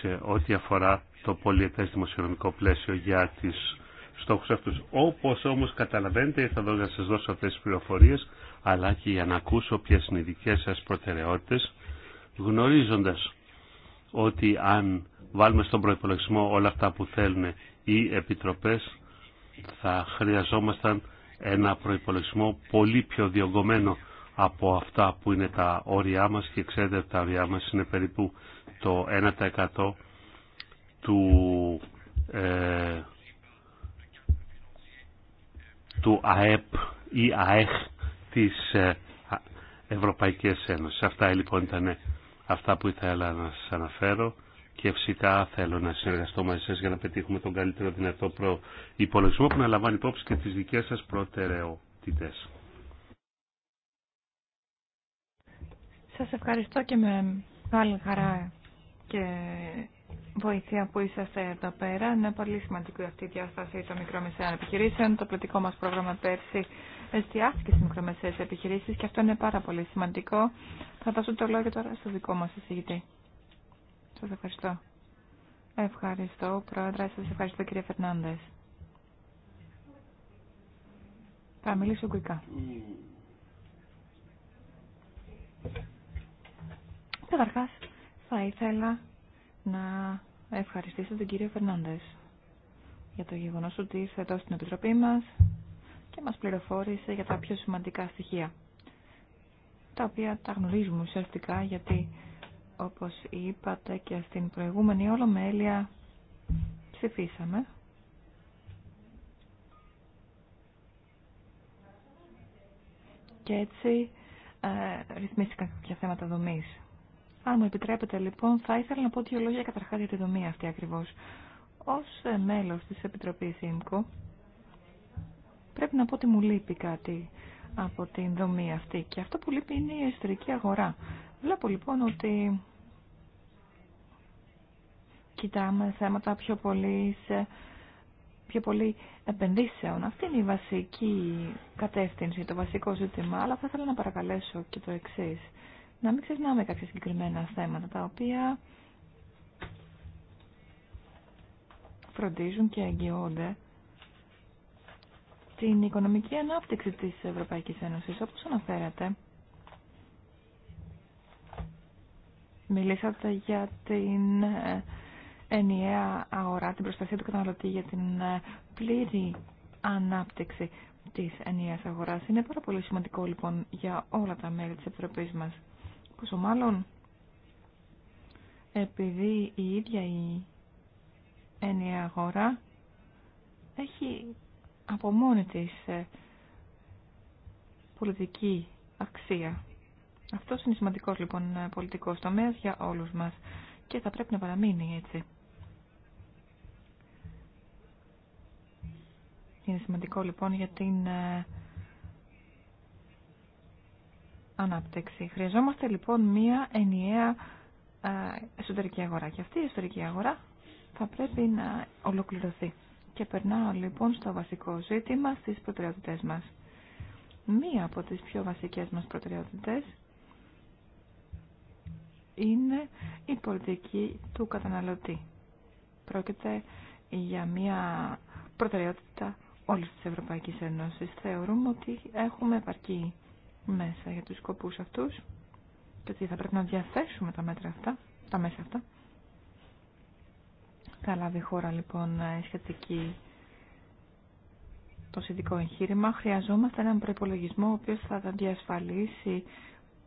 σε ό,τι αφορά το πολιετές δημοσιονομικό πλαίσιο για τις στόχους αυτούς. Όπως όμως καταλαβαίνετε, θα δω να σας δώσω αυτές τις πληροφορίες, αλλά και για να ακούσω ποιες είναι οι δικές σας προτεραιότητες, γνωρίζοντας ότι αν βάλουμε στον προϋπολογισμό όλα αυτά που θέλουν οι επιτροπές, θα χρειαζόμασταν ένα προϋπολογισμό πολύ πιο διωγγωμένο από αυτά που είναι τα όρια μας και ξέρετε τα όρια μας είναι περίπου το 1% του, ε, του ΑΕΠ ή ΑΕΧ της ε, Ευρωπαϊκής Ένωσης. Αυτά λοιπόν ήταν αυτά που ήθελα να σας αναφέρω και φυσικά θέλω να συνεργαστώ μαζί σας για να πετύχουμε τον καλύτερο δυνατό προϋπολογισμό που να λαμβάνει υπόψη και τις δικές σας προτεραιότητες. Σας ευχαριστώ και με άλλη χαρά και βοήθεια που είσαστε εδώ πέρα. Είναι πολύ σημαντική αυτή η διάσταση των μικρομεσαίων επιχειρήσεων. Το πλητικό μας πρόγραμμα πέρσι εστιάστηκε στι μικρομεσαίε επιχειρήσει και αυτό είναι πάρα πολύ σημαντικό. Θα δώσω το λόγο τώρα στο δικό μα εισηγητή. Σα ευχαριστώ. Ευχαριστώ, Πρόεδρε. σα ευχαριστώ, κύριε Φερνάνδες. Θα μιλήσω γκουικά. Καταρχά, θα ήθελα να ευχαριστήσω τον κύριο Φερνάνδες για το γεγονό ότι ήρθε εδώ στην Επιτροπή μα και μας πληροφόρησε για τα πιο σημαντικά στοιχεία, τα οποία τα γνωρίζουμε ουσιαστικά γιατί, όπως είπατε και στην προηγούμενη ολομέλεια, ψηφίσαμε. Και έτσι ε, ρυθμίστηκαν κάποια θέματα δομής. Αν μου επιτρέπετε λοιπόν, θα ήθελα να πω δύο λόγια καταρχάς για τη δομή αυτή ακριβώς. Ως ε, μέλος της Επιτροπής ΙΜΚΟ, Πρέπει να πω ότι μου λείπει κάτι από την δομή αυτή και αυτό που λείπει είναι η εσωτερική αγορά. Βλέπω λοιπόν ότι κοιτάμε θέματα πιο πολύ, σε, πιο πολύ επενδύσεων. Αυτή είναι η βασική κατεύθυνση, το βασικό ζήτημα, αλλά θα ήθελα να παρακαλέσω και το εξή. Να μην ξεχνάμε κάποια συγκεκριμένα θέματα τα οποία φροντίζουν και εγγυώνται την οικονομική ανάπτυξη της Ευρωπαϊκής Ένωσης, όπως αναφέρατε. Μιλήσατε για την ε, ενιαία αγορά, την προστασία του καταναλωτή για την ε, πλήρη ανάπτυξη της ενιαίας αγοράς. Είναι πάρα πολύ σημαντικό λοιπόν για όλα τα μέλη της Επιτροπής μας. Πόσο μάλλον επειδή η ίδια η ενιαία αγορά έχει από μόνη της ε, πολιτική αξία. Αυτό είναι σημαντικό λοιπόν ε, πολιτικό τομέα για όλους μας και θα πρέπει να παραμείνει έτσι. Είναι σημαντικό λοιπόν για την ε, ανάπτυξη. Χρειαζόμαστε λοιπόν μία ενιαία εσωτερική αγορά και αυτή η εσωτερική αγορά θα πρέπει να ολοκληρωθεί. Και περνάω λοιπόν στο βασικό ζήτημα στις προτεραιότητές μας. Μία από τις πιο βασικές μας προτεραιότητες είναι η πολιτική του καταναλωτή. Πρόκειται για μία προτεραιότητα όλης της Ευρωπαϊκής Ένωσης. Θεωρούμε ότι έχουμε επαρκή μέσα για τους σκοπούς αυτούς και ότι θα πρέπει να διαθέσουμε τα μέτρα αυτά, τα μέσα αυτά. Καλά λάβει χώρα λοιπόν σχετική το σχετικό εγχείρημα. Χρειαζόμαστε έναν προπολογισμό ο οποίος θα διασφαλίσει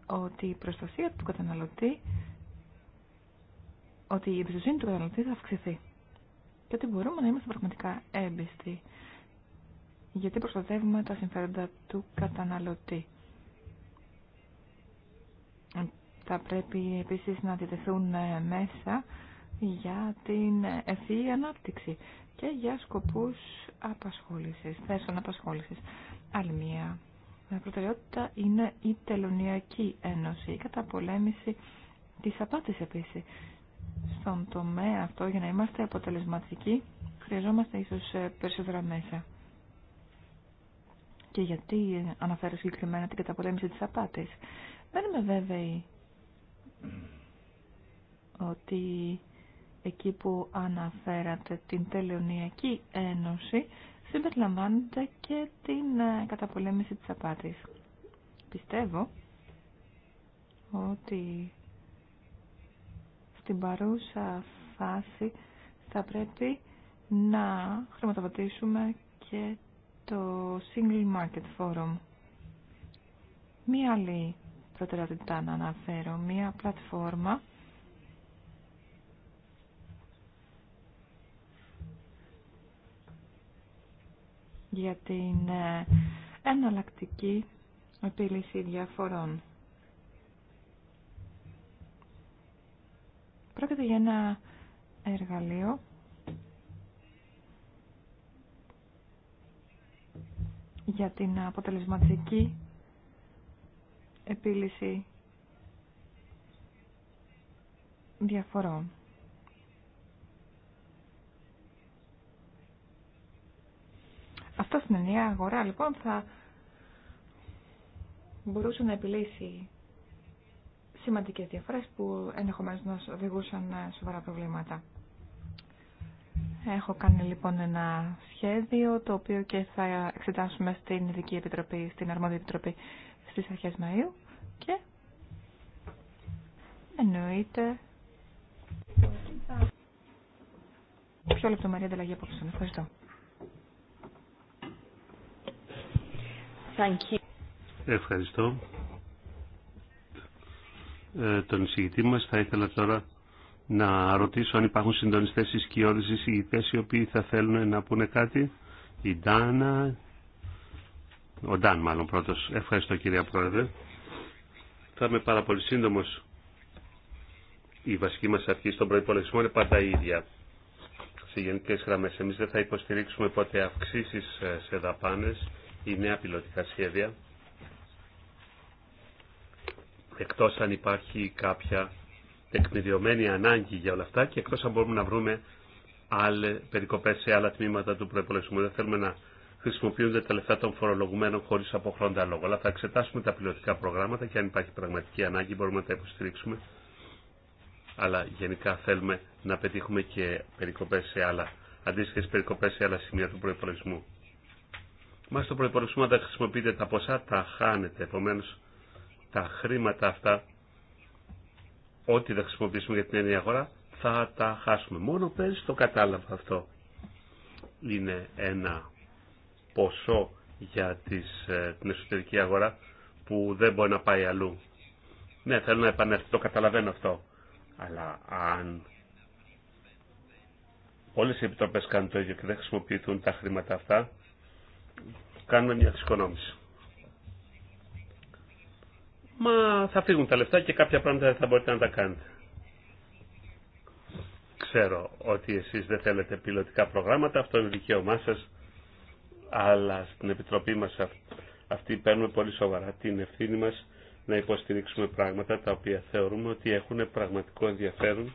ότι η προστασία του καταναλωτή ότι η εμπιστοσύνη του καταναλωτή θα αυξηθεί και ότι μπορούμε να είμαστε πραγματικά έμπιστοι γιατί προστατεύουμε τα συμφέροντα του καταναλωτή. Ε, θα πρέπει επίσης να διατεθούν ε, μέσα για την ευθύη ανάπτυξη και για σκοπούς απασχόλησης, θέσεων απασχόλησης. Άλλη μία προτεραιότητα είναι η Τελωνιακή Ένωση, η καταπολέμηση της απάτης επίσης. Στον τομέα αυτό, για να είμαστε αποτελεσματικοί, χρειαζόμαστε ίσως ε, περισσότερα μέσα. Και γιατί αναφέρω συγκεκριμένα την καταπολέμηση της απάτης. Δεν είμαι βέβαιη ότι εκεί που αναφέρατε την Τελεωνιακή Ένωση, συμπεριλαμβάνεται και την ε, καταπολέμηση της απάτης. Πιστεύω ότι στην παρούσα φάση θα πρέπει να χρηματοδοτήσουμε και το Single Market Forum. Μία άλλη προτεραιότητά να αναφέρω, μία πλατφόρμα για την ε, εναλλακτική επίλυση διαφορών. Πρόκειται για ένα εργαλείο για την αποτελεσματική επίλυση διαφορών. Αυτό στην ενιαία αγορά λοιπόν θα μπορούσε να επιλύσει σημαντικές διαφορές που ενδεχομένως να οδηγούσαν σοβαρά προβλήματα. Έχω κάνει λοιπόν ένα σχέδιο το οποίο και θα εξετάσουμε στην Ειδική Επιτροπή, στην Αρμόδια Επιτροπή στις αρχές Μαΐου και εννοείται πιο λεπτομερή ανταλλαγή απόψεων. Ευχαριστώ. Thank you. Ευχαριστώ. Ε, τον εισηγητή μας θα ήθελα τώρα να ρωτήσω αν υπάρχουν συντονιστές ή σκιώδες εισηγητές οι οποίοι θα θέλουν να πούνε κάτι. Η Ντάνα, ο Ντάν μάλλον πρώτος. Ευχαριστώ κυρία Πρόεδρε. Θα είμαι πάρα πολύ σύντομος. Η βασική μας αρχή στον προϋπολογισμό είναι πάντα η ίδια. Σε γενικές γραμμές εμείς δεν θα υποστηρίξουμε ποτέ αυξήσεις ε, σε δαπάνες ή νέα πιλωτικά σχέδια εκτός αν υπάρχει κάποια τεκμηριωμένη ανάγκη για όλα αυτά και εκτός αν μπορούμε να βρούμε άλλες περικοπές σε άλλα τμήματα του προϋπολογισμού. Δεν θέλουμε να χρησιμοποιούνται τα λεφτά των φορολογουμένων χωρί αποχρόντα λόγο. Αλλά θα εξετάσουμε τα πιλωτικά προγράμματα και αν υπάρχει πραγματική ανάγκη μπορούμε να τα υποστηρίξουμε. Αλλά γενικά θέλουμε να πετύχουμε και περικοπές σε άλλα, αντίστοιχε περικοπέ σε άλλα σημεία του προπολογισμού μα το προπολογισμό δεν χρησιμοποιείται χρησιμοποιείτε τα ποσά, τα χάνετε. Επομένω. τα χρήματα αυτά, ό,τι δεν χρησιμοποιήσουμε για την έννοια αγορά, θα τα χάσουμε. Μόνο πέρυσι το κατάλαβα αυτό. Είναι ένα ποσό για τις, ε, την εσωτερική αγορά που δεν μπορεί να πάει αλλού. Ναι, θέλω να επανέλθω, το καταλαβαίνω αυτό. Αλλά αν όλες οι επιτροπές κάνουν το ίδιο και δεν χρησιμοποιηθούν τα χρήματα αυτά, κάνουμε μια εξοικονόμηση. Μα θα φύγουν τα λεφτά και κάποια πράγματα δεν θα μπορείτε να τα κάνετε. Ξέρω ότι εσείς δεν θέλετε πιλωτικά προγράμματα, αυτό είναι δικαίωμά σας, αλλά στην Επιτροπή μας αυτή παίρνουμε πολύ σοβαρά την ευθύνη μας να υποστηρίξουμε πράγματα τα οποία θεωρούμε ότι έχουν πραγματικό ενδιαφέρον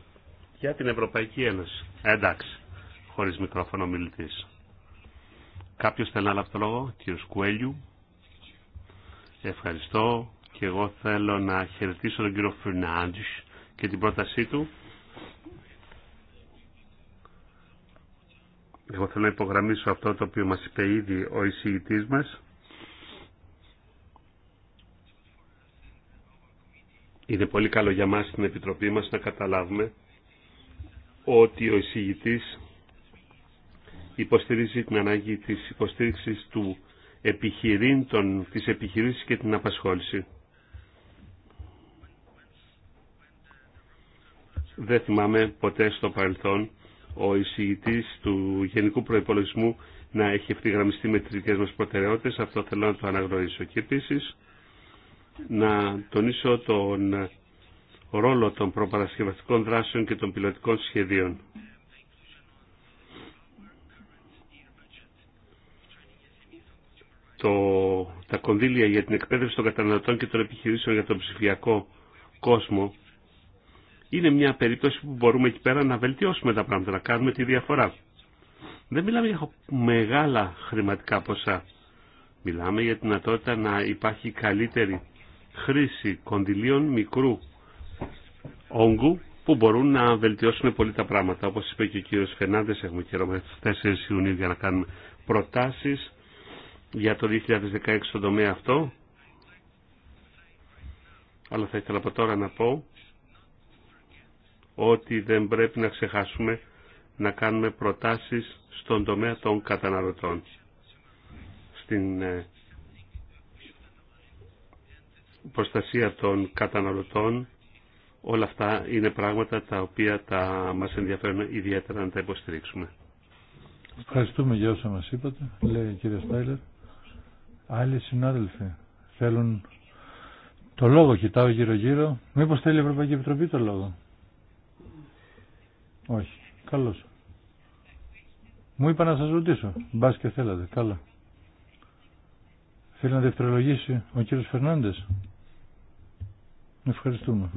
για την Ευρωπαϊκή Ένωση. Εντάξει, χωρίς μικρόφωνο μιλητής. Κάποιος θέλει να λάβει το λόγο, κύριο Κουέλιου. Ευχαριστώ και εγώ θέλω να χαιρετήσω τον κύριο Φερνάντζης και την πρότασή του. Εγώ θέλω να υπογραμμίσω αυτό το οποίο μας είπε ήδη ο εισηγητής μας. Είναι πολύ καλό για μας στην Επιτροπή μας να καταλάβουμε ότι ο εισηγητής υποστηρίζει την ανάγκη της υποστήριξης του επιχειρήν, των, της επιχειρήσης και την απασχόληση. Δεν θυμάμαι ποτέ στο παρελθόν ο εισηγητής του Γενικού Προϋπολογισμού να έχει ευθυγραμμιστεί με τις δικές μας προτεραιότητες. Αυτό θέλω να το αναγνωρίσω. Και επίση: να τονίσω τον ρόλο των προπαρασκευαστικών δράσεων και των πιλωτικών σχεδίων. το, τα κονδύλια για την εκπαίδευση των καταναλωτών και των επιχειρήσεων για τον ψηφιακό κόσμο είναι μια περίπτωση που μπορούμε εκεί πέρα να βελτιώσουμε τα πράγματα, να κάνουμε τη διαφορά. Δεν μιλάμε για μεγάλα χρηματικά ποσά. Μιλάμε για τη δυνατότητα να υπάρχει καλύτερη χρήση κονδυλίων μικρού όγκου που μπορούν να βελτιώσουν πολύ τα πράγματα. Όπως είπε και ο κύριος Φενάντες, έχουμε καιρό μέχρι 4 Ιουνίου για να κάνουμε προτάσεις για το 2016 στον τομέα αυτό. Αλλά θα ήθελα από τώρα να πω ότι δεν πρέπει να ξεχάσουμε να κάνουμε προτάσεις στον τομέα των καταναλωτών. Στην ε, προστασία των καταναλωτών όλα αυτά είναι πράγματα τα οποία τα μας ενδιαφέρουν ιδιαίτερα να τα υποστηρίξουμε. Ευχαριστούμε για όσα μας είπατε, λέει η κυρία Στάιλερ. Άλλοι συνάδελφοι θέλουν το λόγο. Κοιτάω γύρω γύρω. Μήπως θέλει η Ευρωπαϊκή Επιτροπή το λόγο. Όχι. Καλώς. Μου είπα να σας ρωτήσω. Μπάς και θέλατε. Καλά. Θέλει να δευτερολογήσει ο κύριος Φερνάντες. Ευχαριστούμε.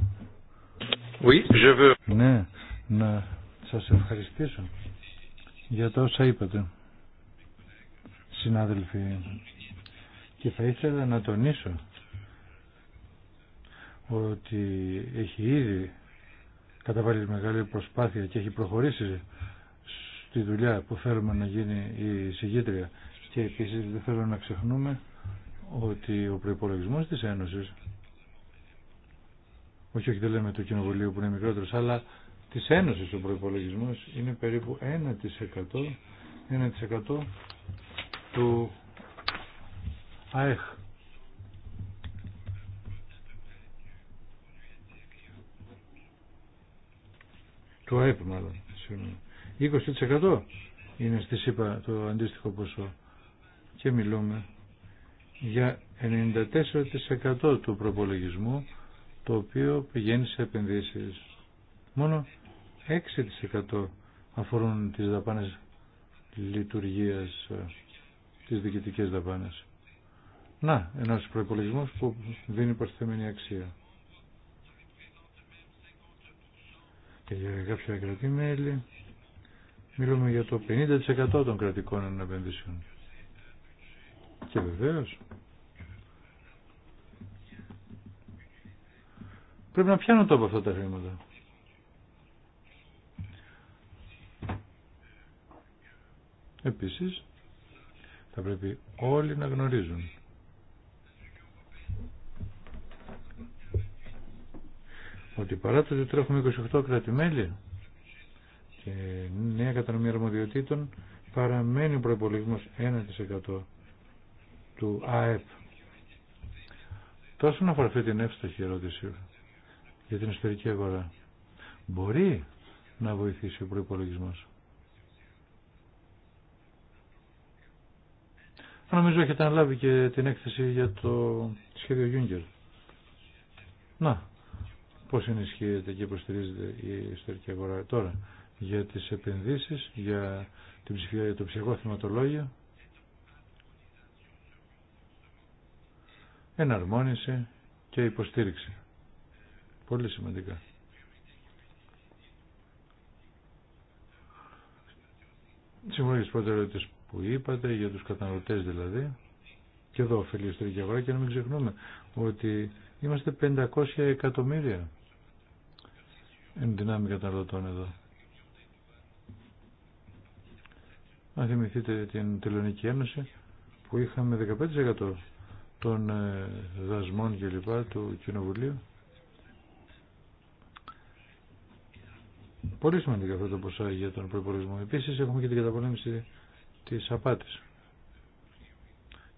Oui, je Ναι, να σας ευχαριστήσω για τα όσα είπατε. Συνάδελφοι, και θα ήθελα να τονίσω ότι έχει ήδη καταβάλει μεγάλη προσπάθεια και έχει προχωρήσει στη δουλειά που θέλουμε να γίνει η συγκίτρια. Και επίσης δεν θέλω να ξεχνούμε ότι ο προϋπολογισμός της Ένωσης όχι, όχι δεν λέμε το κοινοβουλίο που είναι μικρότερος, αλλά της Ένωσης ο προϋπολογισμός είναι περίπου 1%, 1 του ΑΕΧ. Το ΑΕΠ μάλλον, 20% είναι στη ΣΥΠΑ το αντίστοιχο ποσό. Και μιλούμε για 94% του προπολογισμού το οποίο πηγαίνει σε επενδύσεις. Μόνο 6% αφορούν τις δαπάνες λειτουργίας, ε, τις διοικητικές δαπάνες. Να, ένα προπολογισμό που δίνει προσθεμένη αξία. Και για κάποια κρατή μέλη μιλούμε για το 50% των κρατικών αναπενδύσεων. Και βεβαίω. πρέπει να πιάνουν τόπο αυτά τα χρήματα. Επίσης, θα πρέπει όλοι να γνωρίζουν ότι παρά το ότι τρέχουμε 28 κράτη-μέλη και νέα κατανομή αρμοδιοτήτων παραμένει ο προϋπολογισμός 1% του ΑΕΠ. Τόσο να αφορά αυτή την εύστοχη ερώτηση για την ιστορική αγορά. Μπορεί να βοηθήσει ο προπολογισμό. Νομίζω έχετε αναλάβει και την έκθεση για το σχέδιο Γιούγκερ. Να, πώς ενισχύεται και υποστηρίζεται η ιστορική αγορά τώρα για τις επενδύσεις, για, το ψηφιακό θεματολόγιο, εναρμόνιση και υποστήριξη. Πολύ σημαντικά. Συμφωνώ τις που είπατε, για τους καταναλωτές δηλαδή, και εδώ ωφελεί η ιστορική αγορά και να μην ξεχνούμε ότι είμαστε 500 εκατομμύρια εν δυνάμει καταναλωτών εδώ. Αν θυμηθείτε την Τελωνική Ένωση που είχαμε 15% των ε, δασμών και λοιπά του Κοινοβουλίου. Πολύ σημαντικά αυτό το ποσά για τον προπολογισμό. Επίσης έχουμε και την καταπολέμηση της απάτης.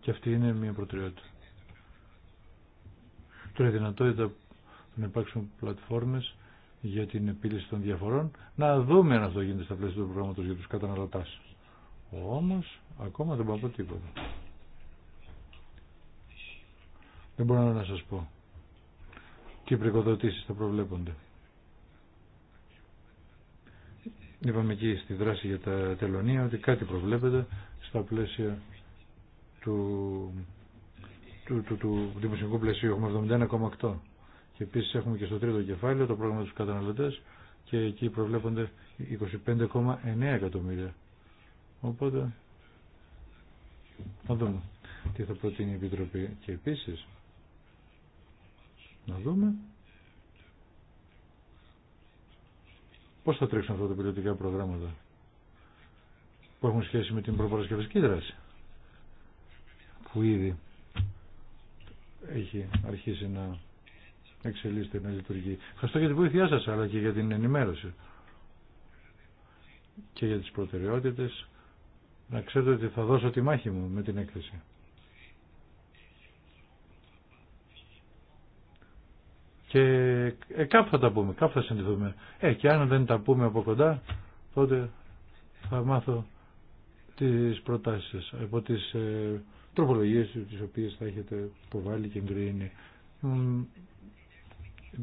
Και αυτή είναι μια προτεραιότητα. Τώρα η δυνατότητα να υπάρξουν πλατφόρμες για την επίλυση των διαφορών, να δούμε αν αυτό γίνεται στα πλαίσια του προγράμματος για τους καταναλωτάς. Όμως, ακόμα δεν μπορώ τίποτα. Δεν μπορώ να σας πω. Τι πρεκοδοτήσεις θα προβλέπονται. Είπαμε εκεί στη δράση για τα τελωνία ότι κάτι προβλέπεται στα πλαίσια του, του, του, του πλαισίου. Έχουμε 71,8. Και επίσης έχουμε και στο τρίτο κεφάλαιο το πρόγραμμα τους καταναλωτές και εκεί προβλέπονται 25,9 εκατομμύρια. Οπότε να δούμε τι θα προτείνει η Επιτροπή. Και επίσης να δούμε πώς θα τρέξουν αυτά τα πιλωτικά προγράμματα που έχουν σχέση με την προπαρασκευαστική δράση που ήδη έχει αρχίσει να εξελίσσεται, να λειτουργεί. Ευχαριστώ για την βοήθειά σας, αλλά και για την ενημέρωση και για τις προτεραιότητες. Να ξέρετε ότι θα δώσω τη μάχη μου με την έκθεση. Και ε, κάπου θα τα πούμε, κάπου θα συνδεθούμε. Ε, και αν δεν τα πούμε από κοντά, τότε θα μάθω τις προτάσεις σας, από τις ε, τροπολογίες τις οποίες θα έχετε υποβάλει και εγκρίνει.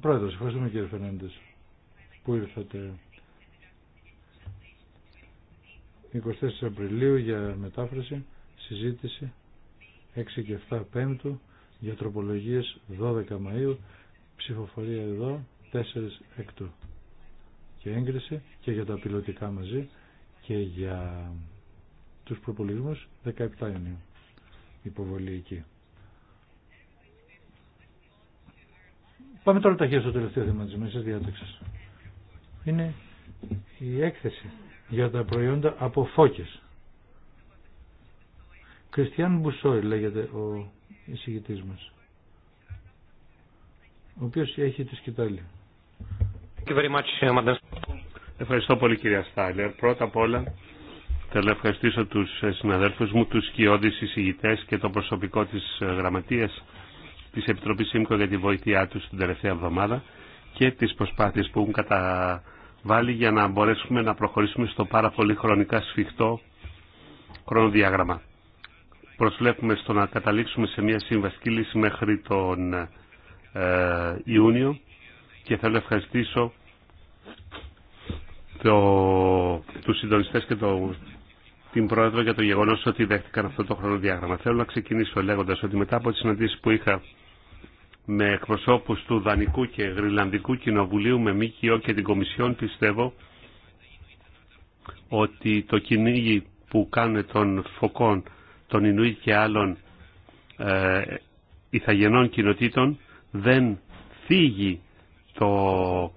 Πρόεδρος, ευχαριστούμε κύριε Φερνάντες που ήρθατε 24 Απριλίου για μετάφραση, συζήτηση 6 και 7 Πέμπτου για τροπολογίες 12 Μαΐου, ψηφοφορία εδώ 4 Εκτού και έγκριση και για τα πιλωτικά μαζί και για τους προπολογισμούς 17 Ιουνίου υποβολή εκεί. Πάμε τώρα τα στο τελευταίο θέμα της μέσης διάταξης. Είναι η έκθεση για τα προϊόντα από φώκες. Κριστιαν Μπουσόη λέγεται ο εισηγητής μας, ο οποίος έχει τη σκητάλη. Uh, Ευχαριστώ πολύ κυρία Στάιλερ. Πρώτα απ' όλα θέλω να ευχαριστήσω τους συναδέλφους μου, τους σκιώδεις εισηγητές και το προσωπικό της ε, γραμματείας Τη Επιτροπή ΣΥΜΚΟ για τη βοήθειά του την τελευταία εβδομάδα και τι προσπάθειε που έχουν καταβάλει για να μπορέσουμε να προχωρήσουμε στο πάρα πολύ χρονικά σφιχτό χρονοδιάγραμμα. Προσβλέπουμε στο να καταλήξουμε σε μια συμβαστική λύση μέχρι τον ε, Ιούνιο και θέλω να ευχαριστήσω το, τους συντονιστές και το, την Πρόεδρο για το γεγονός ότι δέχτηκαν αυτό το χρονοδιάγραμμα. Θέλω να ξεκινήσω λέγοντας ότι μετά από τι συναντήσεις που είχα με εκπροσώπους του Δανικού και Γρυλανδικού Κοινοβουλίου, με ΜΚΟ και την Κομισιόν, πιστεύω ότι το κυνήγι που κάνει των φωκών, των Ινουίτ και άλλων ε, ηθαγενών κοινοτήτων δεν θίγει το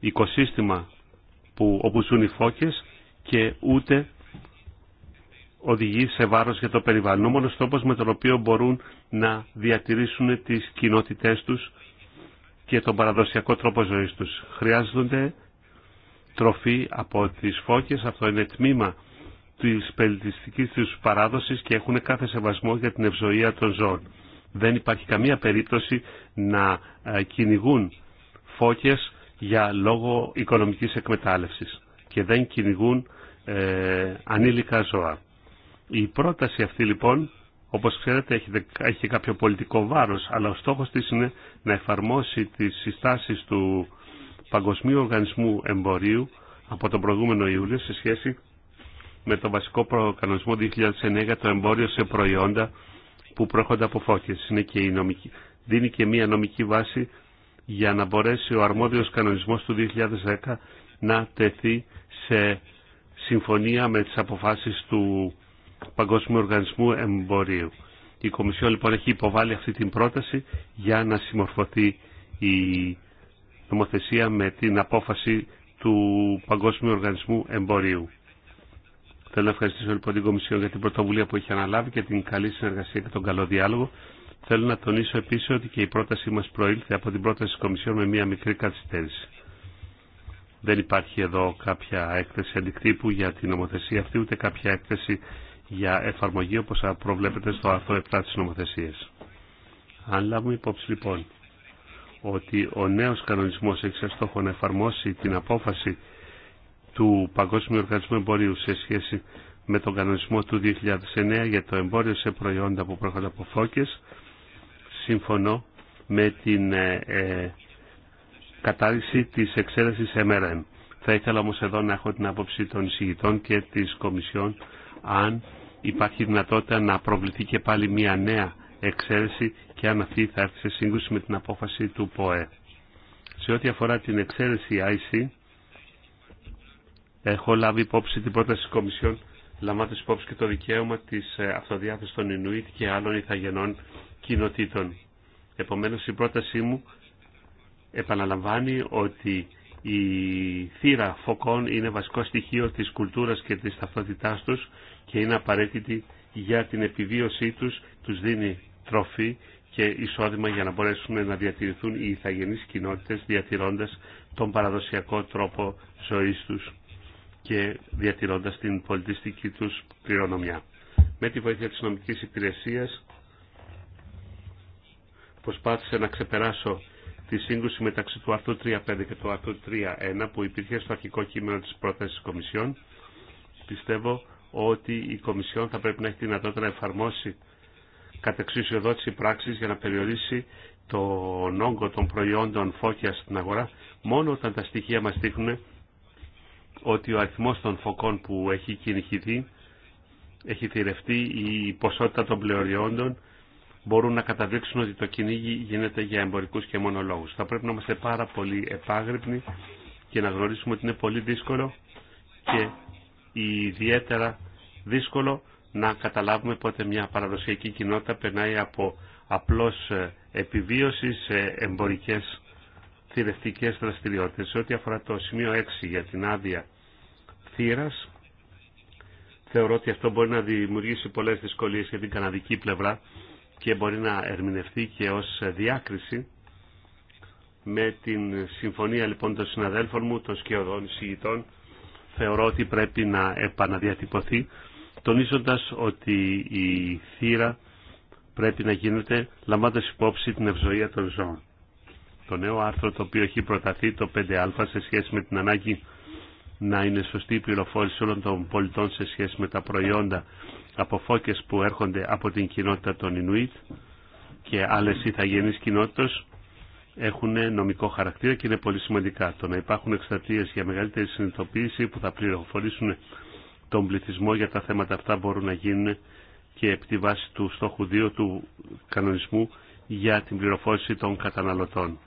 οικοσύστημα που, όπου ζουν οι φώκες και ούτε οδηγεί σε βάρος για το περιβάλλον. με τον οποίο μπορούν να διατηρήσουν τις κοινότητές τους και τον παραδοσιακό τρόπο ζωής τους. Χρειάζονται τροφή από τις φώκες, αυτό είναι τμήμα της πελτιστικής τους παράδοσης και έχουν κάθε σεβασμό για την ευζοία των ζώων. Δεν υπάρχει καμία περίπτωση να ε, κυνηγούν φώκες για λόγο οικονομικής εκμετάλλευσης και δεν κυνηγούν ε, ανήλικα ζώα. Η πρόταση αυτή λοιπόν, όπως ξέρετε, έχει, έχει κάποιο πολιτικό βάρος, αλλά ο στόχος της είναι να εφαρμόσει τις συστάσεις του Παγκοσμίου Οργανισμού Εμπορίου από τον προηγούμενο Ιούλιο σε σχέση με τον βασικό προκανονισμό 2009 το εμπόριο σε προϊόντα που προέρχονται από φώκες. Είναι και η νομική, δίνει και μία νομική βάση για να μπορέσει ο αρμόδιος κανονισμός του 2010 να τεθεί σε συμφωνία με τις αποφάσεις του Παγκόσμιου Οργανισμού Εμπορίου. Η Κομισιόν λοιπόν έχει υποβάλει αυτή την πρόταση για να συμμορφωθεί η νομοθεσία με την απόφαση του Παγκόσμιου Οργανισμού Εμπορίου. Θέλω να ευχαριστήσω λοιπόν την Κομισιόν για την πρωτοβουλία που έχει αναλάβει και την καλή συνεργασία και τον καλό διάλογο. Θέλω να τονίσω επίση ότι και η πρότασή μα προήλθε από την πρόταση τη Κομισιόν με μία μικρή καθυστέρηση. Δεν υπάρχει εδώ κάποια έκθεση αντικτύπου για την νομοθεσία αυτή, ούτε κάποια έκθεση για εφαρμογή όπως προβλέπεται στο άρθρο 7 της νομοθεσίας. Αν λάβουμε υπόψη λοιπόν ότι ο νέος κανονισμός έχει στόχο να εφαρμόσει την απόφαση του Παγκόσμιου Οργανισμού Εμπορίου σε σχέση με τον κανονισμό του 2009 για το εμπόριο σε προϊόντα που προέρχονται από φώκες, σύμφωνο με την ε, ε κατάρριξη της εξαίρεσης MRM. Θα ήθελα όμως εδώ να έχω την άποψη των εισηγητών και της Κομισιόν αν υπάρχει δυνατότητα να προβληθεί και πάλι μια νέα εξαίρεση και αν αυτή θα έρθει σε σύγκρουση με την απόφαση του ΠΟΕ. Σε ό,τι αφορά την εξαίρεση IC, έχω λάβει υπόψη την πρόταση της Κομισιόν, λαμβάνοντας υπόψη και το δικαίωμα της ε, αυτοδιάθεσης των Ινουίτ και άλλων ηθαγενών κοινοτήτων. Επομένως, η πρότασή μου επαναλαμβάνει ότι η θύρα φωκών είναι βασικό στοιχείο της κουλτούρας και της ταυτότητάς τους και είναι απαραίτητη για την επιβίωσή τους, τους δίνει τροφή και εισόδημα για να μπορέσουν να διατηρηθούν οι ηθαγενείς κοινότητες διατηρώντας τον παραδοσιακό τρόπο ζωής τους και διατηρώντας την πολιτιστική τους κληρονομιά. Με τη βοήθεια της νομικής υπηρεσίας προσπάθησε να ξεπεράσω τη σύγκρουση μεταξύ του άρθρου 3.5 και του άρθρου 3.1 που υπήρχε στο αρχικό κείμενο της πρότασης της Κομισιόν. Πιστεύω ότι η Κομισιόν θα πρέπει να έχει τη δυνατότητα να εφαρμόσει κατεξουσιοδότηση πράξη για να περιορίσει τον όγκο των προϊόντων φώκια στην αγορά μόνο όταν τα στοιχεία μας δείχνουν ότι ο αριθμός των φωκών που έχει κυνηγηθεί έχει θηρευτεί η ποσότητα των πλεοριόντων μπορούν να καταδείξουν ότι το κυνήγι γίνεται για εμπορικούς και μόνο Θα πρέπει να είμαστε πάρα πολύ επάγρυπνοι και να γνωρίσουμε ότι είναι πολύ δύσκολο και ιδιαίτερα δύσκολο να καταλάβουμε πότε μια παραδοσιακή κοινότητα περνάει από απλώς ε, επιβίωση σε εμπορικές θηρευτικές δραστηριότητες. ό,τι αφορά το σημείο 6 για την άδεια θύρας, θεωρώ ότι αυτό μπορεί να δημιουργήσει πολλές δυσκολίες για την καναδική πλευρά και μπορεί να ερμηνευτεί και ως διάκριση με την συμφωνία λοιπόν των συναδέλφων μου, των σκιωδών συγητών, θεωρώ ότι πρέπει να επαναδιατυπωθεί τονίζοντας ότι η θύρα πρέπει να γίνεται λαμβάνοντας υπόψη την ευζοία των ζώων. Το νέο άρθρο το οποίο έχει προταθεί το 5α σε σχέση με την ανάγκη να είναι σωστή η πληροφόρηση όλων των πολιτών σε σχέση με τα προϊόντα από φώκες που έρχονται από την κοινότητα των Ινουίτ και άλλες ηθαγενείς κοινότητες έχουν νομικό χαρακτήρα και είναι πολύ σημαντικά. Το να υπάρχουν εκστατείες για μεγαλύτερη συνειδητοποίηση που θα πληροφορήσουν τον πληθυσμό για τα θέματα αυτά μπορούν να γίνουν και επί τη βάση του στόχου 2 του κανονισμού για την πληροφόρηση των καταναλωτών.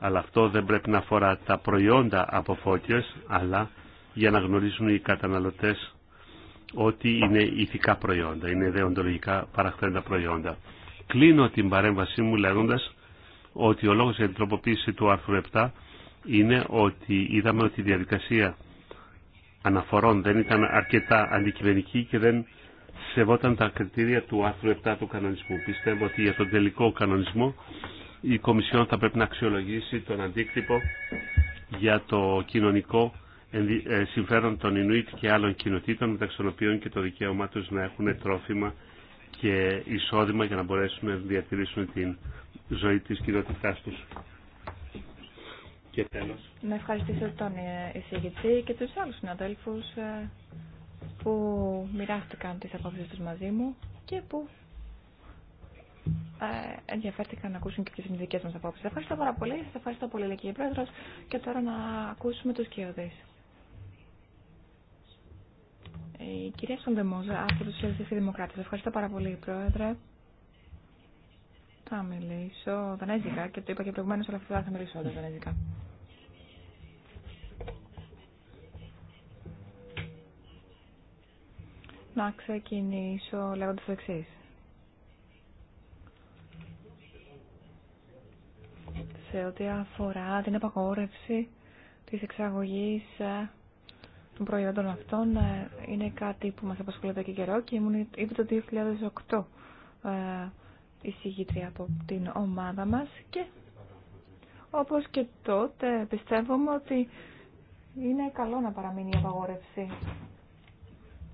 Αλλά αυτό δεν πρέπει να αφορά τα προϊόντα από φώτιες, αλλά για να γνωρίζουν οι καταναλωτές ότι είναι ηθικά προϊόντα, είναι δεοντολογικά παραχθέντα προϊόντα. Κλείνω την παρέμβασή μου λέγοντα ότι ο λόγος για την τροποποίηση του άρθρου 7 είναι ότι είδαμε ότι η διαδικασία αναφορών δεν ήταν αρκετά αντικειμενική και δεν σεβόταν τα κριτήρια του άρθρου 7 του κανονισμού. Πιστεύω ότι για τον τελικό κανονισμό η Κομισιόν θα πρέπει να αξιολογήσει τον αντίκτυπο για το κοινωνικό ε, συμφέρον των Ινουίτ και άλλων κοινοτήτων μεταξύ των οποίων και το δικαίωμά τους να έχουν τρόφιμα και εισόδημα για να μπορέσουν να διατηρήσουν την ζωή τη κοινότητά του. Και τέλος. Να ευχαριστήσω τον ε, εισηγητή και τους άλλους συναδέλφους ε, που μοιράστηκαν τις απόψεις τους μαζί μου και που ε, ενδιαφέρθηκαν να ακούσουν και τι είναι δικέ μα απόψει. Ευχαριστώ πάρα πολύ. Σα ευχαριστώ πολύ, λέει κύριε Πρόεδρο. Και τώρα να ακούσουμε του κοιόδε. Η κυρία Σοντεμόζα από του Σοσιαλιστέ Δημοκράτε. Ευχαριστώ πάρα πολύ, Πρόεδρε. Θα μιλήσω δανέζικα και το είπα και προηγουμένως, αλλά αυτή θα μιλήσω όλα δανέζικα. Να ξεκινήσω λέγοντας το εξής. Σε ό,τι αφορά την απαγόρευση της εξαγωγής ε, των προϊόντων αυτών, ε, είναι κάτι που μας απασχολεί εδώ και καιρό και ήμουν ήδη το 2008 εισηγήτρια από την ομάδα μας και όπως και τότε πιστεύουμε ότι είναι καλό να παραμείνει η απαγόρευση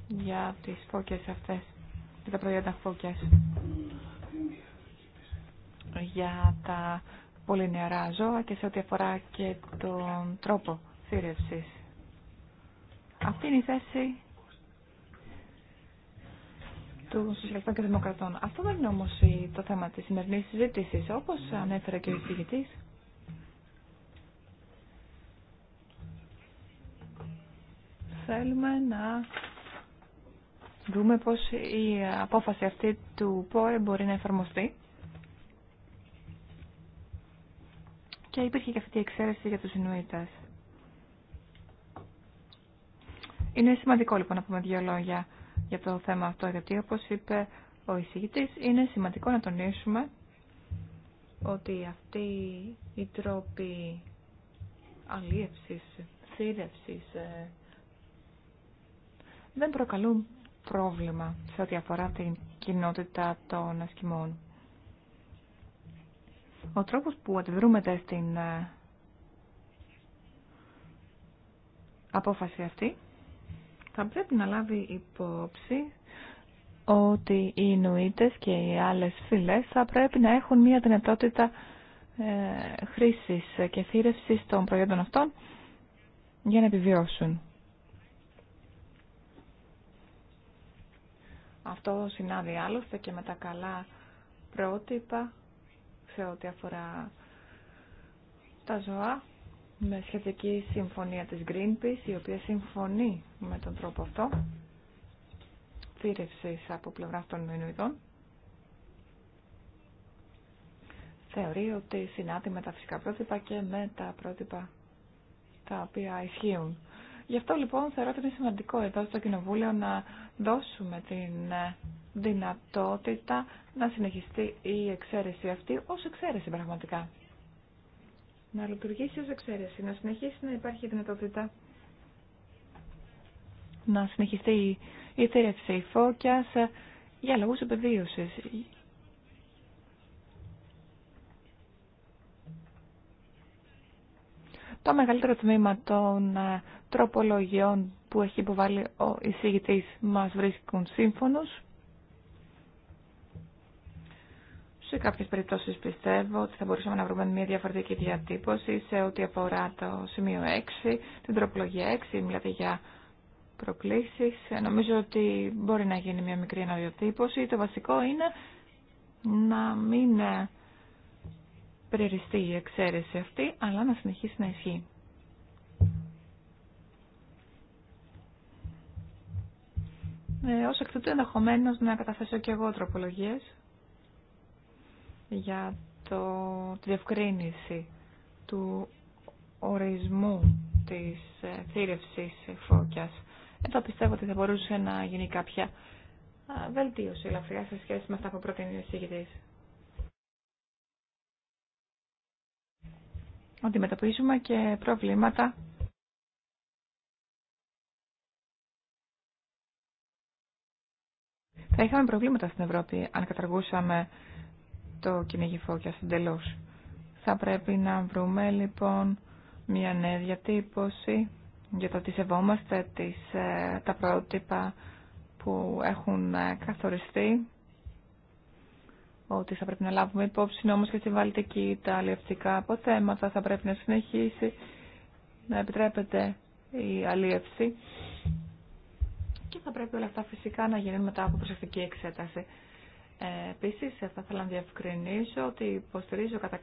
για τις φώκες αυτές, για τα προϊόντα φώκες, για τα πολύ νεαρά ζώα και σε ό,τι αφορά και τον τρόπο θύρευσης. Αυτή είναι η θέση των συλλεκτών και Δημοκρατών. Αυτό δεν είναι όμω το θέμα τη σημερινή συζήτηση, όπω ανέφερε και ο εισηγητή. Θέλουμε να δούμε πώς η απόφαση αυτή του ΠΟΕ μπορεί να εφαρμοστεί. Και υπήρχε και αυτή η εξαίρεση για τους Ινουίτε. Είναι σημαντικό λοιπόν να πούμε δύο λόγια για το θέμα αυτό, γιατί όπως είπε ο εισηγητής, είναι σημαντικό να τονίσουμε ότι αυτή οι τρόποι αλίευσης, θύρευσης, ε, δεν προκαλούν πρόβλημα σε ό,τι αφορά την κοινότητα των ασκημών. Ο τρόπος που αντιδρούμεται στην ε, απόφαση αυτή θα πρέπει να λάβει υπόψη ότι οι Ινουίτες και οι άλλες φυλές θα πρέπει να έχουν μια δυνατότητα ε, χρήσης και θύρευσης των προϊόντων αυτών για να επιβιώσουν. Αυτό συνάδει άλλωστε και με τα καλά πρότυπα σε ό,τι αφορά τα ζωά με σχετική συμφωνία της Greenpeace, η οποία συμφωνεί με τον τρόπο αυτό θύρευσης από πλευρά των Μενουιδών. Θεωρεί ότι συνάδει με τα φυσικά πρότυπα και με τα πρότυπα τα οποία ισχύουν. Γι' αυτό λοιπόν θεωρώ ότι είναι σημαντικό εδώ στο Κοινοβούλιο να δώσουμε την δυνατότητα να συνεχιστεί η εξαίρεση αυτή ως εξαίρεση πραγματικά να λειτουργήσει ως εξαίρεση, να συνεχίσει να υπάρχει δυνατότητα να συνεχιστεί η θέρευση φώκιας ε, για λόγους επιβίωσης. Το μεγαλύτερο τμήμα των ε, τροπολογιών που έχει υποβάλει ο εισηγητής μας βρίσκουν σύμφωνος. Σε κάποιε περιπτώσει πιστεύω ότι θα μπορούσαμε να βρούμε μια διαφορετική διατύπωση σε ό,τι αφορά το σημείο 6, την τροπολογία 6, μιλάτε για προκλήσει. Νομίζω ότι μπορεί να γίνει μια μικρή αναδιατύπωση. Το βασικό είναι να μην περιοριστεί η εξαίρεση αυτή, αλλά να συνεχίσει να ισχύει. Ε, ως εκ τούτου ενδεχομένω να καταθέσω και εγώ τροπολογίες για το, τη διευκρίνηση του ορισμού της ε, θύρευσης φώκιας. Εδώ πιστεύω ότι θα μπορούσε να γίνει κάποια βελτίωση ελαφριά σε σχέση με αυτά που προτείνει ο εισηγητής. Αντιμετωπίζουμε και προβλήματα Θα είχαμε προβλήματα στην Ευρώπη αν καταργούσαμε το κυνηγήφό φώκια εντελώ. Θα πρέπει να βρούμε λοιπόν μια νέα διατύπωση για το ότι σεβόμαστε τις, ε, τα πρότυπα που έχουν ε, καθοριστεί ότι θα πρέπει να λάβουμε υπόψη όμως και στη βαλτική τα αλλιευτικά αποθέματα θα πρέπει να συνεχίσει να επιτρέπεται η αλλιεύση και θα πρέπει όλα αυτά φυσικά να γίνουν μετά από προσεκτική εξέταση. Ε, Επίση, θα ήθελα να διευκρινίσω ότι υποστηρίζω κατά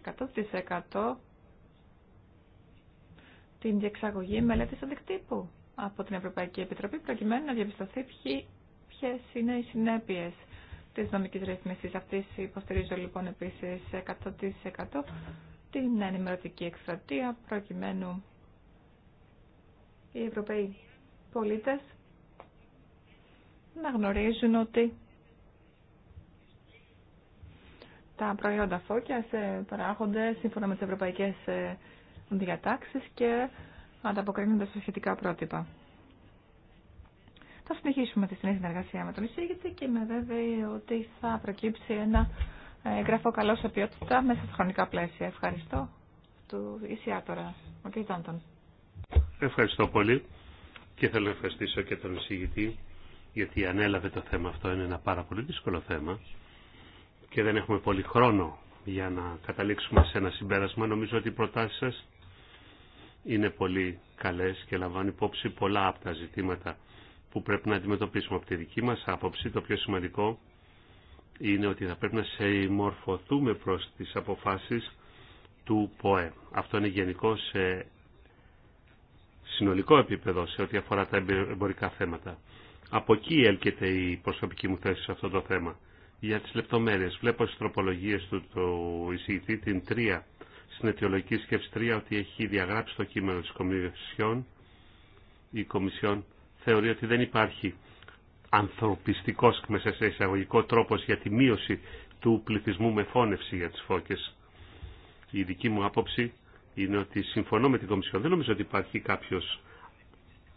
100% την διεξαγωγή μελέτη αντικτύπου από την Ευρωπαϊκή Επιτροπή, προκειμένου να διαπιστωθεί ποιε είναι οι συνέπειε τη νομική ρύθμιση αυτή. Υποστηρίζω λοιπόν επίση 100% την ενημερωτική εκστρατεία, προκειμένου οι Ευρωπαίοι πολίτες να γνωρίζουν ότι τα προϊόντα φώκια ε, παράγονται σύμφωνα με τις ευρωπαϊκές ε, διατάξεις και ανταποκρίνονται στα σχετικά πρότυπα. Θα συνεχίσουμε τη συνέχεια συνεργασία με τον εισήγητη και με βέβαιη ότι θα προκύψει ένα ε, εγγραφό καλό σε ποιότητα μέσα στα χρονικά πλαίσια. Ευχαριστώ του Ισιάτορα, ο κ. Τάντον. Ευχαριστώ πολύ και θέλω να ευχαριστήσω και τον εισηγητή γιατί ανέλαβε το θέμα αυτό. Είναι ένα πάρα πολύ δύσκολο θέμα και δεν έχουμε πολύ χρόνο για να καταλήξουμε σε ένα συμπέρασμα. Νομίζω ότι οι προτάσεις σας είναι πολύ καλές και λαμβάνουν υπόψη πολλά από τα ζητήματα που πρέπει να αντιμετωπίσουμε από τη δική μας άποψη. Το πιο σημαντικό είναι ότι θα πρέπει να συμμορφωθούμε προς τις αποφάσεις του ΠΟΕ. Αυτό είναι γενικό σε συνολικό επίπεδο σε ό,τι αφορά τα εμπορικά θέματα. Από εκεί έλκεται η προσωπική μου θέση σε αυτό το θέμα για τις λεπτομέρειες. Βλέπω στις τροπολογίες του το εισηγητή την 3, στην αιτιολογική σκέψη 3, ότι έχει διαγράψει το κείμενο της Κομισιόν. Η Κομισιόν θεωρεί ότι δεν υπάρχει ανθρωπιστικός μέσα σε εισαγωγικό τρόπος για τη μείωση του πληθυσμού με φώνευση για τις φώκες. Η δική μου άποψη είναι ότι συμφωνώ με την Κομισιόν. Δεν νομίζω ότι υπάρχει κάποιος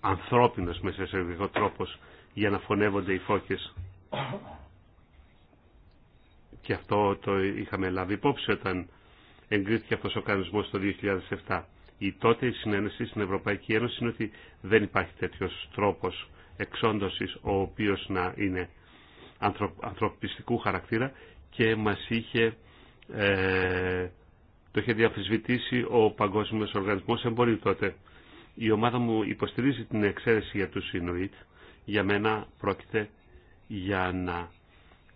ανθρώπινος μέσα σε εισαγωγικό τρόπος για να φωνεύονται οι φώκες και αυτό το είχαμε λάβει υπόψη όταν εγκρίθηκε αυτός ο κανονισμός το 2007. Η τότε η συνένεση στην Ευρωπαϊκή Ένωση είναι ότι δεν υπάρχει τέτοιος τρόπος εξόντωσης ο οποίος να είναι ανθρωπιστικού χαρακτήρα και μας είχε, ε, το είχε διαφυσβητήσει ο Παγκόσμιος Οργανισμός Εμπορίου τότε. Η ομάδα μου υποστηρίζει την εξαίρεση για τους Ινουίτ. Για μένα πρόκειται για να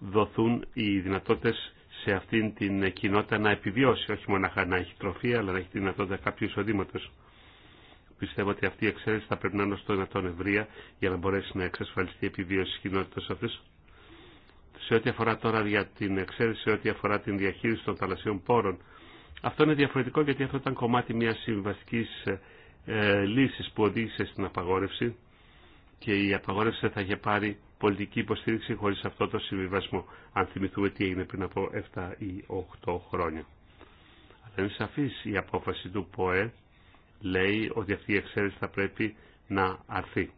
δοθούν οι δυνατότητες σε αυτήν την κοινότητα να επιβιώσει, όχι μόνο να έχει τροφή, αλλά να έχει τη δυνατότητα κάποιου εισοδήματο. Πιστεύω ότι αυτή η εξαίρεση θα πρέπει να είναι στο δυνατόν ευρεία για να μπορέσει να εξασφαλιστεί η επιβίωση τη κοινότητα αυτή. Σε ό,τι αφορά τώρα για την εξαίρεση, σε ό,τι αφορά την διαχείριση των θαλασσίων πόρων, αυτό είναι διαφορετικό γιατί αυτό ήταν κομμάτι μια συμβαστική ε, ε λύση που οδήγησε στην απαγόρευση και η απαγόρευση θα είχε πάρει πολιτική υποστήριξη χωρίς αυτό το συμβιβασμό. Αν θυμηθούμε τι έγινε πριν από 7 ή 8 χρόνια. Αλλά είναι σαφής η απόφαση του ΠΟΕ λέει ότι αυτή η εξαίρεση θα πρέπει να αρθεί.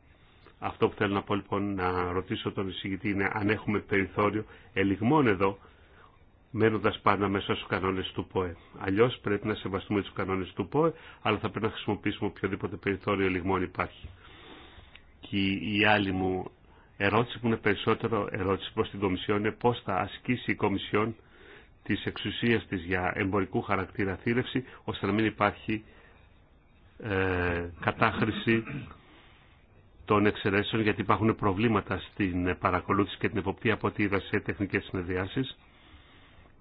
Αυτό που θέλω να πω λοιπόν να ρωτήσω τον εισηγητή είναι αν έχουμε περιθώριο ελιγμών εδώ μένοντα πάντα μέσα στου κανόνε του ΠΟΕ. Αλλιώ πρέπει να σεβαστούμε του κανόνε του ΠΟΕ, αλλά θα πρέπει να χρησιμοποιήσουμε οποιοδήποτε περιθώριο ελιγμών υπάρχει. Και η άλλη μου ερώτηση που είναι περισσότερο ερώτηση προς την Κομισιόν είναι πώς θα ασκήσει η Κομισιόν της εξουσίας της για εμπορικού χαρακτήρα θύρευση ώστε να μην υπάρχει ε, κατάχρηση των εξαιρέσεων γιατί υπάρχουν προβλήματα στην παρακολούθηση και την εποπτεία από ό,τι είδα σε τεχνικές συνεδριάσεις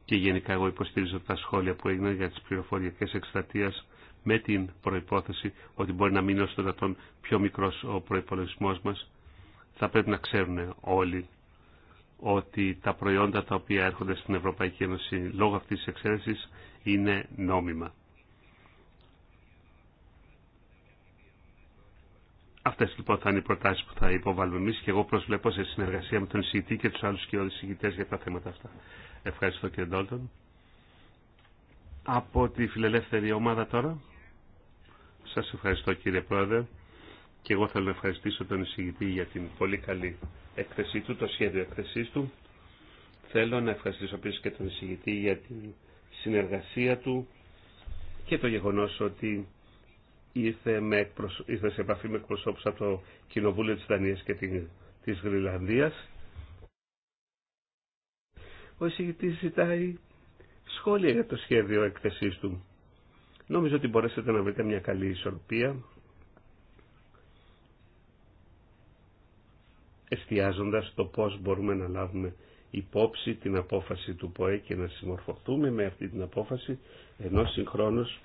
και γενικά εγώ υποστηρίζω τα σχόλια που έγιναν για τις πληροφοριακές εκστατείας με την προϋπόθεση ότι μπορεί να μείνει ως το δυνατόν πιο μικρός ο προϋπολογισμός μας. Θα πρέπει να ξέρουν όλοι ότι τα προϊόντα τα οποία έρχονται στην Ευρωπαϊκή Ένωση λόγω αυτής της εξαίρεσης είναι νόμιμα. Αυτές λοιπόν θα είναι οι προτάσει που θα υποβάλουμε εμείς και εγώ προσβλέπω σε συνεργασία με τον εισηγητή και του άλλου κοιόδη εισηγητέ για τα θέματα αυτά. Ευχαριστώ κύριε Ντόλτον. Από τη φιλελεύθερη ομάδα τώρα. Σας ευχαριστώ κύριε Πρόεδρε και εγώ θέλω να ευχαριστήσω τον εισηγητή για την πολύ καλή έκθεσή του, το σχέδιο έκθεσής του. Θέλω να ευχαριστήσω επίσης και τον εισηγητή για την συνεργασία του και το γεγονός ότι ήρθε, με, ήρθε σε επαφή με εκπροσώπους από το Κοινοβούλιο της Δανίας και της Γρυλανδίας. Ο εισηγητής ζητάει σχόλια για το σχέδιο έκθεσής του. Νομίζω ότι μπορέσατε να βρείτε μια καλή ισορροπία εστιάζοντας το πώς μπορούμε να λάβουμε υπόψη την απόφαση του ΠΟΕ και να συμμορφωθούμε με αυτή την απόφαση ενώ συγχρόνως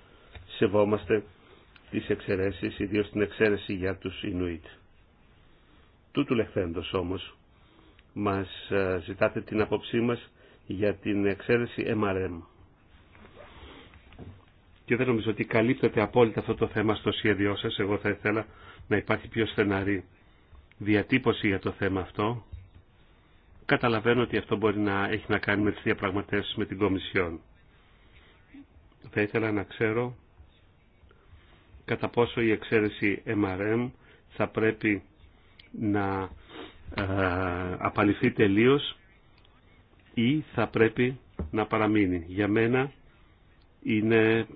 σεβόμαστε τις εξαιρέσεις, ιδίως την εξαίρεση για τους Ινουίτ. Τούτου λεχθέντος όμως μας ε, ζητάτε την απόψή μας για την εξαίρεση MRM και δεν νομίζω ότι καλύπτεται απόλυτα αυτό το θέμα στο σχέδιό σα. Εγώ θα ήθελα να υπάρχει πιο στεναρή διατύπωση για το θέμα αυτό. Καταλαβαίνω ότι αυτό μπορεί να έχει να κάνει με τις διαπραγματεύσεις με την Κομισιόν. Θα ήθελα να ξέρω κατά πόσο η εξαίρεση MRM θα πρέπει να ε, απαλληθεί τελείως ή θα πρέπει να παραμείνει. Για μένα είναι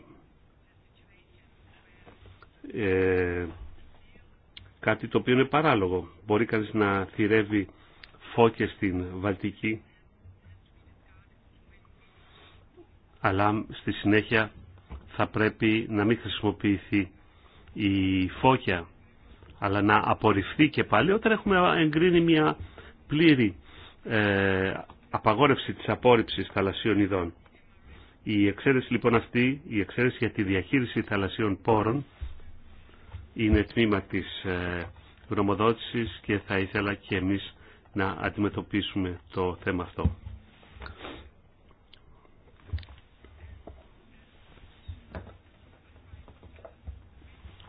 ε, κάτι το οποίο είναι παράλογο. Μπορεί κανείς να θυρεύει φώκες στην Βαλτική, αλλά στη συνέχεια θα πρέπει να μην χρησιμοποιηθεί η φώκια, αλλά να απορριφθεί και πάλι όταν έχουμε εγκρίνει μια πλήρη ε, απαγόρευση της απόρριψης θαλασσίων ειδών. Η εξαίρεση λοιπόν αυτή, η εξαίρεση για τη διαχείριση θαλασσίων πόρων, είναι τμήμα της ε, γνωμοδότησης και θα ήθελα και εμείς να αντιμετωπίσουμε το θέμα αυτό.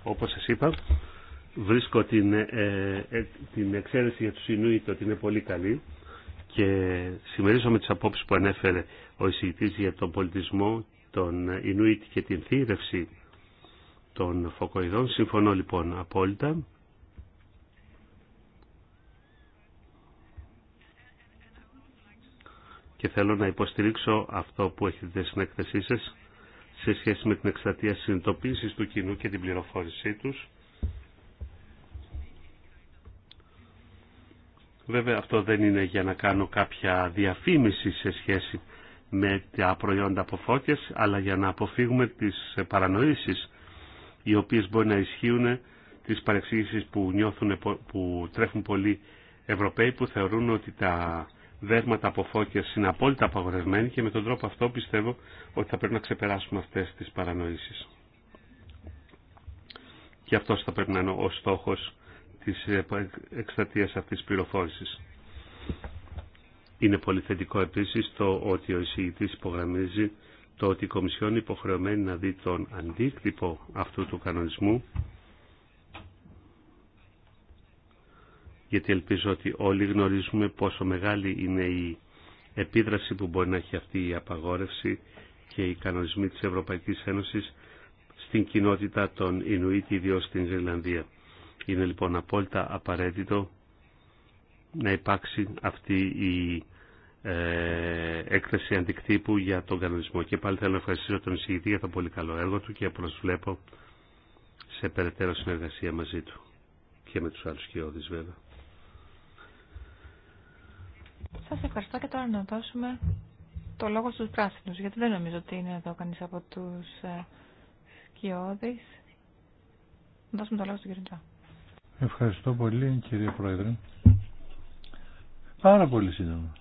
Όπως σας είπα, βρίσκω την, ε, ε, την εξαίρεση για τους Ινούιτ ότι είναι πολύ καλή και με τις απόψεις που ανέφερε ο εισηγητής για τον πολιτισμό, των Ινούιτ και την θήρευση των φωκοειδών. Συμφωνώ λοιπόν απόλυτα. Και θέλω να υποστηρίξω αυτό που έχετε στην έκθεσή σας σε σχέση με την εκστατεία συνειδητοποίησης του κοινού και την πληροφόρησή τους. Βέβαια αυτό δεν είναι για να κάνω κάποια διαφήμιση σε σχέση με τα προϊόντα από αλλά για να αποφύγουμε τις παρανοήσεις οι οποίες μπορεί να ισχύουν τις παρεξήγησεις που, νιώθουν, που τρέχουν πολλοί Ευρωπαίοι που θεωρούν ότι τα δέρματα από φώκες είναι απόλυτα απαγορευμένοι και με τον τρόπο αυτό πιστεύω ότι θα πρέπει να ξεπεράσουμε αυτές τις παρανοήσεις. Και αυτός θα πρέπει να είναι ο στόχος της εκστατείας αυτής της πληροφόρησης. Είναι πολύ θετικό επίσης το ότι ο εισηγητής υπογραμμίζει το ότι η Κομισιόν υποχρεωμένη να δει τον αντίκτυπο αυτού του κανονισμού γιατί ελπίζω ότι όλοι γνωρίζουμε πόσο μεγάλη είναι η επίδραση που μπορεί να έχει αυτή η απαγόρευση και οι κανονισμοί της Ευρωπαϊκής Ένωσης στην κοινότητα των Ινουίτ, ιδίως στην Γρυλανδία. Είναι λοιπόν απόλυτα απαραίτητο να υπάρξει αυτή η ε, έκθεση αντικτύπου για τον κανονισμό. Και πάλι θέλω να ευχαριστήσω τον εισηγητή για το πολύ καλό έργο του και προσβλέπω σε περαιτέρω συνεργασία μαζί του και με τους άλλους κοιόδης βέβαια. Σας ευχαριστώ και τώρα να δώσουμε το λόγο στους πράσινους, γιατί δεν νομίζω ότι είναι εδώ κανείς από τους ε, κοιόδης. Να δώσουμε το λόγο στον κύριο Ευχαριστώ πολύ κύριε Πρόεδρε. Πάρα πολύ σύντομα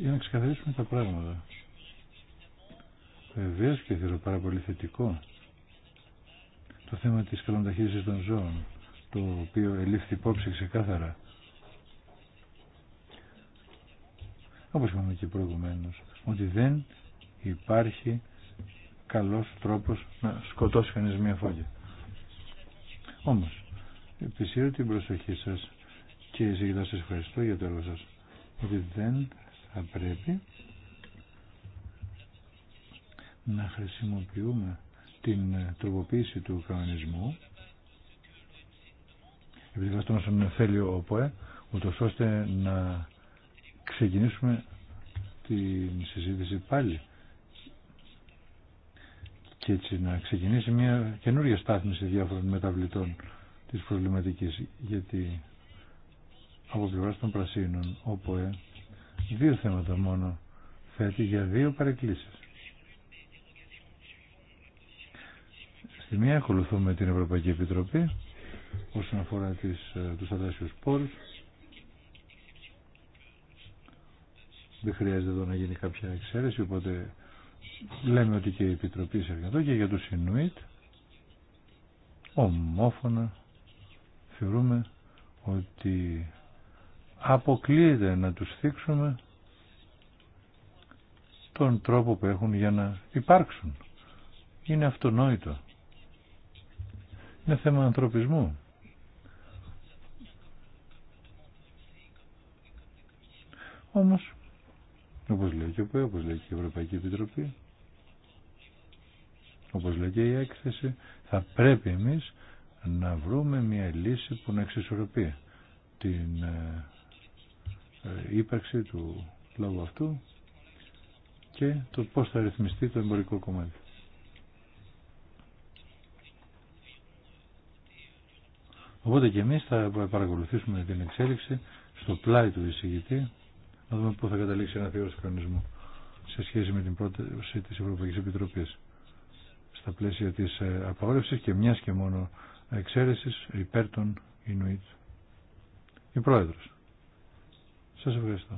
για να ξεκαθαρίσουμε τα πράγματα. Βεβαίω και θέλω πάρα πολύ θετικό το θέμα της καλονταχύρισης των ζώων, το οποίο ελήφθη υπόψη ξεκάθαρα. Όπως είπαμε και προηγουμένως, ότι δεν υπάρχει καλός τρόπος να σκοτώσει κανείς μια φόγια. Όμως, επισύρω την προσοχή σας και ζητά σας ευχαριστώ για το έργο σας, ότι δεν θα πρέπει να χρησιμοποιούμε την ε, τροποποίηση του κανονισμού επειδή αυτό μας θέλει ο ΠΟΕ ούτως ώστε να ξεκινήσουμε την συζήτηση πάλι και έτσι να ξεκινήσει μια καινούργια στάθμιση διάφορων μεταβλητών της προβληματικής γιατί από πλευράς των πρασίνων ο ΠΟΕ Δύο θέματα μόνο θέτει για δύο παρεκκλήσεις. Στη μία ακολουθούμε την Ευρωπαϊκή Επιτροπή όσον αφορά τις, ε, τους αδάσιους πόρους. Δεν χρειάζεται εδώ να γίνει κάποια εξαίρεση, οπότε λέμε ότι και η Επιτροπή σε αυτό και για τους Ινουίτ ομόφωνα θεωρούμε ότι αποκλείεται να τους θίξουμε τον τρόπο που έχουν για να υπάρξουν. Είναι αυτονόητο. Είναι θέμα ανθρωπισμού. Όμως, όπως λέει και ο ΠΕ, όπως λέει και η Ευρωπαϊκή Επιτροπή, όπως λέει και η έκθεση, θα πρέπει εμείς να βρούμε μια λύση που να εξισορροπεί την ε, ε, ύπαρξη του λόγου αυτού και το πώς θα ρυθμιστεί το εμπορικό κομμάτι. Οπότε και εμείς θα παρακολουθήσουμε την εξέλιξη στο πλάι του εισηγητή να δούμε πού θα καταλήξει ένα θεώρηση χρονισμού σε σχέση με την πρόταση της Ευρωπαϊκής Επιτροπής στα πλαίσια της ε, απαγόρευσης και μιας και μόνο εξαίρεσης υπέρ των Ινουίτ. Η Πρόεδρος. Σας ευχαριστώ.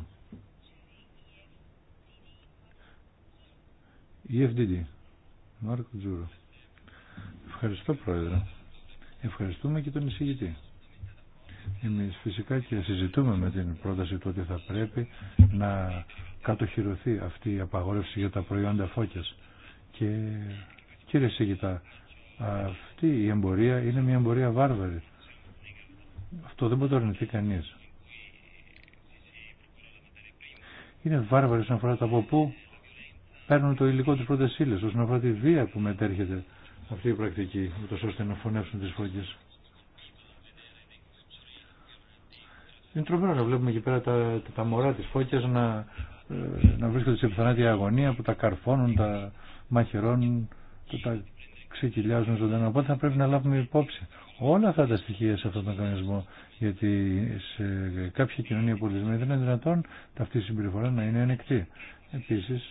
EFDD. Μάρκο Τζούρο. Ευχαριστώ Πρόεδρε. Ευχαριστούμε και τον εισηγητή. Εμείς φυσικά και συζητούμε με την πρόταση του ότι θα πρέπει να κατοχυρωθεί αυτή η απαγόρευση για τα προϊόντα φώκες. Και κύριε εισηγητά, αυτή η εμπορία είναι μια εμπορία βάρβαρη. Αυτό δεν μπορεί να αρνηθεί κανείς. είναι βάρβαροι όσον αφορά το από πού παίρνουν το υλικό τη πρώτε ύλε, όσον αφορά τη βία που παιρνουν το υλικο τη πρωτη υλη οσον αυτή η πρακτική, ούτω ώστε να φωνεύσουν τι φωκέ. Είναι τρομερό να βλέπουμε εκεί πέρα τα, τα μωρά τη φώκια να, ε, να βρίσκονται σε πιθανά αγωνία που τα καρφώνουν, τα μαχαιρώνουν, τα, ξεκυλιάζουν ζωντανά. Οπότε θα πρέπει να λάβουμε υπόψη όλα αυτά τα στοιχεία σε αυτόν τον κανονισμό. Γιατί σε κάποια κοινωνία πολιτισμένη δεν είναι δυνατόν αυτή η συμπεριφορά να είναι ανεκτή. Επίση,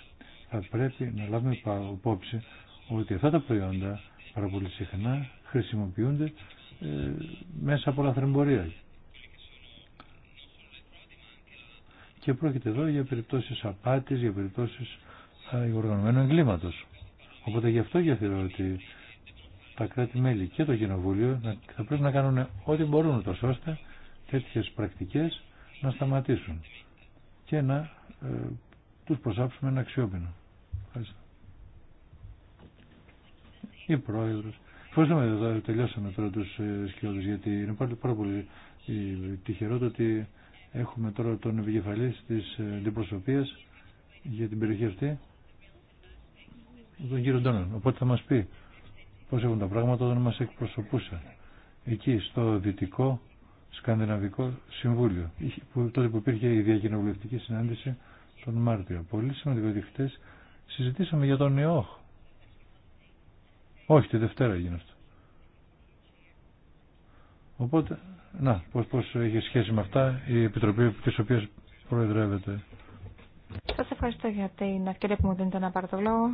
θα πρέπει να λάβουμε υπόψη ότι αυτά τα προϊόντα πάρα πολύ συχνά χρησιμοποιούνται ε, μέσα από λαθρεμπορία. Και πρόκειται εδώ για περιπτώσεις απάτης, για περιπτώσεις οργανωμένου εγκλήματος. Οπότε γι' αυτό και θεωρώ ότι τα κράτη-μέλη και το Κοινοβούλιο θα πρέπει να κάνουν ό,τι μπορούν τόσο ώστε τέτοιες πρακτικές να σταματήσουν και να ε, τους προσάψουμε ένα αξιόπινο. Ευχαριστώ. Η Πρόεδρος. Ευχαριστούμε εδώ, τελειώσαμε τώρα τους ε, σκιώδους γιατί είναι πάρα, πάρα πολύ ε, τυχερό το ότι έχουμε τώρα τον επικεφαλής της ε, αντιπροσωπείας για την περιοχή αυτή τον κύριο Ντόναν. Οπότε θα μα πει πώ έχουν τα πράγματα όταν μα εκπροσωπούσαν. Εκεί στο Δυτικό Σκανδιναβικό Συμβούλιο, που, τότε που υπήρχε η διακοινοβουλευτική συνάντηση τον Μάρτιο. Πολύ σημαντικό ότι χτε συζητήσαμε για τον ΕΟΧ. Όχι, τη Δευτέρα έγινε αυτό. Οπότε, να, πώς, πώς έχει σχέση με αυτά η Επιτροπή της οποίας προεδρεύεται. Σας ευχαριστώ για την ευκαιρία που μου δίνετε να πάρω το λόγο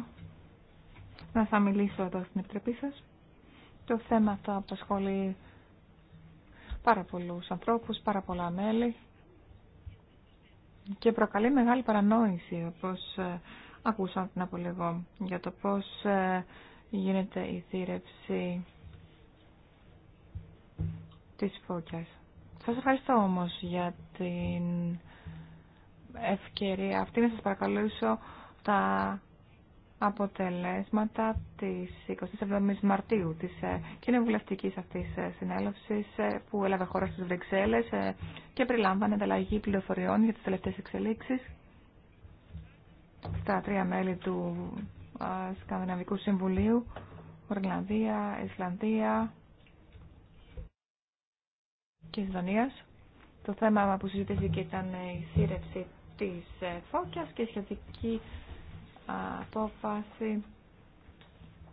να θα μιλήσω εδώ στην Επιτροπή σας. Το θέμα θα απασχολεί πάρα πολλούς ανθρώπους, πάρα πολλά μέλη και προκαλεί μεγάλη παρανόηση, όπως ε, ακούσαμε πριν από λίγο, για το πώς ε, γίνεται η θύρευση της φώκιας. Σας ευχαριστώ όμως για την ευκαιρία αυτή να σας παρακαλούσω τα αποτελέσματα της 27ης Μαρτίου της ε, κοινοβουλευτικής αυτής ε, συνέλευσης ε, που έλαβε χώρα στις Βρυξέλλες και περιλάμβανε ανταλλαγή πληροφοριών για τις τελευταίες εξελίξεις στα τρία μέλη του Σκανδιναβικού Συμβουλίου Ορλανδία, Ισλανδία και Ισδονίας. Το θέμα που συζητήθηκε ήταν η σύρευση της φώκιας και σχετική απόφαση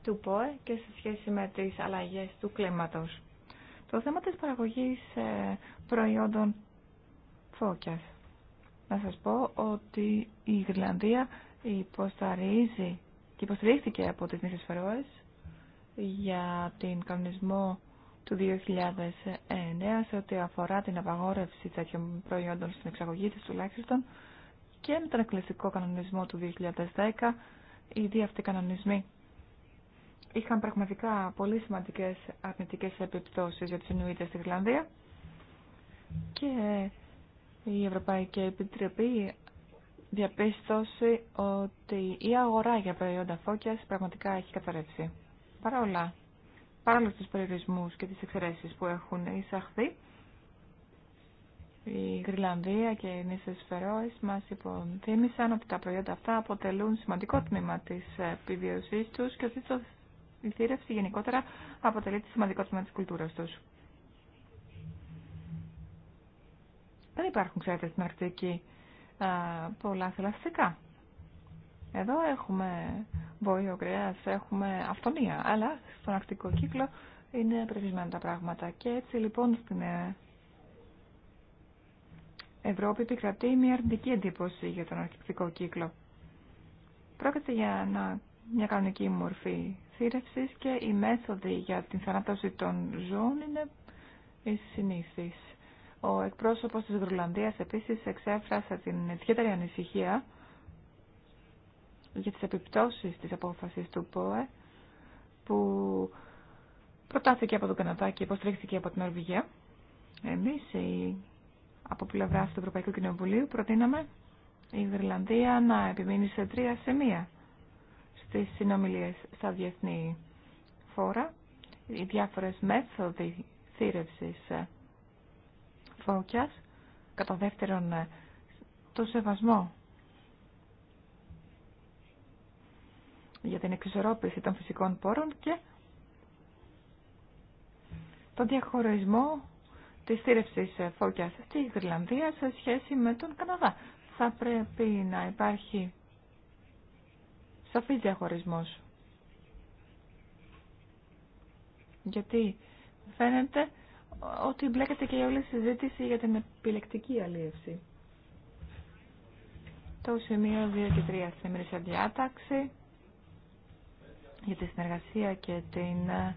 του ΠΟΕ και σε σχέση με τις αλλαγές του κλίματος. Το θέμα της παραγωγής ε, προϊόντων φώκιας. Να σας πω ότι η Γρυλανδία υποσταρίζει και υποστηρίχθηκε από τις νήσες Φερόες για την κανονισμό του 2009 σε ό,τι αφορά την απαγόρευση τέτοιων προϊόντων στην εξαγωγή της τουλάχιστον και με τον εκκληστικό κανονισμό του 2010 οι δύο αυτοί κανονισμοί είχαν πραγματικά πολύ σημαντικές αρνητικές επιπτώσεις για του Ινουίτες στη Γλανδία και η Ευρωπαϊκή Επιτροπή διαπίστωσε ότι η αγορά για προϊόντα φώκιας πραγματικά έχει καταρρεύσει. Παρά όλα, παρά όλους τους περιορισμούς και τις εξαιρέσεις που έχουν εισαχθεί, η Γρυλανδία και οι νήσες Φερόε μας υποθύμησαν ότι τα προϊόντα αυτά αποτελούν σημαντικό τμήμα της ε, επιβιωσή τους και ότι το η θύρευση γενικότερα αποτελεί τη σημαντικό τμήμα της κουλτούρας τους. Δεν υπάρχουν, ξέρετε, στην Αρκτική ε, πολλά θελαστικά. Εδώ έχουμε βόλιο κρέα, έχουμε αυτονία, αλλά στον Αρκτικό κύκλο είναι περιορισμένα τα πράγματα. Και έτσι λοιπόν στην ε, Ευρώπη επικρατεί μια αρνητική εντύπωση για τον αρχιπτικό κύκλο. Πρόκειται για ένα, μια κανονική μορφή θύρευση και οι μέθοδοι για την θανάτωση των ζώων είναι οι συνήθει. Ο εκπρόσωπος της Γρουλανδίας επίσης εξέφρασε την ιδιαίτερη ανησυχία για τις επιπτώσεις της απόφασης του ΠΟΕ που προτάθηκε από τον Καναδά και υποστηρίχθηκε από την Ορβηγία. Εμείς οι από πλευρά του Ευρωπαϊκού Κοινοβουλίου προτείναμε η Ιρλανδία να επιμείνει σε τρία σημεία στι συνομιλίε στα διεθνή φόρα, οι διάφορε μέθοδοι θύρευση φώκια, κατά δεύτερον το σεβασμό για την εξισορρόπηση των φυσικών πόρων και τον διαχωρισμό της στήρευσης φωκιάς στη Γρυλανδία σε σχέση με τον Καναδά. Θα πρέπει να υπάρχει σαφής διαχωρισμός. Γιατί φαίνεται ότι μπλέκεται και η όλη συζήτηση για την επιλεκτική αλίευση. Το σημείο 2 και 3 στην διάταξη για τη συνεργασία και την ε,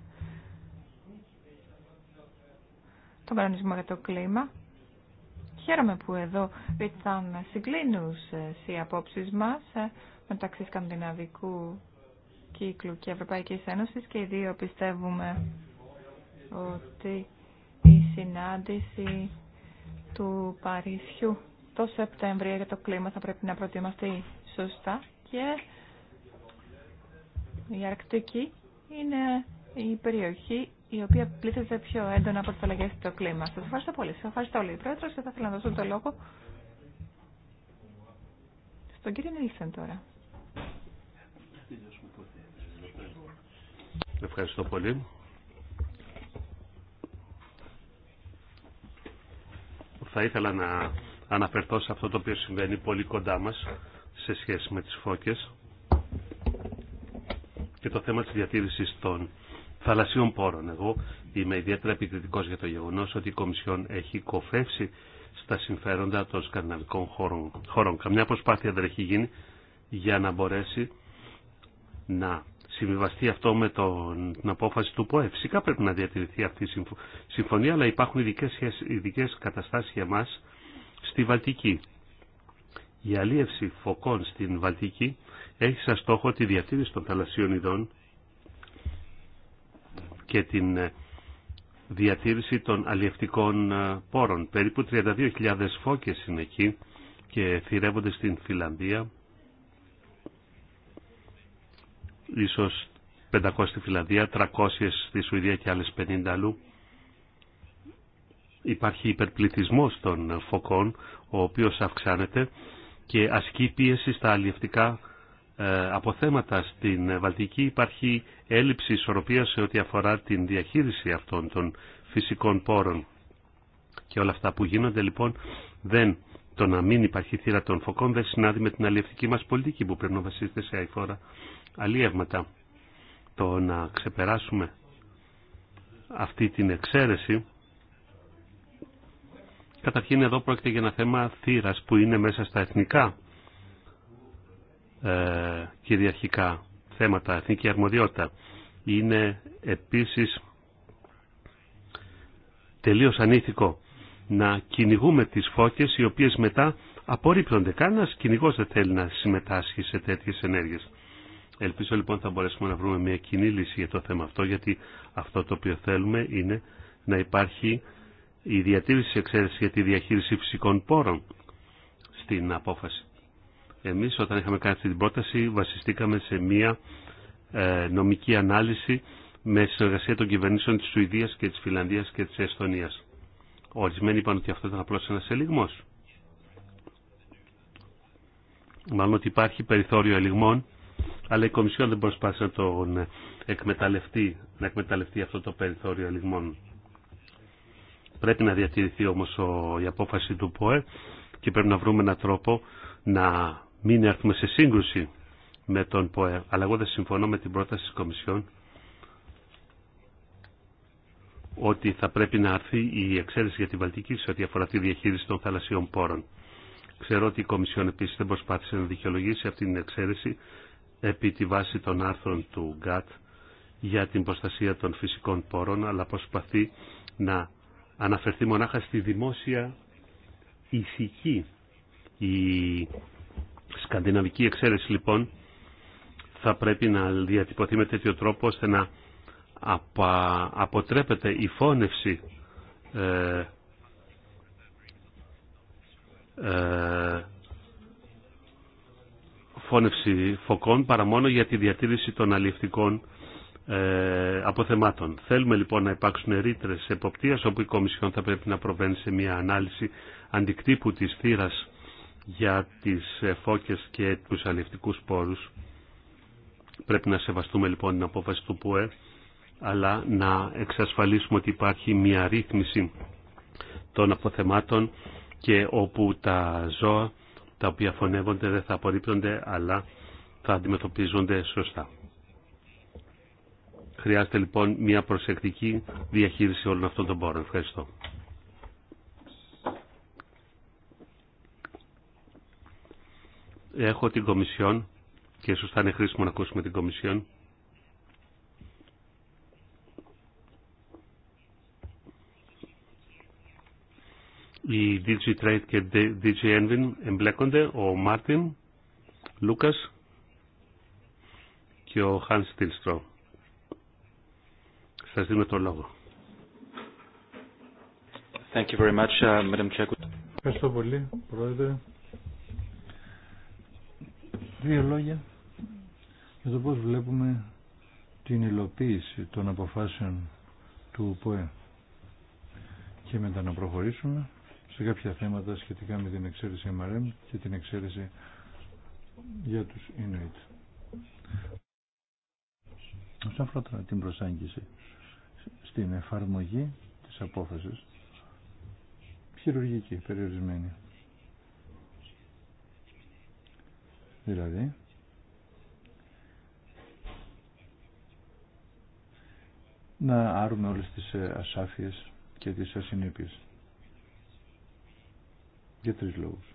τον κανονισμό για το κλίμα. Χαίρομαι που εδώ ήταν συγκλίνους ε, οι απόψεις μας ε, μεταξύ Σκανδιναβικού κύκλου και Ευρωπαϊκής Ένωσης και οι δύο πιστεύουμε ότι η συνάντηση του Παρισιού το Σεπτέμβριο για το κλίμα θα πρέπει να προτιμαστεί σωστά και η Αρκτική είναι η περιοχή η οποία πλήττεται πιο έντονα από τι αλλαγέ στο κλίμα. Σα ευχαριστώ πολύ. Σα ευχαριστώ όλοι. Πρόεδρο, και θα ήθελα να δώσω το λόγο στον κύριο Νίλσεν τώρα. Ευχαριστώ πολύ. Θα ήθελα να αναφερθώ σε αυτό το οποίο συμβαίνει πολύ κοντά μας σε σχέση με τις φώκες και το θέμα της διατήρησης των θαλασσίων πόρων. Εγώ είμαι ιδιαίτερα επιθετικό για το γεγονό ότι η Κομισιόν έχει κοφεύσει στα συμφέροντα των σκανδιναβικών χώρων. χώρων. Καμιά προσπάθεια δεν έχει γίνει για να μπορέσει να συμβιβαστεί αυτό με τον, την απόφαση του ΠΟΕ. Φυσικά πρέπει να διατηρηθεί αυτή η συμφωνία, αλλά υπάρχουν ειδικέ καταστάσει για μα στη Βαλτική. Η αλίευση φωκών στην Βαλτική έχει σαν στόχο τη διατήρηση των θαλασσίων ειδών και την ε, διατήρηση των αλλιευτικών ε, πόρων. Περίπου 32.000 φώκες είναι εκεί και θυρεύονται στην Φιλανδία. Ίσως 500 στη Φιλανδία, 300 στη Σουηδία και άλλες 50 αλλού. Υπάρχει υπερπληθυσμός των φωκών, ο οποίος αυξάνεται και ασκεί πίεση στα αλλιευτικά ε, από θέματα στην Βαλτική υπάρχει έλλειψη ισορροπίας σε ό,τι αφορά την διαχείριση αυτών των φυσικών πόρων. Και όλα αυτά που γίνονται λοιπόν δεν το να μην υπάρχει θύρα των φωκών δεν συνάδει με την αλλιευτική μας πολιτική που πρέπει να βασίζεται σε αηφόρα αλλιεύματα. Το να ξεπεράσουμε αυτή την εξαίρεση καταρχήν εδώ πρόκειται για ένα θέμα θύρας που είναι μέσα στα εθνικά ε, κυριαρχικά θέματα, εθνική αρμοδιότητα. Είναι επίσης τελείως ανήθικο να κυνηγούμε τις φώκες οι οποίες μετά απορρίπτονται. Κανένας κυνηγό δεν θέλει να συμμετάσχει σε τέτοιες ενέργειες. Ελπίζω λοιπόν θα μπορέσουμε να βρούμε μια κοινή λύση για το θέμα αυτό, γιατί αυτό το οποίο θέλουμε είναι να υπάρχει η διατήρηση εξαίρεση για τη διαχείριση φυσικών πόρων στην απόφαση εμείς όταν είχαμε κάνει αυτή την πρόταση βασιστήκαμε σε μία ε, νομική ανάλυση με συνεργασία των κυβερνήσεων της Σουηδίας και της Φιλανδίας και της Εστονίας. Ορισμένοι είπαν ότι αυτό ήταν απλώς ένας ελιγμός. Μάλλον ότι υπάρχει περιθώριο ελιγμών, αλλά η Κομισιόν δεν προσπάθησε να τον ε, εκμεταλλευτεί, να εκμεταλλευτεί αυτό το περιθώριο ελιγμών. Πρέπει να διατηρηθεί όμως η απόφαση του ΠΟΕ και πρέπει να βρούμε έναν τρόπο να μην έρθουμε σε σύγκρουση με τον ΠΟΕ. Αλλά εγώ δεν συμφωνώ με την πρόταση της Κομισιόν ότι θα πρέπει να έρθει η εξαίρεση για την Βαλτική σε ό,τι αφορά τη διαχείριση των θαλασσιών πόρων. Ξέρω ότι η Κομισιόν επίσης δεν προσπάθησε να δικαιολογήσει αυτή την εξαίρεση επί τη βάση των άρθρων του ΓΚΑΤ για την προστασία των φυσικών πόρων, αλλά προσπαθεί να αναφερθεί μονάχα στη δημόσια ηθική. Η Σκανδιναβική εξαίρεση λοιπόν θα πρέπει να διατυπωθεί με τέτοιο τρόπο ώστε να αποτρέπεται η φώνευση ε, ε, φώνευση φωκών παρά μόνο για τη διατήρηση των αλληλευτικών ε, αποθεμάτων. Θέλουμε λοιπόν να υπάρξουν ρήτρε εποπτείας όπου η Κομισιόν θα πρέπει να προβαίνει σε μια ανάλυση αντικτύπου τη θύρα για τις φώκες και τους αλληλευτικούς πόρους. Πρέπει να σεβαστούμε λοιπόν την απόφαση του ΠΟΕ, αλλά να εξασφαλίσουμε ότι υπάρχει μια ρύθμιση των αποθεμάτων και όπου τα ζώα τα οποία φωνεύονται δεν θα απορρίπτονται, αλλά θα αντιμετωπίζονται σωστά. Χρειάζεται λοιπόν μια προσεκτική διαχείριση όλων αυτών των πόρων. Ευχαριστώ. έχω την Κομισιόν και ίσως θα είναι χρήσιμο να ακούσουμε την Κομισιόν. Οι DG Trade και DG Envin εμπλέκονται, ο Μάρτιν, Λούκας και ο Χάν Τιλστρο. Σας δίνω το λόγο. Thank you very much, uh, Madam Ευχαριστώ πολύ, Πρόεδρε δύο λόγια για το πώς βλέπουμε την υλοποίηση των αποφάσεων του ΠΟΕ και μετά να προχωρήσουμε σε κάποια θέματα σχετικά με την εξαίρεση MRM και την εξαίρεση για τους Inuit. Όσον αφορά την προσάγγιση στην εφαρμογή της απόφασης, χειρουργική, περιορισμένη. Δηλαδή, να άρουμε όλες τις ε, ασάφειες και τις ασυνήπειες. Για τρεις λόγους.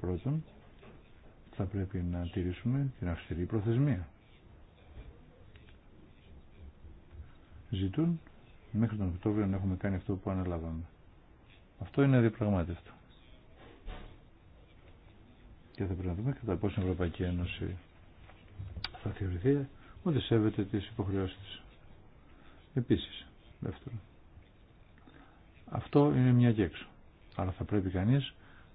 Πρώτον, θα πρέπει να τηρήσουμε την αυστηρή προθεσμία. Ζητούν μέχρι τον Οκτώβριο να έχουμε κάνει αυτό που αναλάβαμε. Αυτό είναι αδιαπραγμάτευτο και θα πρέπει να δούμε κατά πόσο η Ευρωπαϊκή Ένωση θα θεωρηθεί ότι σέβεται τις υποχρεώσεις της. Επίσης, δεύτερον, αυτό είναι μια και έξω. Αλλά θα πρέπει κανείς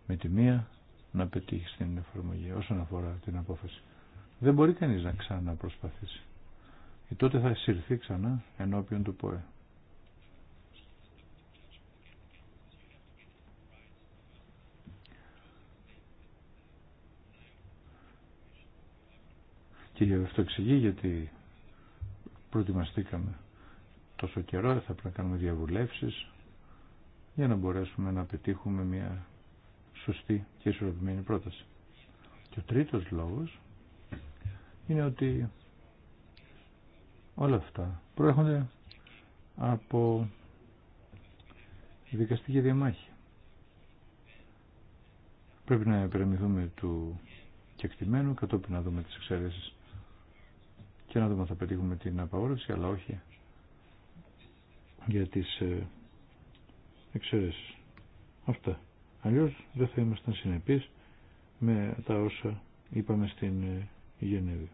με τη μία να πετύχει στην εφαρμογή όσον αφορά την απόφαση. Δεν μπορεί κανείς να ξαναπροσπαθήσει. Και τότε θα συρθεί ξανά ενώπιον του ΠΟΕ. Και γι' αυτό εξηγεί γιατί προετοιμαστήκαμε τόσο καιρό, θα πρέπει να κάνουμε διαβουλεύσεις για να μπορέσουμε να πετύχουμε μια σωστή και ισορροπημένη πρόταση. Και ο τρίτος λόγος είναι ότι όλα αυτά προέρχονται από δικαστική διαμάχη. Πρέπει να επερμηθούμε του κεκτημένου, κατόπιν να δούμε τις εξαιρέσεις και να δούμε αν θα πετύχουμε την απαγόρευση αλλά όχι για τις ε, εξαιρέσεις. Αυτά. Αλλιώς δεν θα ήμασταν συνεπείς με τα όσα είπαμε στην ε, Γενέβη.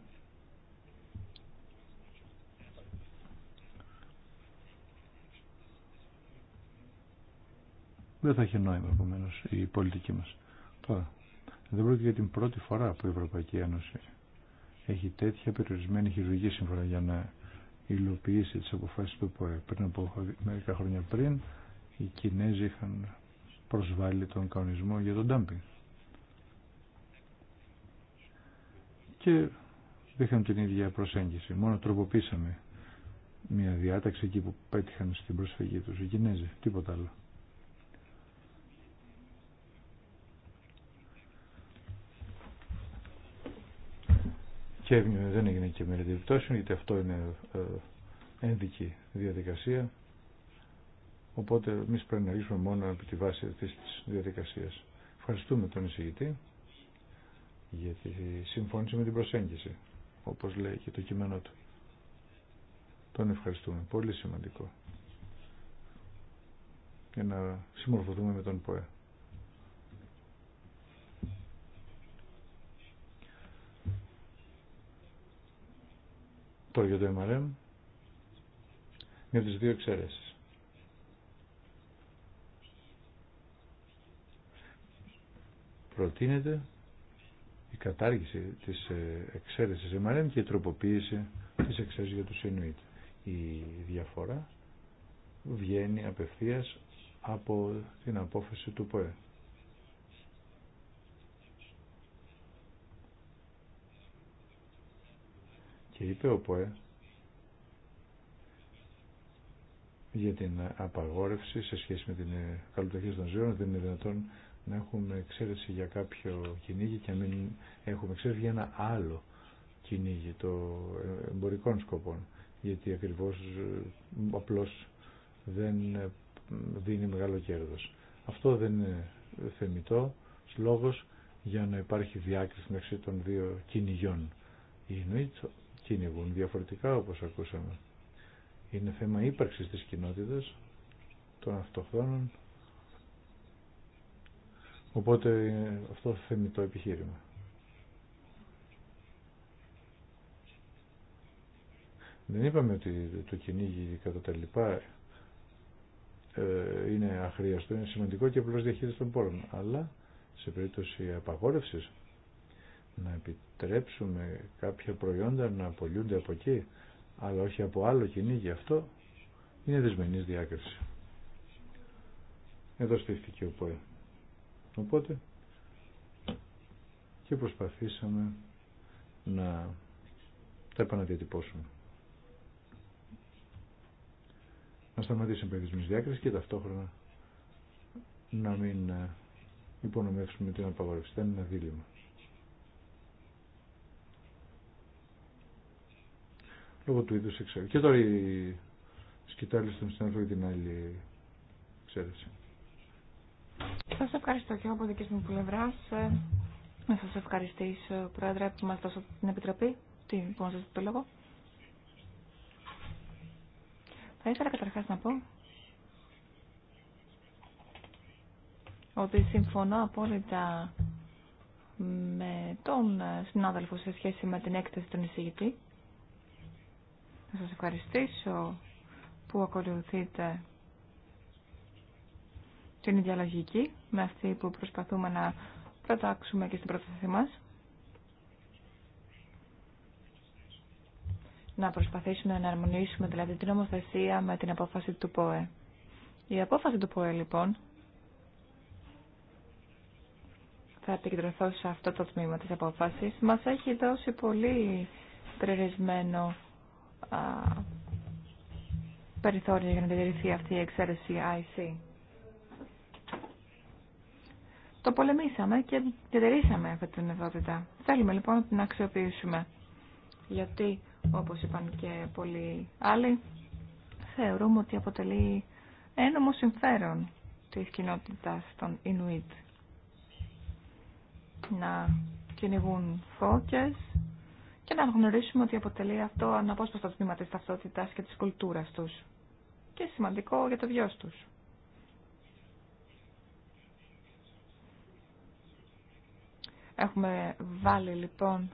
Δεν θα έχει νόημα επομένω η πολιτική μας. Τώρα, δεν πρόκειται για την πρώτη φορά που η Ευρωπαϊκή Ένωση έχει τέτοια περιορισμένη χειρουργική σύμφωνα για να υλοποιήσει τις αποφάσεις του ΠΟΕ. Πριν από μερικά χρόνια πριν, οι Κινέζοι είχαν προσβάλει τον κανονισμό για τον ντάμπινγκ. Και είχαν την ίδια προσέγγιση. Μόνο τροποποίησαμε μια διάταξη εκεί που πέτυχαν στην προσφυγή τους οι Κινέζοι. Τίποτα άλλο. και δεν έγινε και μελέτη επιπτώσεων γιατί αυτό είναι ε, ένδικη διαδικασία οπότε εμεί πρέπει να λύσουμε μόνο από τη βάση αυτή τη διαδικασία. Ευχαριστούμε τον εισηγητή γιατί συμφώνησε με την προσέγγιση όπως λέει και το κείμενό του. Τον ευχαριστούμε. Πολύ σημαντικό για να συμμορφωθούμε με τον ΠΟΕ. Το για το MRM, με τις δύο εξαιρέσεις. Προτείνεται η κατάργηση της ε, εξαίρεσης MRM και η τροποποίηση της εξαίρεσης για τους Ινουίτ. Η διαφορά βγαίνει απευθείας από την απόφαση του ΠΟΕ. και είπε ο ΠΟΕ για την απαγόρευση σε σχέση με την καλοτοχή των ζώων δεν είναι δυνατόν να έχουμε εξαίρεση για κάποιο κυνήγι και να μην έχουμε εξαίρεση για ένα άλλο κυνήγι το εμπορικών σκοπών γιατί ακριβώς ε, απλώς δεν ε, δίνει μεγάλο κέρδος. Αυτό δεν είναι θεμητό λόγος για να υπάρχει διάκριση μεταξύ των δύο κυνηγιών. Η κυνηγούν διαφορετικά όπως ακούσαμε. Είναι θέμα ύπαρξης της κοινότητας των αυτοχθόνων οπότε αυτό θέμει επιχείρημα. Δεν είπαμε ότι το κυνήγι κατά τα λοιπά ε, είναι αχρίαστο, είναι σημαντικό και απλώς διαχείριση των πόρων. Αλλά σε περίπτωση απαγόρευσης να επιτρέψουμε κάποια προϊόντα να απολύονται από εκεί, αλλά όχι από άλλο κοινή γι' Αυτό είναι δεσμενή διάκριση. Εδώ στήθηκε ο ΠΟΕ. Οπότε και προσπαθήσαμε να τα επαναδιατυπώσουμε. Να σταματήσει η διάκριση και ταυτόχρονα να μην ε, υπονομεύσουμε την απαγορευστή, ένα δίλημα. λόγω του είδους εξαίρεση. Και τώρα η σκητάλη στον συνάδελφο για την άλλη εξαίρεση. Σας ευχαριστώ και εγώ από δικής μου πλευράς. Ε, να σας ευχαριστήσω, Πρόεδρε, που μας δώσατε την Επιτροπή, Τι που μας δώσατε το λόγο. Θα ήθελα καταρχάς να πω ότι συμφωνώ απόλυτα με τον συνάδελφο σε σχέση με την έκθεση των εισηγητή. Να σας ευχαριστήσω που ακολουθείτε την λογική με αυτή που προσπαθούμε να προτάξουμε και στην πρόταση μας. Να προσπαθήσουμε να εναρμονίσουμε δηλαδή την νομοθεσία με την απόφαση του ΠΟΕ. Η απόφαση του ΠΟΕ λοιπόν θα επικεντρωθώ σε αυτό το τμήμα της απόφασης. Μας έχει δώσει πολύ περιορισμένο περιθώρια για να διατηρηθεί αυτή η εξαίρεση IC. Το πολεμήσαμε και διατηρήσαμε αυτή την ευρότητα. Θέλουμε λοιπόν να την αξιοποιήσουμε. Γιατί, όπως είπαν και πολλοί άλλοι, θεωρούμε ότι αποτελεί ένομο συμφέρον της κοινότητας των Ινουίτ. Να κυνηγούν φώκες, και να γνωρίσουμε ότι αποτελεί αυτό αναπόσπαστο τμήμα της ταυτότητας και της κουλτούρας τους και σημαντικό για το βιός τους. Έχουμε βάλει λοιπόν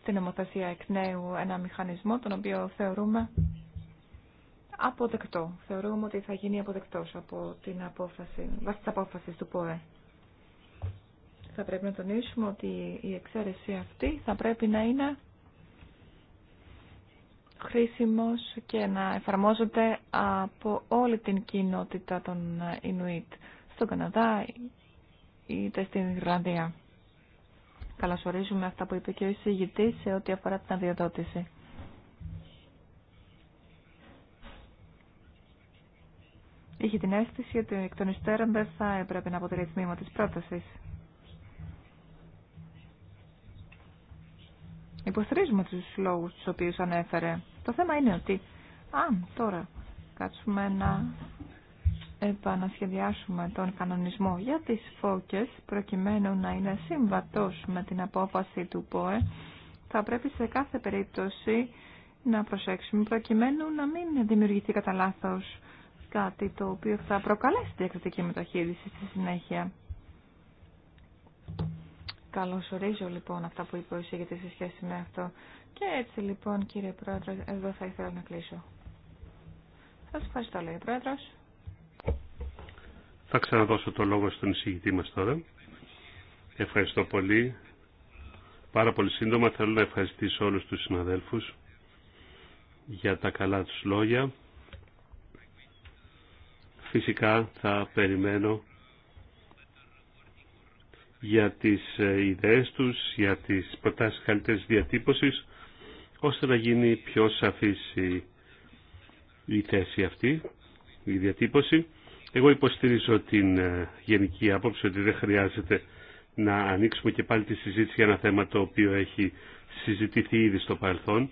στην νομοθεσία εκ νέου ένα μηχανισμό τον οποίο θεωρούμε αποδεκτό. Θεωρούμε ότι θα γίνει αποδεκτός από την απόφαση, βάσει του ΠΟΕ. Θα πρέπει να τονίσουμε ότι η εξαίρεση αυτή θα πρέπει να είναι χρήσιμος και να εφαρμόζονται από όλη την κοινότητα των Ινουίτ στον Καναδά είτε στην Ιρλανδία. Καλασορίζουμε αυτά που είπε και ο εισηγητής σε ό,τι αφορά την αδειοδότηση. Είχε την αίσθηση ότι εκ των υστέρων δεν θα έπρεπε να αποτελεί τμήμα της πρότασης. Υποστηρίζουμε τους λόγους τους οποίους ανέφερε το θέμα είναι ότι αν τώρα κάτσουμε να επανασχεδιάσουμε τον κανονισμό για τις φώκες προκειμένου να είναι συμβατός με την απόφαση του ΠΟΕ θα πρέπει σε κάθε περίπτωση να προσέξουμε προκειμένου να μην δημιουργηθεί κατά λάθο κάτι το οποίο θα προκαλέσει διακριτική μεταχείριση στη συνέχεια. Καλώς ορίζω λοιπόν αυτά που είπε ο σε σχέση με αυτό και έτσι λοιπόν κύριε Πρόεδρε, εδώ θα ήθελα να κλείσω. Σας ευχαριστώ λέει ο Πρόεδρος. Θα ξαναδώσω το λόγο στον εισηγητή μας τώρα. Ευχαριστώ πολύ. Πάρα πολύ σύντομα θέλω να ευχαριστήσω όλους τους συναδέλφους για τα καλά τους λόγια. Φυσικά θα περιμένω για τις ε, ιδέες τους, για τις προτάσεις καλύτερης διατύπωσης ώστε να γίνει πιο σαφής η, θέση αυτή, η διατύπωση. Εγώ υποστηρίζω την ε, γενική άποψη ότι δεν χρειάζεται να ανοίξουμε και πάλι τη συζήτηση για ένα θέμα το οποίο έχει συζητηθεί ήδη στο παρελθόν.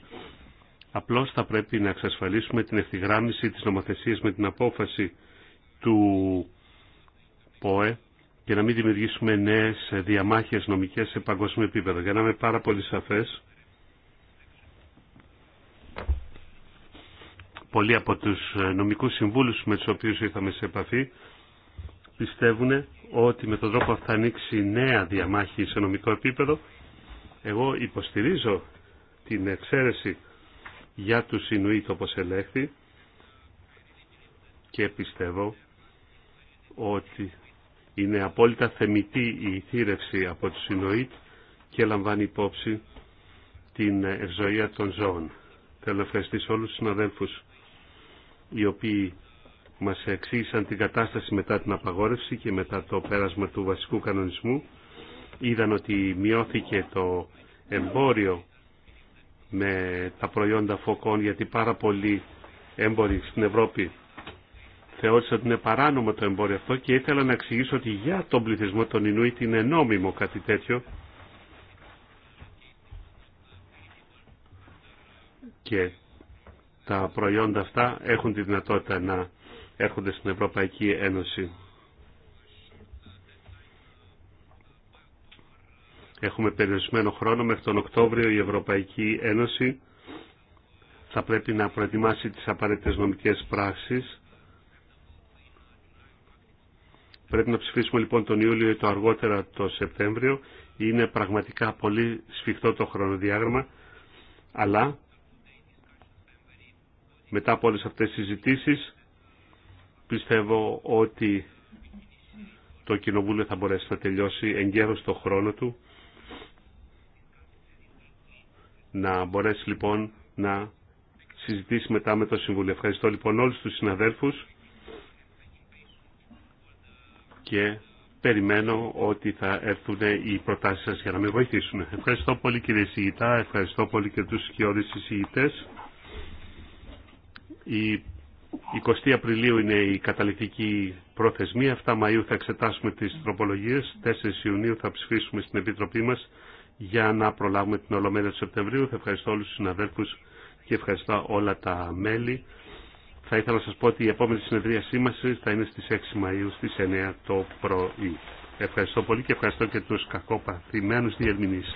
Απλώς θα πρέπει να εξασφαλίσουμε την ευθυγράμμιση της νομοθεσίας με την απόφαση του ΠΟΕ και να μην δημιουργήσουμε νέες διαμάχες νομικές σε παγκόσμιο επίπεδο. Για να είμαι πάρα πολύ σαφές, πολλοί από τους ε, νομικούς συμβούλους με τους οποίους ήρθαμε σε επαφή πιστεύουν ότι με τον τρόπο αυτό θα ανοίξει νέα διαμάχη σε νομικό επίπεδο. Εγώ υποστηρίζω την εξαίρεση για τους Ινουίτ όπως ελέγχθη και πιστεύω ότι είναι απόλυτα θεμητή η θύρευση από τους Ινουίτ και λαμβάνει υπόψη την ευζοία των ζώων. Θέλω ευχαριστήσω όλους τους συναδέλφους οι οποίοι μας εξήγησαν την κατάσταση μετά την απαγόρευση και μετά το πέρασμα του βασικού κανονισμού. Είδαν ότι μειώθηκε το εμπόριο με τα προϊόντα φωκών γιατί πάρα πολλοί έμποροι στην Ευρώπη θεώρησαν ότι είναι παράνομο το εμπόριο αυτό και ήθελα να εξηγήσω ότι για τον πληθυσμό των Ινούιτ είναι νόμιμο κάτι τέτοιο και τα προϊόντα αυτά έχουν τη δυνατότητα να έρχονται στην Ευρωπαϊκή Ένωση. Έχουμε περιορισμένο χρόνο, μέχρι τον Οκτώβριο η Ευρωπαϊκή Ένωση θα πρέπει να προετοιμάσει τις απαραίτητες νομικές πράξεις. Πρέπει να ψηφίσουμε λοιπόν τον Ιούλιο ή το αργότερα το Σεπτέμβριο. Είναι πραγματικά πολύ σφιχτό το χρονοδιάγραμμα, αλλά μετά από όλες αυτές τις συζητήσεις πιστεύω ότι το Κοινοβούλιο θα μπορέσει να τελειώσει εγκαίρως το χρόνο του να μπορέσει λοιπόν να συζητήσει μετά με το Συμβούλιο. Ευχαριστώ λοιπόν όλους τους συναδέλφους και περιμένω ότι θα έρθουν οι προτάσεις σας για να με βοηθήσουν. Ευχαριστώ πολύ κύριε Σιγητά, ευχαριστώ πολύ και τους και όλες η 20 Απριλίου είναι η καταληκτική προθεσμία. 7 Μαΐου θα εξετάσουμε τις τροπολογίες. 4 Ιουνίου θα ψηφίσουμε στην Επιτροπή μας για να προλάβουμε την Ολομέλεια του Σεπτεμβρίου. Θα ευχαριστώ όλους τους συναδέλφους και ευχαριστώ όλα τα μέλη. Θα ήθελα να σας πω ότι η επόμενη συνεδρία μας θα είναι στις 6 Μαΐου στις 9 το πρωί. Ευχαριστώ πολύ και ευχαριστώ και τους κακόπαθημένους διερμηνείς.